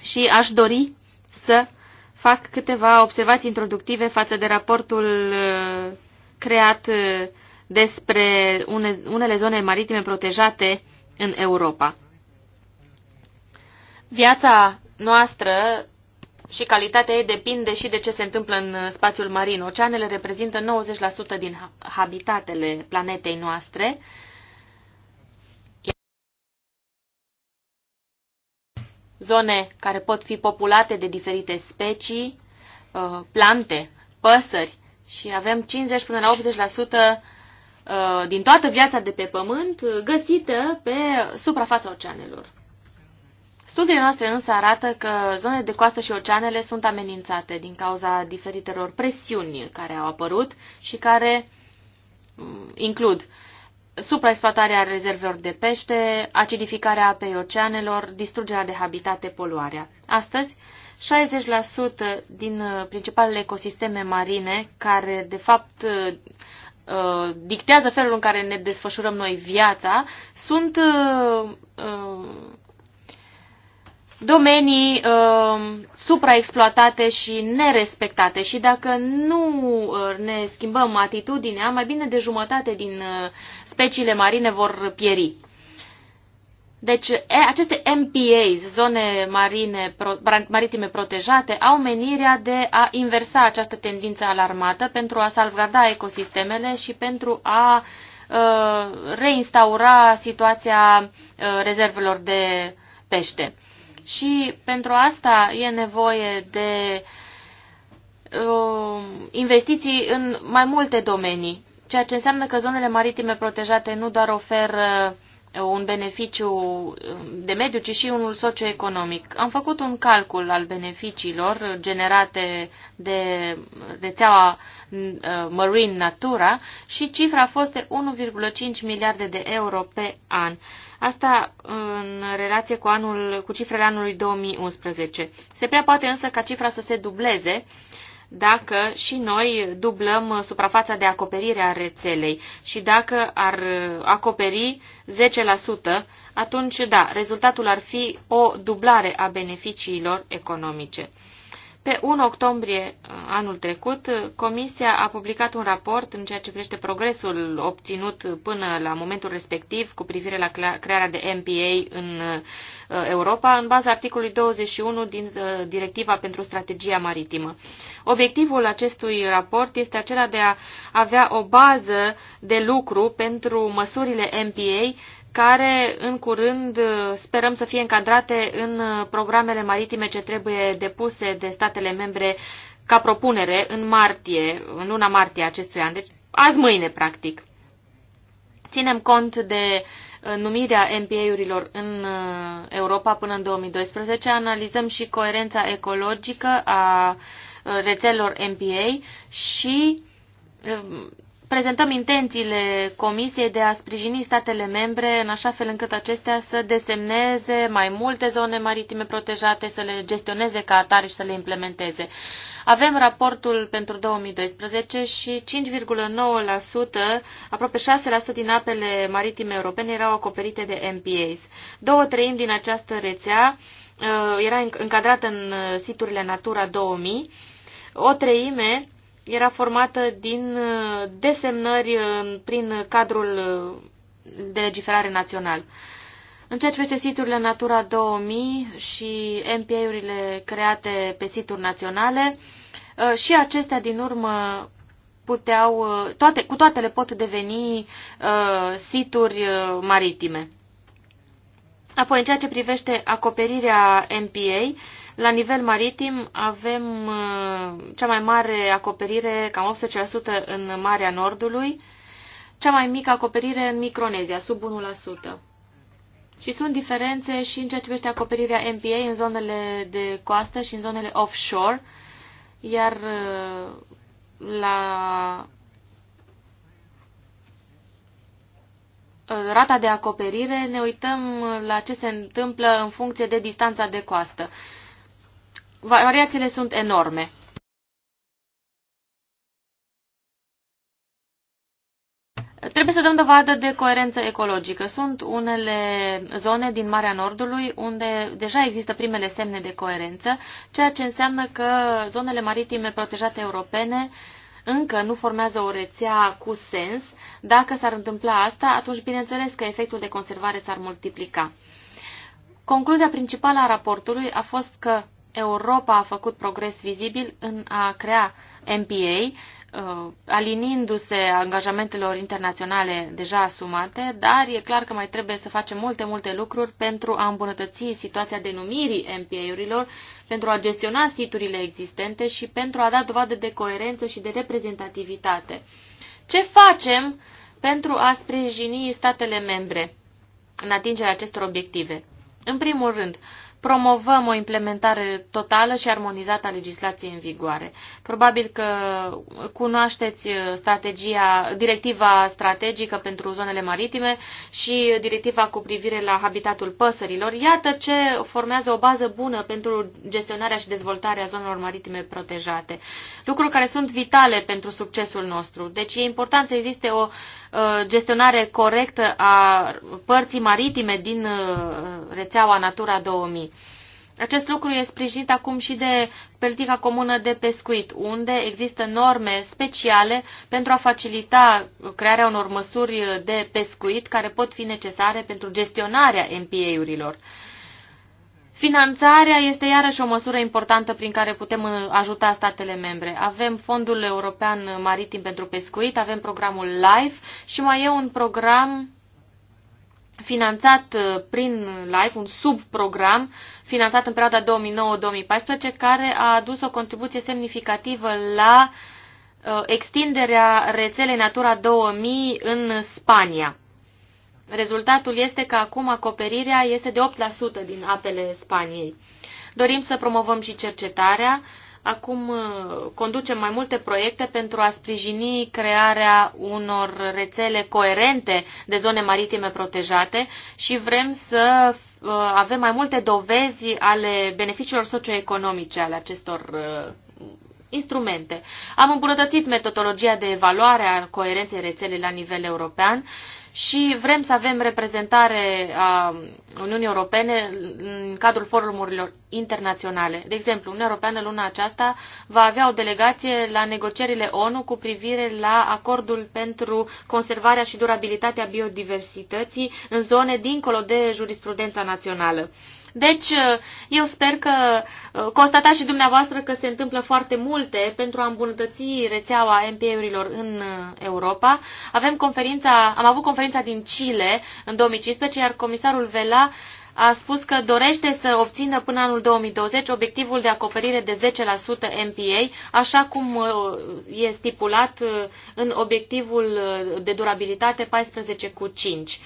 și aș dori să fac câteva observații introductive față de raportul uh, creat uh, despre unele zone maritime protejate în Europa. Viața noastră și calitatea ei depinde și de ce se întâmplă în uh, spațiul marin. Oceanele reprezintă 90% din habitatele planetei noastre zone care pot fi populate de diferite specii, uh, plante, păsări și avem 50 până la 80% uh, din toată viața de pe pământ uh, găsită pe suprafața oceanelor. Studiile noastre însă arată că zonele de coastă și oceanele sunt amenințate din cauza diferitelor presiuni care au apărut și care mm, includ supraexploatarea rezervelor de pește, acidificarea apei oceanelor, distrugerea de habitate, poluarea. Astăzi, 60% din uh, principalele ecosisteme marine, care de fapt uh, uh, dictează felul în care ne desfășurăm noi viața, sunt domenii uh, supraexploatate și nerespectate și dacă nu uh, ne schimbăm atitudinea, mai bine de jumătate din uh, speciile marine vor pieri. Deci aceste MPAs, zone marine, pro, maritime protejate, au menirea de a inversa această tendință alarmată pentru a salvgarda ecosistemele și pentru a uh, reinstaura situația uh, rezervelor de pește. Și pentru asta e nevoie de uh, investiții în mai multe domenii, ceea ce înseamnă că zonele maritime protejate nu doar oferă uh, un beneficiu um, de mediu, ci și unul socioeconomic. Am făcut un calcul al beneficiilor generate de rețeaua uh, Marine Natura și cifra a fost de 1,5 miliarde de euro pe an. Asta în relație cu, anul, cu cifrele anului 2011. Se prea poate însă ca cifra să se dubleze dacă și noi dublăm suprafața de acoperire a rețelei și dacă ar acoperi 10%, atunci da, rezultatul ar fi o dublare a beneficiilor economice. Pe 1 octombrie uh, anul trecut, uh, Comisia a publicat un raport în ceea ce privește progresul obținut până la momentul respectiv cu privire la crearea de MPA în uh, Europa, în baza articolului 21 din Directiva pentru Strategia Maritimă. Obiectivul acestui raport este acela de a avea o bază de lucru pentru măsurile MPA care în curând uh, sperăm să fie încadrate în uh, programele maritime ce trebuie depuse de statele membre ca propunere în martie, în luna martie acestui an, deci azi mâine practic. Ținem cont de uh, numirea MPA-urilor în Europa până în 2012, analizăm și coerența ecologică a rețelelor MPA și prezentăm intențiile Comisiei de a sprijini statele membre în așa fel încât acestea să desemneze mai multe zone maritime protejate, să le gestioneze ca atare și să le implementeze. Avem raportul pentru 2012 și 5,9%, aproape 6% din apele maritime europene erau acoperite de MPAs. Două treimi din această rețea uh, era încadrată în uh, siturile Natura 2000, o treime era formată din uh, desemnări uh, prin cadrul uh, de legiferare național. În ceea ce privește siturile Natura 2000 și MPA-urile create pe situri naționale, și acestea din urmă puteau, toate, cu toate le pot deveni situri maritime. Apoi, în ceea ce privește acoperirea MPA, la nivel maritim avem uh, cea mai mare acoperire, cam 80% în Marea Nordului, cea mai mică acoperire în Micronezia, sub 1%. Și sunt diferențe și în ceea ce privește acoperirea MPA în zonele de coastă și în zonele offshore, iar uh, la uh, rata de acoperire ne uităm la ce se întâmplă în funcție de distanța de coastă. Variațiile sunt enorme. Trebuie să dăm dovadă de coerență ecologică. Sunt unele zone din Marea Nordului unde deja există primele semne de coerență, ceea ce înseamnă că zonele maritime protejate europene încă nu formează o rețea cu sens. Dacă s-ar întâmpla asta, atunci bineînțeles că efectul de conservare s-ar multiplica. Concluzia principală a raportului a fost că Europa a făcut progres vizibil în a crea MPA, uh, aliniindu-se angajamentelor internaționale deja asumate, dar e clar că mai trebuie să facem multe, multe lucruri pentru a îmbunătăți situația denumirii MPA-urilor, pentru a gestiona siturile existente și pentru a da dovadă de coerență și de reprezentativitate. Ce facem pentru a sprijini statele membre în atingerea acestor obiective? În primul rând, promovăm o implementare totală și armonizată a legislației în vigoare. Probabil că cunoașteți uh, strategia, directiva strategică pentru zonele maritime și directiva cu privire la habitatul păsărilor. Iată ce formează o bază bună pentru gestionarea și dezvoltarea zonelor maritime protejate. Lucruri care sunt vitale pentru succesul nostru. Deci e important să existe o Uh, gestionare corectă a părții maritime din uh, rețeaua Natura 2000. Acest lucru e sprijinit acum și de politica comună de pescuit, unde există norme speciale pentru a facilita crearea unor măsuri de pescuit care pot fi necesare pentru gestionarea MPA-urilor. Finanțarea este iarăși o măsură importantă prin care putem uh, ajuta statele membre. Avem Fondul European Maritim pentru Pescuit, avem programul LIFE și mai e un program finanțat uh, prin LIFE, un subprogram finanțat în perioada 2009-2014, care a adus o contribuție semnificativă la uh, extinderea rețelei Natura 2000 în Spania. Rezultatul este că acum acoperirea este de 8% din apele Spaniei. Dorim să promovăm și cercetarea. Acum uh, conducem mai multe proiecte pentru a sprijini crearea unor rețele coerente de zone maritime protejate și vrem să uh, avem mai multe dovezi ale beneficiilor socioeconomice ale acestor uh, instrumente. Am îmbunătățit metodologia de evaluare a coerenței rețelei la nivel european și vrem să avem reprezentare a Uniunii Europene în cadrul forumurilor internaționale. De exemplu, Uniunea Europeană luna aceasta va avea o delegație la negocierile ONU cu privire la acordul pentru conservarea și durabilitatea biodiversității în zone dincolo de jurisprudența națională. Deci, uh, eu sper că uh, constatați și dumneavoastră că se întâmplă foarte multe pentru a îmbunătăți rețeaua MPA-urilor în uh, Europa. Avem conferința, am avut conferința din Chile în 2015, iar comisarul Vela a spus că dorește să obțină până anul 2020 obiectivul de acoperire de 10% MPA, așa cum e stipulat în obiectivul de durabilitate 14 cu 5.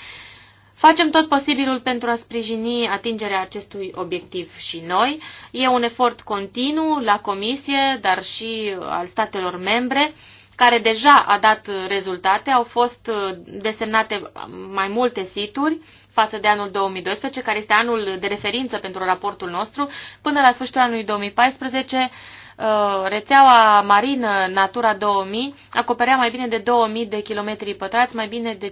Facem tot posibilul pentru a sprijini atingerea acestui obiectiv și noi. E un efort continuu la Comisie, dar și al statelor membre, care deja a dat rezultate. Au fost uh, desemnate mai multe situri față de anul 2012, care este anul de referință pentru raportul nostru. Până la sfârșitul anului 2014, Uh, rețeaua marină Natura 2000 acoperea mai bine de 2000 de kilometri pătrați, mai bine de 5%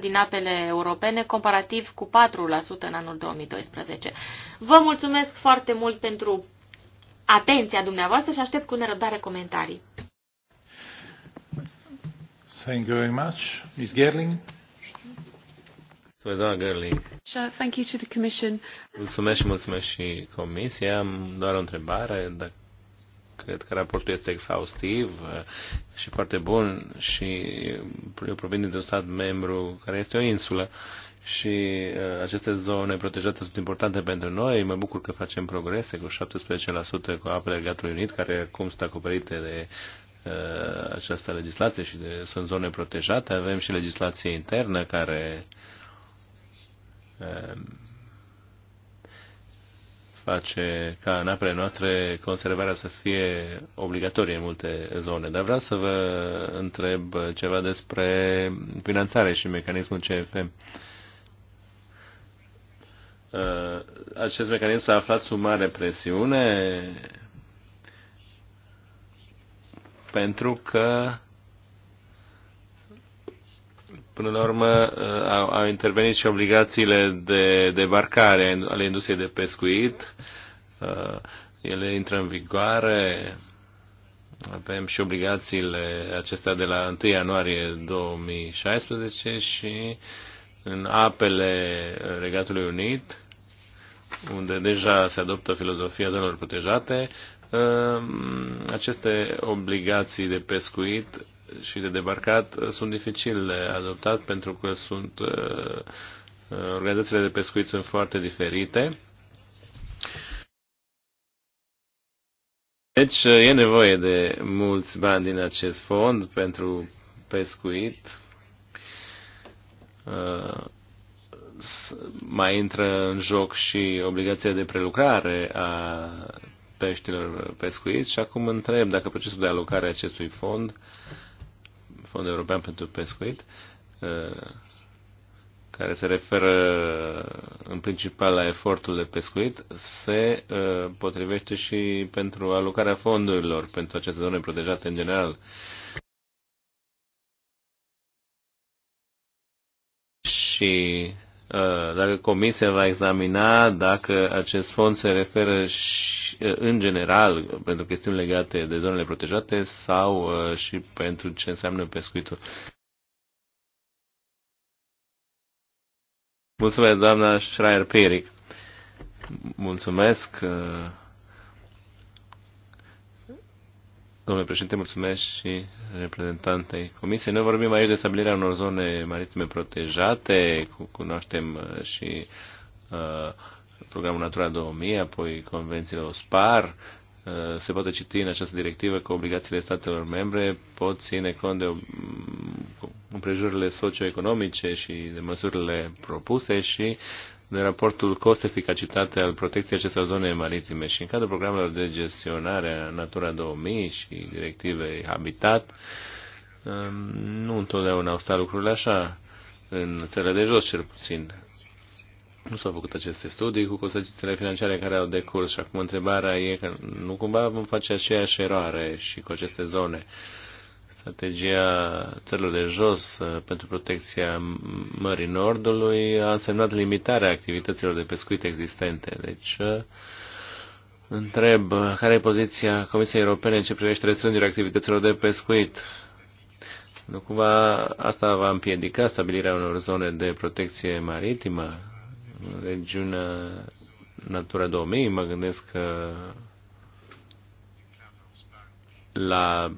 din apele europene, comparativ cu 4% în anul 2012. Vă mulțumesc foarte mult pentru atenția dumneavoastră și aștept cu nerăbdare comentarii. Thank you very much. Ms. Gerling? Doamna Gerling. Thank you to the Commission. Mulțumesc și mulțumesc și Comisia. Am doar o întrebare. Dacă Cred că raportul este exhaustiv eh, și foarte bun și eh, eu provin dintr-un stat membru care este o insulă și eh, aceste zone protejate sunt importante pentru noi. Mă bucur că facem progrese cu 17% cu apele Regatului Unit, care acum sunt acoperite de uh, această legislație și de, sunt zone protejate. Avem și legislație internă care uh, face ca în apele noastre conservarea să fie obligatorie în multe zone. Dar vreau să vă întreb ceva despre finanțare și mecanismul CFM. Uh, acest mecanism s-a aflat sub mare presiune pentru că Până la urmă uh, au, au intervenit și obligațiile de debarcare ale industriei de pescuit. Uh, ele intră în vigoare. Avem și obligațiile acestea de la 1 ianuarie 2016 și în apele Regatului Unit, unde deja se adoptă filozofia zonelor protejate, uh, aceste obligații de pescuit și de debarcat uh, sunt dificil de adoptat pentru că sunt uh, uh, organizațiile de pescuit sunt foarte diferite. Deci e nevoie de mulți bani din acest fond pentru pescuit. Mai intră în joc și obligația de prelucrare a peștilor pescuiți și acum întreb dacă procesul de alocare a acestui fond uh, Fondul European pentru Pescuit, uh, care se referă uh, în principal la efortul de pescuit, se uh, potrivește și pentru alocarea fondurilor pentru aceste zone protejate în general. Și Uh, dacă Comisia va examina dacă acest fond se referă și, uh, în general pentru chestiuni legate de zonele protejate sau uh, și pentru ce înseamnă pescuitul. Mulțumesc, doamna Schreier-Peric. Mulțumesc. Domnule președinte, mulțumesc și reprezentantei Comisiei. Noi vorbim aici de stabilirea unor zone maritime protejate, cu cunoaștem uh, și uh, programul Natura 2000, apoi convențiile OSPAR. Uh, se poate citi în această directivă că obligațiile statelor membre pot ține cont de um, împrejurile socioeconomice și de măsurile propuse și de raportul cost-eficacitate al protecției acestor zone maritime și în cadrul programelor de gestionare a Natura 2000 și directivei Habitat, um, nu întotdeauna au stat lucrurile așa, în țările de jos cel puțin. Nu s-au făcut aceste studii cu consecințele financiare care au decurs și acum întrebarea e că nu cumva vom face aceeași eroare și cu aceste zone. Uh, strategia țărilor de jos uh, pentru protecția Mării Nordului a însemnat limitarea activităților de pescuit existente. Deci, uh, întreb, uh, care e poziția Comisiei Europene în ce privește restrângerea activităților de pescuit? Nu cumva asta va împiedica stabilirea unor zone de protecție maritimă în regiunea Natura 2000? Mă gândesc că la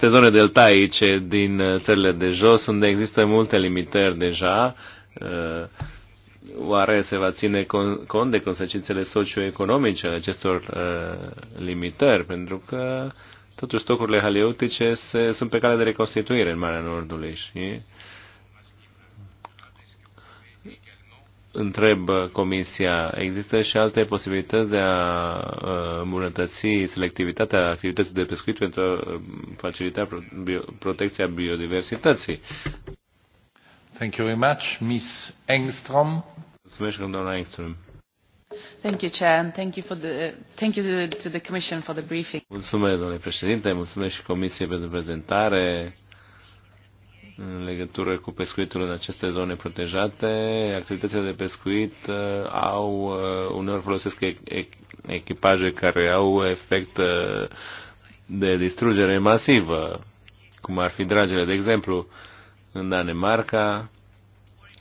aceste zone deltaice din uh, țările de jos, unde există multe limitări deja. Uh, oare se va ține cont de consecințele socioeconomice ale acestor uh, limitări? Pentru că, totuși, stocurile haleutice se, sunt pe cale de reconstituire în Marea Nordului și întreb Comisia, există și alte posibilități de a îmbunătăți selectivitatea activității de pescuit pentru a facilita protecția biodiversității? Thank you very much, Miss Engstrom. Mulțumesc, doamna Engstrom. Thank you, Chair, and thank you, for the, thank you to the Commission for the briefing. Mulțumesc, domnule președinte, mulțumesc și Comisiei pentru prezentare în legătură cu pescuitul în aceste zone protejate. Activitățile de pescuit uh, au, uh, uneori folosesc echipaje care au efect uh, de distrugere masivă, cum ar fi dragele, de exemplu, în Danemarca,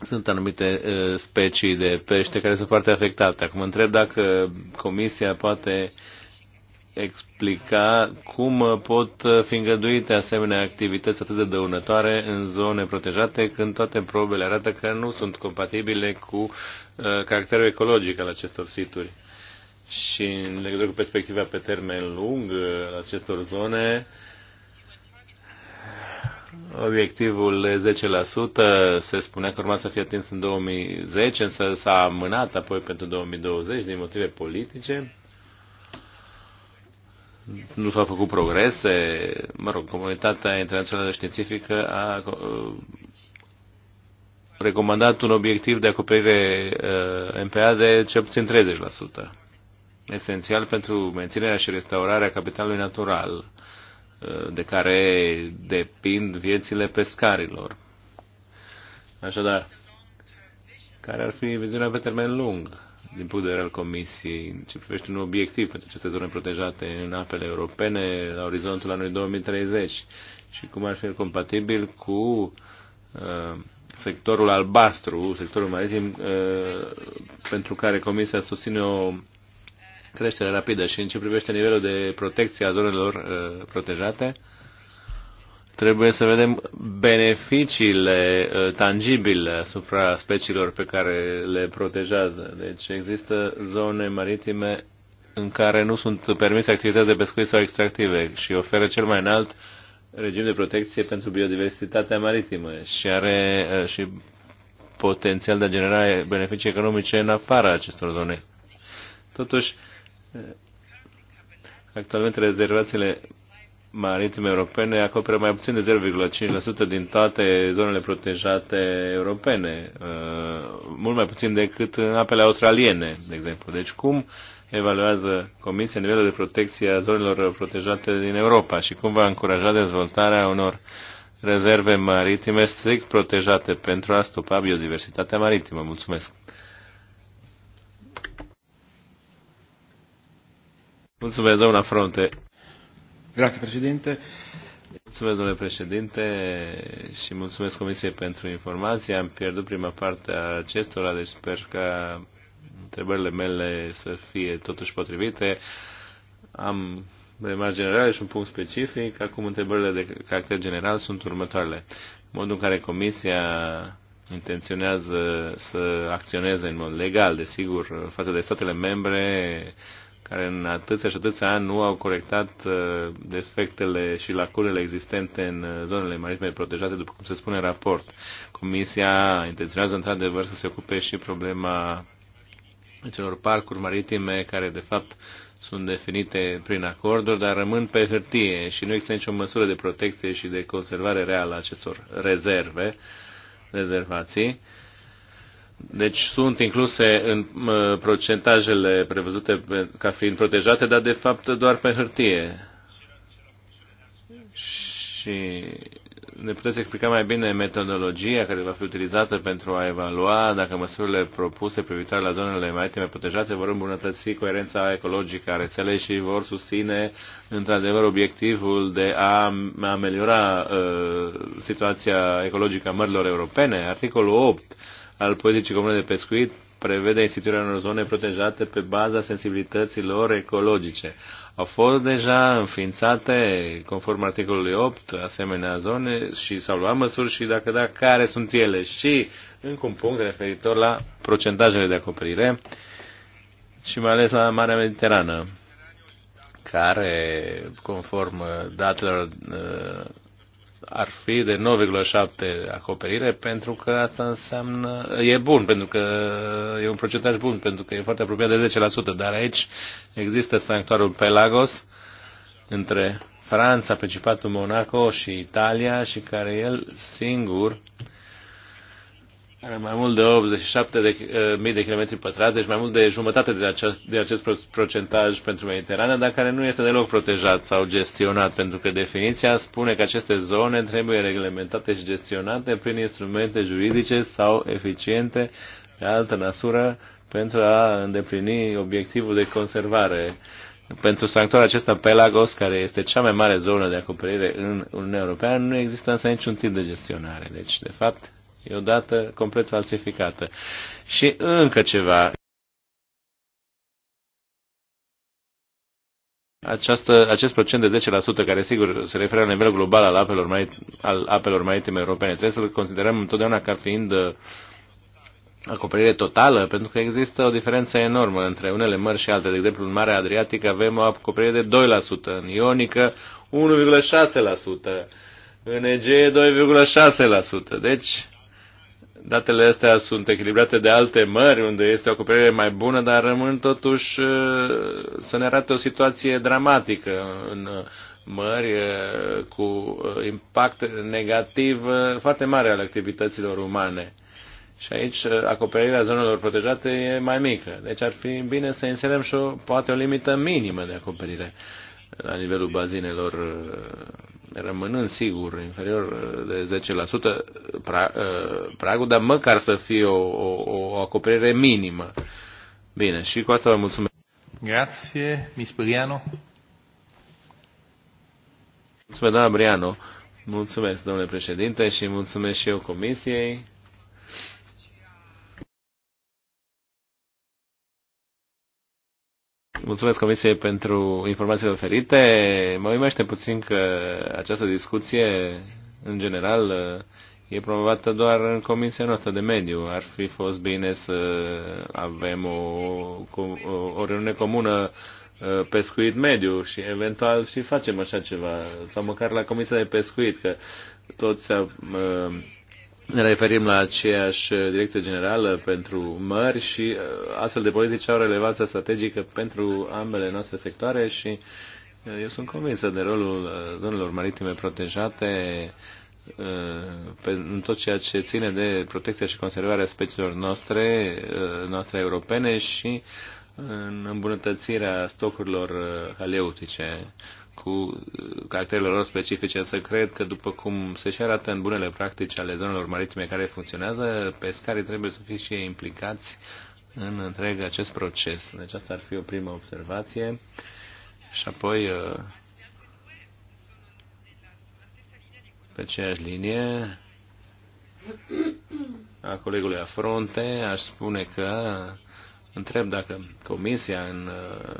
sunt anumite specii de pește care sunt foarte afectate. Acum întreb dacă Comisia poate uh, explica cum pot fi îngăduite asemenea activități atât de dăunătoare în zone protejate, când toate probele arată că nu sunt compatibile cu uh, caracterul ecologic al acestor situri. Și în legătură cu perspectiva pe termen lung al uh, acestor zone, obiectivul 10% se spunea că urma să fie atins în 2010, însă s-a amânat apoi pentru 2020 din motive politice nu s-au făcut progrese. Mă rog, comunitatea internațională științifică a uh, recomandat un obiectiv de acoperire uh, MPA de cel puțin 30%, esențial pentru menținerea și restaurarea capitalului natural, uh, de care depind viețile pescarilor. Așadar, care ar fi viziunea pe termen lung din punct de vedere al Comisiei, în ce privește un obiectiv pentru aceste zone protejate în apele europene la orizontul anului 2030 și cum ar fi compatibil cu uh, sectorul albastru, sectorul maritim, uh, pentru care Comisia susține o creștere rapidă și în ce privește nivelul de protecție a zonelor uh, protejate, uh, Trebuie să vedem beneficiile uh, tangibile asupra speciilor pe care le protejează. Deci există zone maritime în care nu sunt permise activități de pescuit sau extractive și oferă cel mai înalt regim de protecție pentru biodiversitatea maritimă și are uh, și potențial de a genera beneficii economice în afara acestor zone. Totuși, uh, actualmente rezervațiile maritime europene acoperă mai puțin de 0,5% din toate zonele protejate europene, uh, mult mai puțin decât în apele australiene, de exemplu. Deci cum evaluează Comisia nivelul de protecție a zonelor protejate din Europa și cum va încuraja dezvoltarea unor rezerve maritime strict protejate pentru a stopa biodiversitatea maritimă. Mulțumesc! Mulțumesc, doamna Fronte! Grazie, Presidente. Mulțumesc, domnule președinte, și mulțumesc Comisiei pentru informații. Am pierdut prima parte a acestora, deci sper că întrebările mele să fie totuși potrivite. Am remarci generale și un punct specific. Acum, întrebările de caracter general sunt următoarele. Modul în care Comisia intenționează să acționeze în mod legal, desigur, față de statele membre care în atâția și atâția ani nu au corectat uh, defectele și lacunele existente în uh, zonele maritime protejate, după cum se spune în raport. Comisia intenționează într-adevăr să se ocupe și problema celor parcuri maritime care de fapt sunt definite prin acorduri, dar rămân pe hârtie și nu există nicio măsură de protecție și de conservare reală a acestor rezerve, rezervații deci sunt incluse în procentajele prevăzute ca fiind protejate, dar de fapt doar pe hârtie. Și ne puteți explica mai bine metodologia care va fi utilizată pentru a evalua dacă măsurile propuse privitoare la zonele maritime protejate vor îmbunătăți coerența ecologică a rețelei și vor susține într-adevăr obiectivul de a ameliora uh, situația ecologică a mărilor europene. Articolul 8 al politicii comune de pescuit prevede instituirea unor zone protejate pe baza sensibilităților ecologice. Au fost deja înființate, conform articolului 8, asemenea zone și s-au luat măsuri și dacă da, care sunt ele. Și încă un punct referitor la procentajele de acoperire și mai ales la Marea Mediterană care, conform datelor uh, ar fi de 9,7 acoperire pentru că asta înseamnă, e bun, pentru că e un procentaj bun, pentru că e foarte apropiat de 10%, dar aici există sanctuarul Pelagos între Franța, Principatul Monaco și Italia și care el singur uh, are mai mult de 87.000 de, uh, mii de kilometri pătrați, deci mai mult de jumătate de acest, de acest procentaj pentru Mediterana, dar care nu este deloc protejat sau gestionat, pentru că definiția spune că aceste zone trebuie reglementate și gestionate prin instrumente juridice sau eficiente de altă măsură pentru a îndeplini obiectivul de conservare. Pentru sanctuarul acesta Pelagos, care este cea mai mare zonă de acoperire în Uniunea Europeană, nu există însă niciun tip de gestionare. Deci, de fapt, E o dată complet falsificată. Și încă ceva. Această, acest procent de 10%, care sigur se referă la nivel global al apelor, mai, al apelor maritime europene, trebuie să-l considerăm întotdeauna ca fiind uh, acoperire totală, pentru că există o diferență enormă între unele mări și altele. De exemplu, în Marea Adriatică avem o acoperire de 2%, în Ionică 1,6%, în Egee 2,6%. Deci, datele astea sunt echilibrate de alte mări unde este o acoperire mai bună, dar rămân totuși uh, să ne arate o situație dramatică în uh, mări uh, cu impact negativ foarte mare al activităților umane. Și aici acoperirea zonelor protejate e mai mică. Deci ar fi bine să inserăm și o, poate o limită minimă de acoperire. Uh, la nivelul bazinelor eh, rămânând sigur inferior eh, de 10% pra, eh, pragul, dar măcar să fie o, o, o acoperire minimă. Bine, și cu asta vă mulțumesc. Grazie, Miss Briano. Mulțumesc, doamna Briano. Mulțumesc, domnule președinte, și mulțumesc și eu comisiei. Mulțumesc Comisiei pentru informațiile oferite. Mă uimește puțin că această discuție, în general, e promovată doar în Comisia noastră de mediu. Ar fi fost bine să avem o, o, o reuniune comună uh, pescuit mediu și eventual și facem așa ceva, sau măcar la Comisia de Pescuit, că toți uh, ne referim la aceeași direcție generală pentru mări și uh, astfel de politici au relevanță strategică pentru ambele noastre sectoare și uh, eu sunt convinsă de rolul uh, zonelor maritime protejate în tot ceea ce ține de protecția și conservarea speciilor noastre, noastre europene și în îmbunătățirea stocurilor aleutice cu uh, caracterele lor specifice, însă cred că după cum se și arată în bunele practici ale zonelor maritime care funcționează, pescarii trebuie să fie și ei implicați în întreg acest proces. Deci asta ar fi o primă observație. Și apoi, uh, pe aceeași linie, a colegului Afronte, aș spune că întreb dacă Comisia în uh,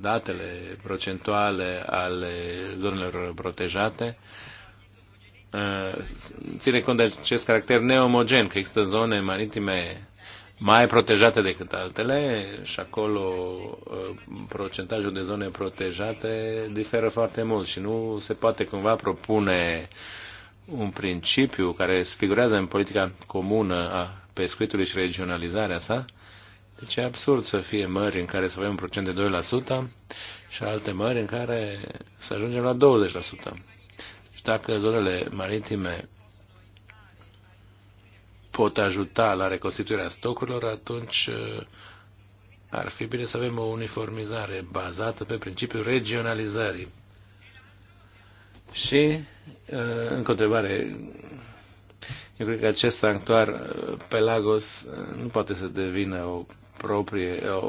datele procentuale ale zonelor protejate uh, ține cont de acest caracter neomogen, că există zone maritime mai protejate decât altele și acolo uh, procentajul de zone protejate diferă foarte mult și nu se poate cumva propune un principiu care figurează în politica comună a pescuitului și regionalizarea sa, deci e absurd să fie mări în care să avem un procent de 2% și alte mări în care să ajungem la 20%. Și deci dacă zonele maritime pot ajuta la reconstituirea stocurilor, atunci uh, ar fi bine să avem o uniformizare bazată pe principiul regionalizării. Și, uh, încă o întrebare, eu cred că acest sanctuar uh, Pelagos nu poate să devină o proprie, o,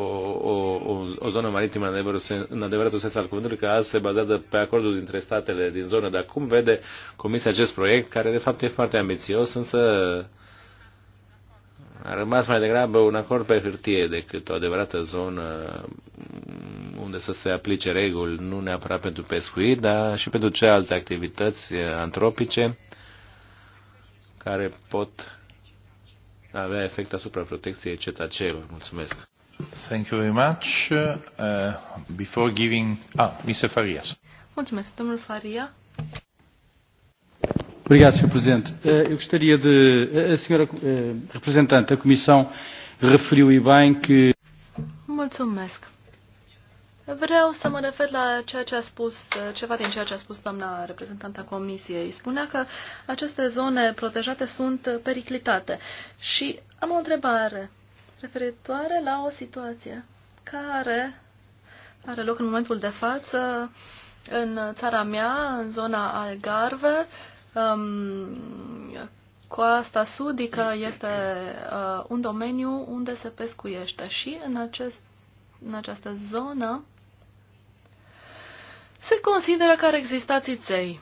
o, o, o zonă maritimă în adevăratul, sens, în adevăratul sens al cuvântului, că azi se bazează pe acordul dintre statele din zonă. Dar cum vede Comisia acest proiect, care de fapt e foarte ambițios, însă a rămas mai degrabă un acord pe hârtie decât o adevărată zonă unde să se aplice reguli, nu neapărat pentru pescuit, dar și pentru celelalte activități antropice care pot avea efect asupra protecției cetățenilor. Mulțumesc. Thank you very much. Uh, before giving... Ah, Mr. Farias. Mulțumesc, domnul Faria. Obrigado, Sr. Presidente. Eh, eu gostaria de. Eh, a senhora eh, representante da Comissão referiu e bem que. Mulțumesc. Vreau să mă refer la ceea ce a spus, ceva din ceea ce a spus doamna reprezentanta Comisiei. Spunea că aceste zone protejate sunt periclitate. Și am o întrebare referitoare la o situație care are loc în momentul de față în țara mea, în zona Algarve. Um, coasta sudică este uh, un domeniu unde se pescuiește și în acest în această zonă se consideră că ar exista țiței.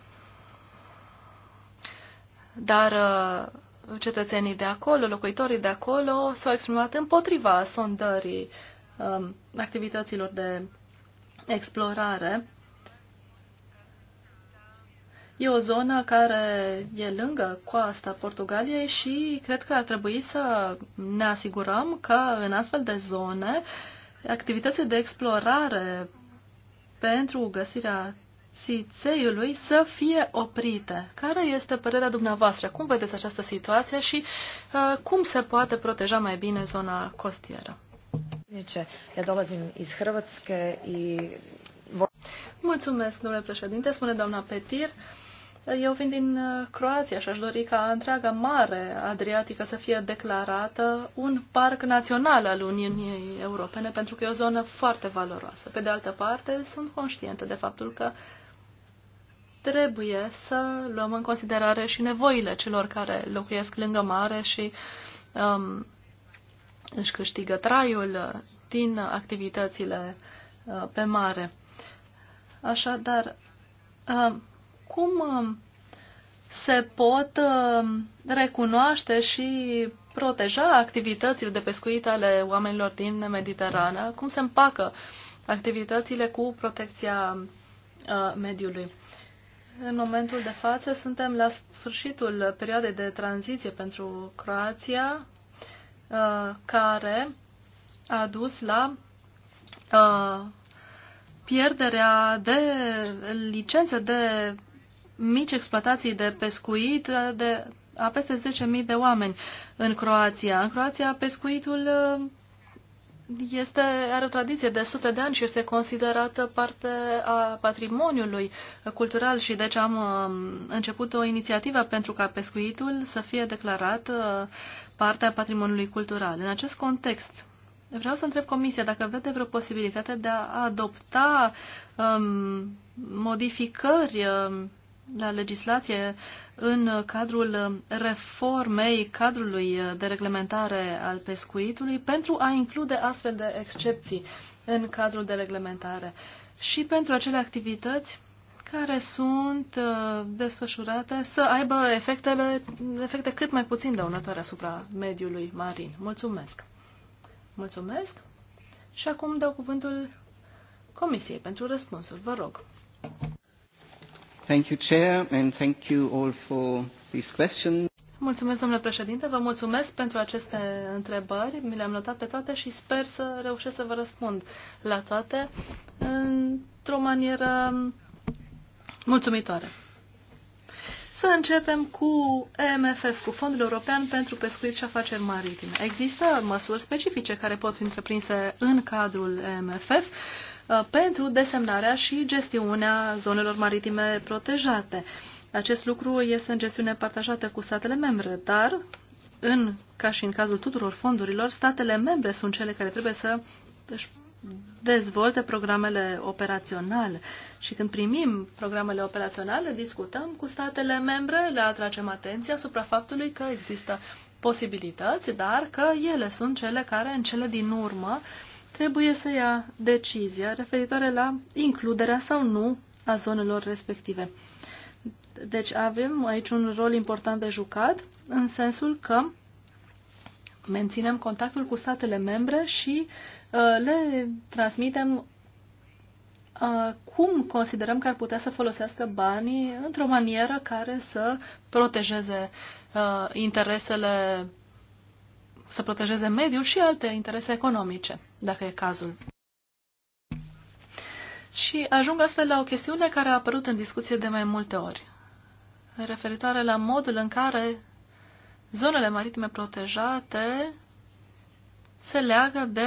Dar uh, cetățenii de acolo, locuitorii de acolo, s-au exprimat împotriva sondării um, activităților de explorare. E o zonă care e lângă coasta Portugaliei și cred că ar trebui să ne asigurăm că în astfel de zone activitățile de explorare pentru găsirea țițeiului să fie oprite. Care este părerea dumneavoastră? Cum vedeți această situație și uh, cum se poate proteja mai bine zona costieră? Mulțumesc, domnule președinte, spune doamna Petir. Uh, eu vin din uh, Croația și aș dori ca întreaga mare Adriatică să fie declarată un parc național al Uniunii Europene, pentru că e o zonă foarte valoroasă. Pe de altă parte, sunt conștientă de faptul că trebuie să luăm în considerare și nevoile celor care locuiesc lângă mare și um, își câștigă traiul din activitățile uh, pe mare. Așadar, uh, cum uh, se pot uh, recunoaște și proteja activitățile de pescuit ale oamenilor din Mediterana, cum se împacă activitățile cu protecția uh, mediului. În momentul de față suntem la sfârșitul perioadei de tranziție pentru Croația, care a dus la pierderea de licențe de mici exploatații de pescuit eh, de a peste 10.000 de oameni în Croația. În Croația pescuitul eh, este, are o tradiție de sute de ani și este considerată parte a patrimoniului cultural și deci am eh, început o inițiativă pentru ca pescuitul să fie declarat parte a patrimoniului cultural. În acest context, vreau să întreb Comisia dacă vede vreo posibilitate de a adopta um, modificări um, la legislație în cadrul reformei cadrului de reglementare al pescuitului pentru a include astfel de excepții în cadrul de reglementare și pentru acele activități care sunt uh, desfășurate să aibă efectele, efecte cât mai puțin dăunătoare asupra mediului marin. Mulțumesc! Mulțumesc! Și acum dau cuvântul Comisiei pentru răspunsul. Vă rog! Mulțumesc, domnule președinte, vă mulțumesc pentru aceste întrebări, mi le-am notat pe toate și sper să reușesc să vă răspund la toate într-o manieră mulțumitoare. Să începem cu EMFF, cu Fondul European pentru Pescuit și Afaceri Maritime. Există măsuri specifice care pot fi întreprinse în cadrul EMFF Uh, pentru desemnarea și gestiunea zonelor maritime protejate. Acest lucru este în gestiune partajată cu statele membre, dar, în, ca și în cazul tuturor fondurilor, statele membre sunt cele care trebuie să își dezvolte programele operaționale. Și când primim programele operaționale, discutăm cu statele membre, le atragem atenția asupra faptului că există posibilități, dar că ele sunt cele care, în cele din urmă, uh, trebuie să ia decizia referitoare la includerea sau nu a zonelor respective. Deci avem aici un rol important de jucat, în sensul că menținem contactul cu statele membre și uh, le transmitem uh, cum considerăm că ar putea să folosească banii într-o manieră care să protejeze uh, interesele să protejeze mediul și alte interese economice, dacă e cazul. Și ajung astfel la o chestiune care a apărut în discuție de mai multe ori, referitoare la modul în care zonele maritime protejate se leagă de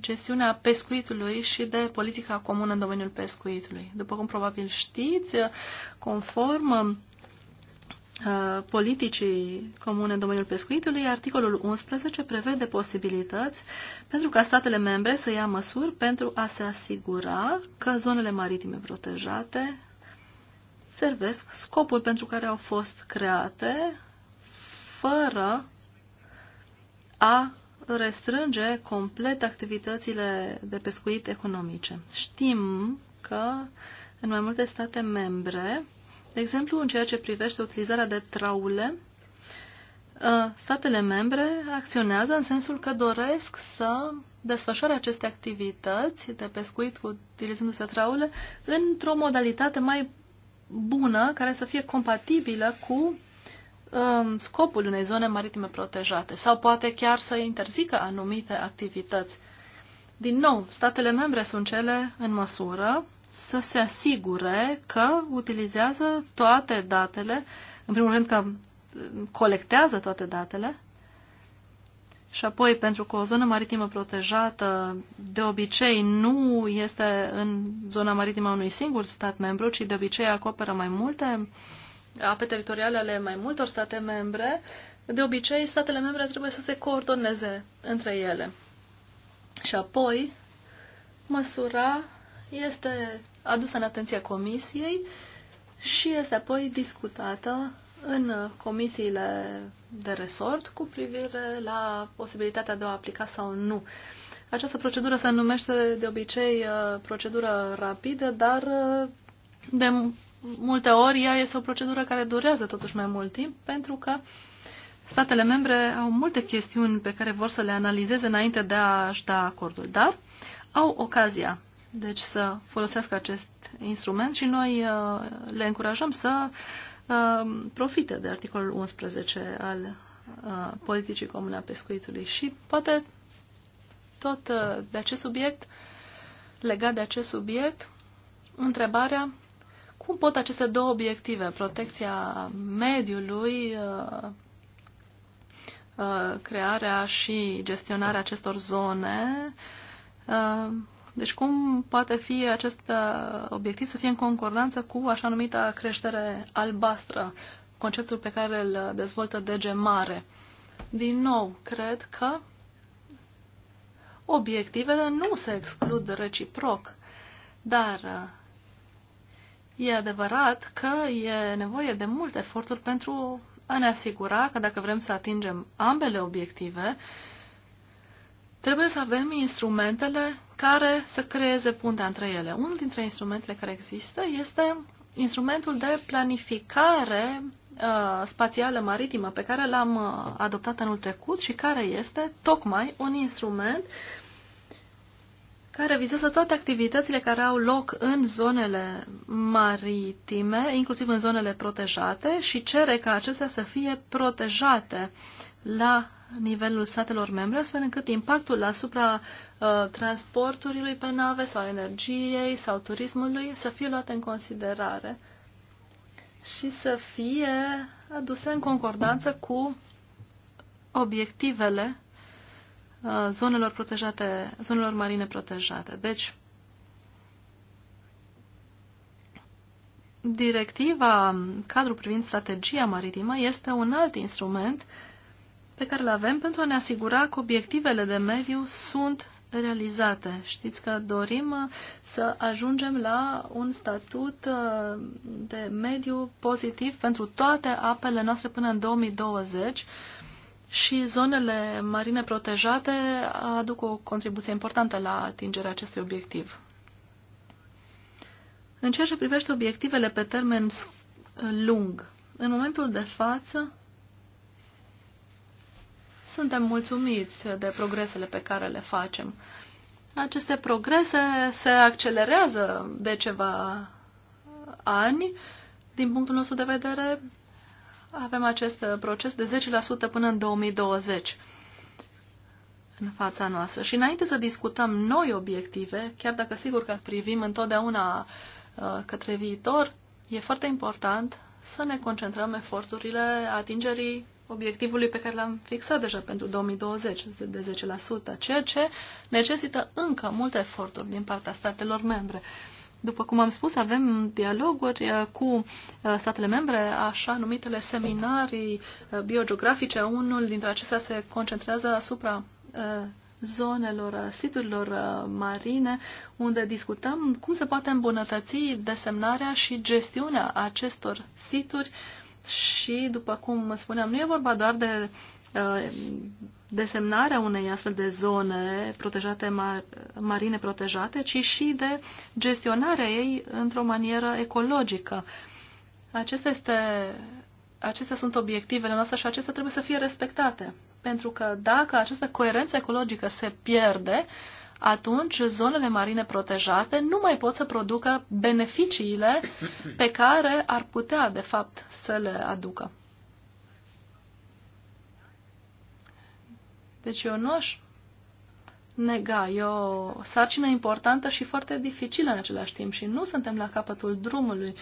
gestiunea pescuitului și de politica comună în domeniul pescuitului. După cum probabil știți, conform Uh, politicii comune în domeniul pescuitului, articolul 11 prevede posibilități pentru ca statele membre să ia măsuri pentru a se asigura că zonele maritime protejate servesc scopul pentru care au fost create fără a restrânge complet activitățile de pescuit economice. Știm că în mai multe state membre de exemplu, în ceea ce privește utilizarea de traule, ă, statele membre acționează în sensul că doresc să desfășoare aceste activități de pescuit utilizându-se traule într-o modalitate mai bună care să fie compatibilă cu um, scopul unei zone maritime protejate sau poate chiar să interzică anumite activități. Din nou, statele membre sunt cele în măsură să se asigure că utilizează toate datele, în primul rând că colectează toate datele și apoi pentru că o zonă maritimă protejată de obicei nu este în zona maritimă a unui singur stat membru, ci de obicei acoperă mai multe ape teritoriale ale mai multor state membre, de obicei statele membre trebuie să se coordoneze între ele. Și apoi măsura este adusă în atenția Comisiei și este apoi discutată în comisiile de resort cu privire la posibilitatea de a aplica sau nu. Această procedură se numește de obicei uh, procedură rapidă, dar uh, de multe ori ea este o procedură care durează totuși mai mult timp pentru că statele membre au multe chestiuni pe care vor să le analizeze înainte de a-și da acordul, dar au ocazia deci să folosească acest instrument și noi uh, le încurajăm să uh, profite de articolul 11 al uh, politicii comune a pescuitului și poate tot de acest subiect, legat de acest subiect, întrebarea cum pot aceste două obiective, protecția mediului, crearea și gestionarea acestor zone, deci cum poate fi acest uh, obiectiv să fie în concordanță cu așa numita creștere albastră, conceptul pe care îl dezvoltă DG Mare? Din nou, cred că obiectivele nu se exclud reciproc, dar uh, e adevărat că e nevoie de mult eforturi pentru a ne asigura că dacă vrem să atingem ambele obiective, uh, Trebuie să avem instrumentele care să creeze puntea între ele. Unul dintre instrumentele care există este instrumentul de planificare uh, spațială maritimă pe care l-am uh, adoptat anul trecut și care este tocmai un instrument care vizează toate activitățile care au loc în zonele maritime, inclusiv în zonele protejate, și cere ca acestea să fie protejate la nivelul statelor membre, astfel încât impactul asupra uh, transporturilor pe nave sau energiei sau turismului să fie luat în considerare și să fie aduse în concordanță cu obiectivele uh, zonelor protejate, zonelor marine protejate. Deci, directiva, cadru privind strategia maritimă, este un alt instrument uh, pe care le avem pentru a ne asigura că obiectivele de mediu sunt realizate. Știți că dorim uh, să ajungem la un statut uh, de mediu pozitiv pentru toate apele noastre până în 2020 și zonele marine protejate aduc o contribuție importantă la atingerea acestui obiectiv. în ceea ce privește obiectivele pe termen lung, în momentul de față, suntem mulțumiți de progresele pe care le facem. Aceste progrese se accelerează de ceva ani. Din punctul nostru de vedere, avem acest proces de 10% până în 2020 în fața noastră. Și înainte să discutăm noi obiective, chiar dacă sigur că privim întotdeauna uh, către viitor, e foarte important să ne concentrăm eforturile atingerii obiectivului pe care l-am fixat deja pentru 2020, de 10%, ceea ce necesită încă multe eforturi din partea statelor membre. După cum am spus, avem dialoguri uh, cu uh, statele membre, așa numitele seminarii uh, biogeografice. Unul dintre acestea se concentrează asupra zonelor, siturilor marine, unde discutăm cum se poate îmbunătăți desemnarea și gestiunea acestor situri și, după cum spuneam, nu e vorba doar de uh, desemnarea unei astfel de zone protejate, marine protejate, ci și de gestionarea ei într-o manieră ecologică. Acesta este acestea sunt obiectivele noastre și acestea trebuie să fie respectate. Pentru că dacă această coerență ecologică se pierde, uh, atunci zonele marine protejate nu mai pot să producă beneficiile pe care ar putea, de fapt, să le aducă. Deci eu nu aș nega. E o sarcină importantă și foarte dificilă în același timp și nu suntem la capătul drumului. Uh,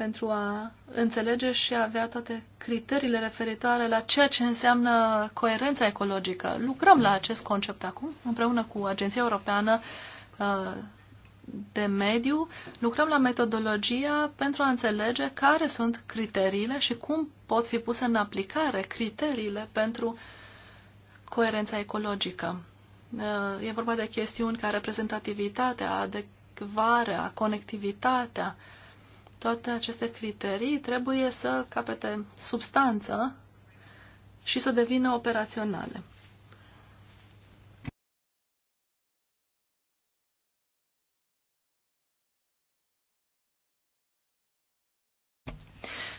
pentru a înțelege și a avea toate criteriile referitoare la ceea ce înseamnă coerența ecologică. Lucrăm la acest concept acum, împreună cu Agenția Europeană uh, de Mediu, lucrăm la metodologia pentru a înțelege care sunt criteriile și cum pot fi puse în aplicare criteriile pentru coerența ecologică. Uh, e vorba de chestiuni ca reprezentativitatea, adecvarea, conectivitatea, toate aceste criterii trebuie să capete substanță și să devină operaționale.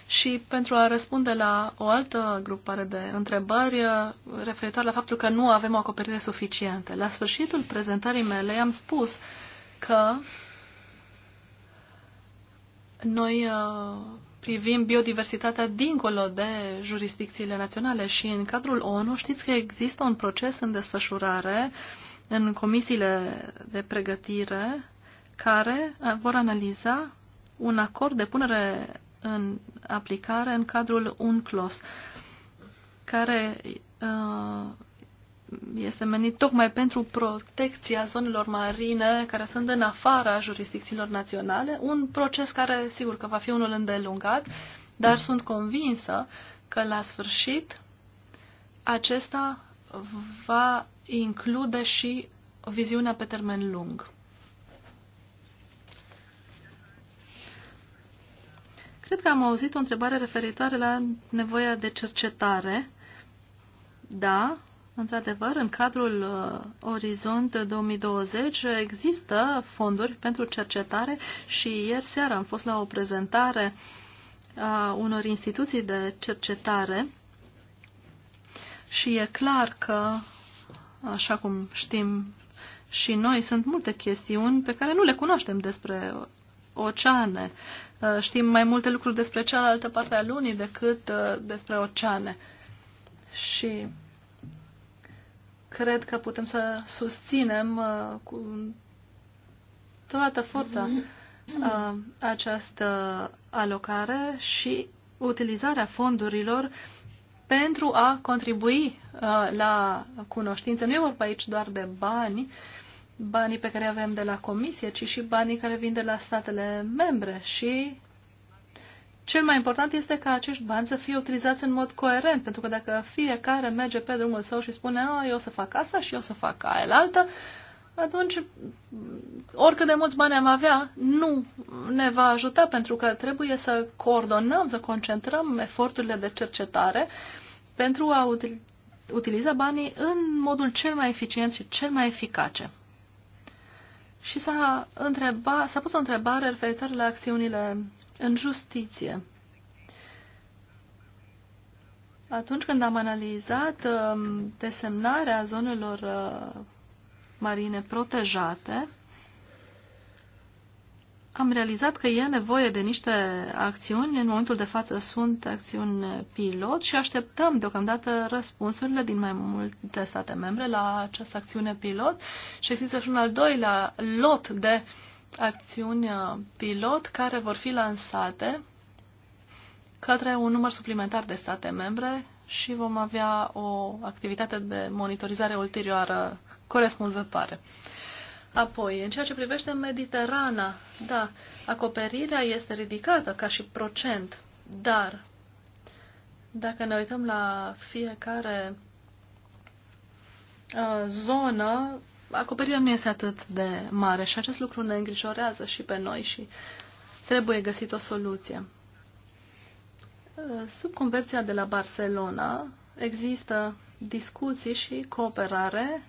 Și pentru a răspunde la o altă grupare de întrebări uh, referitor la faptul că nu avem o acoperire suficientă. La sfârșitul prezentării mele am spus că noi uh, privim biodiversitatea dincolo de jurisdicțiile naționale și în cadrul ONU știți că există un proces în desfășurare în comisiile de pregătire care vor analiza un acord de punere în aplicare în cadrul UNCLOS, care uh, este menit tocmai pentru protecția zonelor marine care sunt în afara jurisdicțiilor naționale, un proces care sigur că va fi unul îndelungat, dar sunt convinsă că la sfârșit acesta va include și viziunea pe termen lung. Cred că am auzit o întrebare referitoare la nevoia de cercetare. Da, Într-adevăr, în cadrul uh, Orizont 2020 există fonduri pentru cercetare și ieri seara am fost la o prezentare a unor instituții de cercetare și e clar că, așa cum știm și noi, sunt multe chestiuni pe care nu le cunoaștem despre oceane. Uh, știm mai multe lucruri despre cealaltă parte a lunii decât uh, despre oceane. Și cred că putem să susținem uh, cu toată forța mhm. uh, această alocare și utilizarea fondurilor pentru a contribui uh, la cunoștință. Nu e vorba aici doar de bani, banii pe care avem de la comisie, ci și banii care vin de la statele membre și cel mai important este ca acești bani să fie utilizați în mod coerent, pentru că dacă fiecare merge pe drumul său și spune oh, eu o să fac asta și eu o să fac aia altă, atunci oricât de mulți bani am avea, nu ne va ajuta pentru că trebuie să coordonăm, să concentrăm eforturile de cercetare pentru a utiliza banii în modul cel mai eficient și cel mai eficace. Și s-a, întreba, s-a pus o întrebare referitoare la acțiunile în justiție. Atunci când am analizat um, desemnarea zonelor uh, marine protejate, am realizat că e nevoie de niște acțiuni. În momentul de față sunt acțiuni pilot și așteptăm deocamdată răspunsurile din mai multe state membre la această acțiune pilot și există și un al doilea lot de uh, acțiuni uh, pilot care vor fi lansate către un număr suplimentar de state membre și vom avea o activitate de monitorizare ulterioară corespunzătoare. Apoi, în ceea ce privește Mediterana, da, acoperirea este ridicată ca și procent, dar dacă ne uităm la fiecare uh, zonă, acoperirea nu este atât de mare și acest lucru ne îngrijorează și pe noi și trebuie găsit o soluție. Sub Convenția de la Barcelona există discuții și cooperare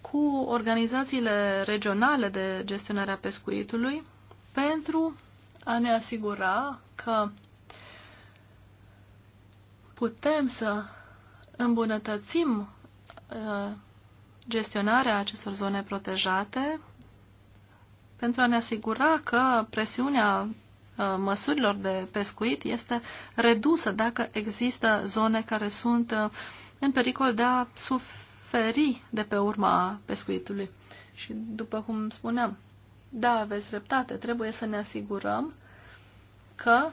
cu organizațiile regionale de gestionare a pescuitului pentru a ne asigura că putem să îmbunătățim uh, gestionarea acestor zone protejate pentru a ne asigura că presiunea uh, măsurilor de pescuit este redusă dacă există zone care sunt uh, în pericol de a suferi de pe urma pescuitului. Și după cum spuneam, da, aveți dreptate, trebuie să ne asigurăm că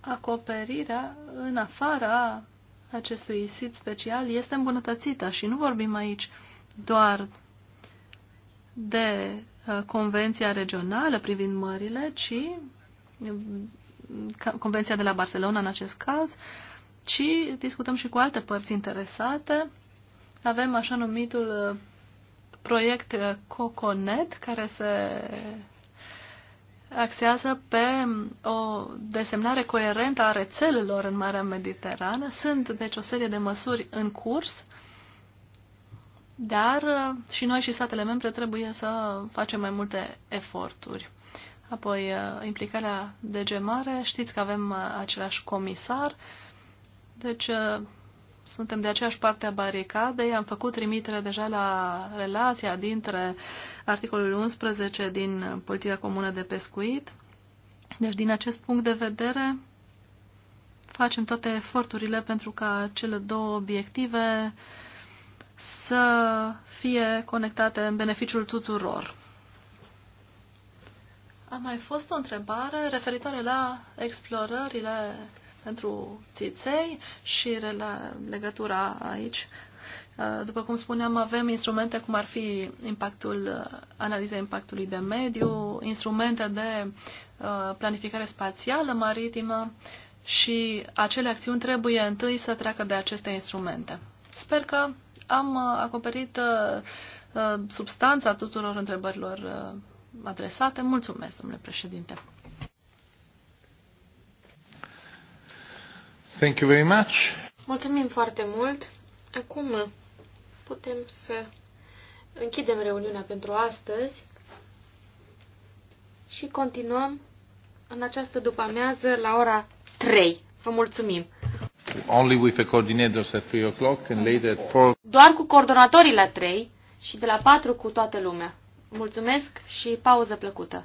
acoperirea în afara acestui sit special este îmbunătățită și nu vorbim aici uh, doar de uh, Convenția regională privind mările, ci mm, Convenția de la Barcelona în acest caz, ci discutăm și cu alte părți interesate. Avem așa numitul uh, proiect uh, COCONET, care se axează pe mm, o desemnare coerentă a rețelelor în Marea Mediterană. Sunt, deci, o serie de măsuri în curs dar uh, și noi și statele membre trebuie să facem mai multe eforturi. Apoi, uh, implicarea DG Mare, știți că avem uh, același comisar, deci suntem de aceeași parte a baricadei. Am făcut trimitere deja la relația dintre articolul 11 din Politica Comună de Pescuit. Deci, din acest punct de vedere, facem toate eforturile pentru ca cele două obiective uh, să fie conectate în beneficiul tuturor. A mai fost o întrebare referitoare la explorările pentru țiței și la legătura aici. După cum spuneam, avem instrumente cum ar fi impactul, analiza impactului de mediu, instrumente de uh, planificare spațială maritimă și acele acțiuni trebuie întâi să treacă de aceste instrumente. Sper că am uh, acoperit uh, uh, substanța tuturor întrebărilor adresate. Mulțumesc, domnule președinte. Thank you very much. Mulțumim foarte mult. Acum putem să închidem reuniunea pentru astăzi și continuăm în această după-amiază la ora 3. Vă mulțumim! Only with the coordinators at o'clock and later at Doar cu coordonatorii la 3 și de la 4 cu toată lumea. Mulțumesc și pauză plăcută.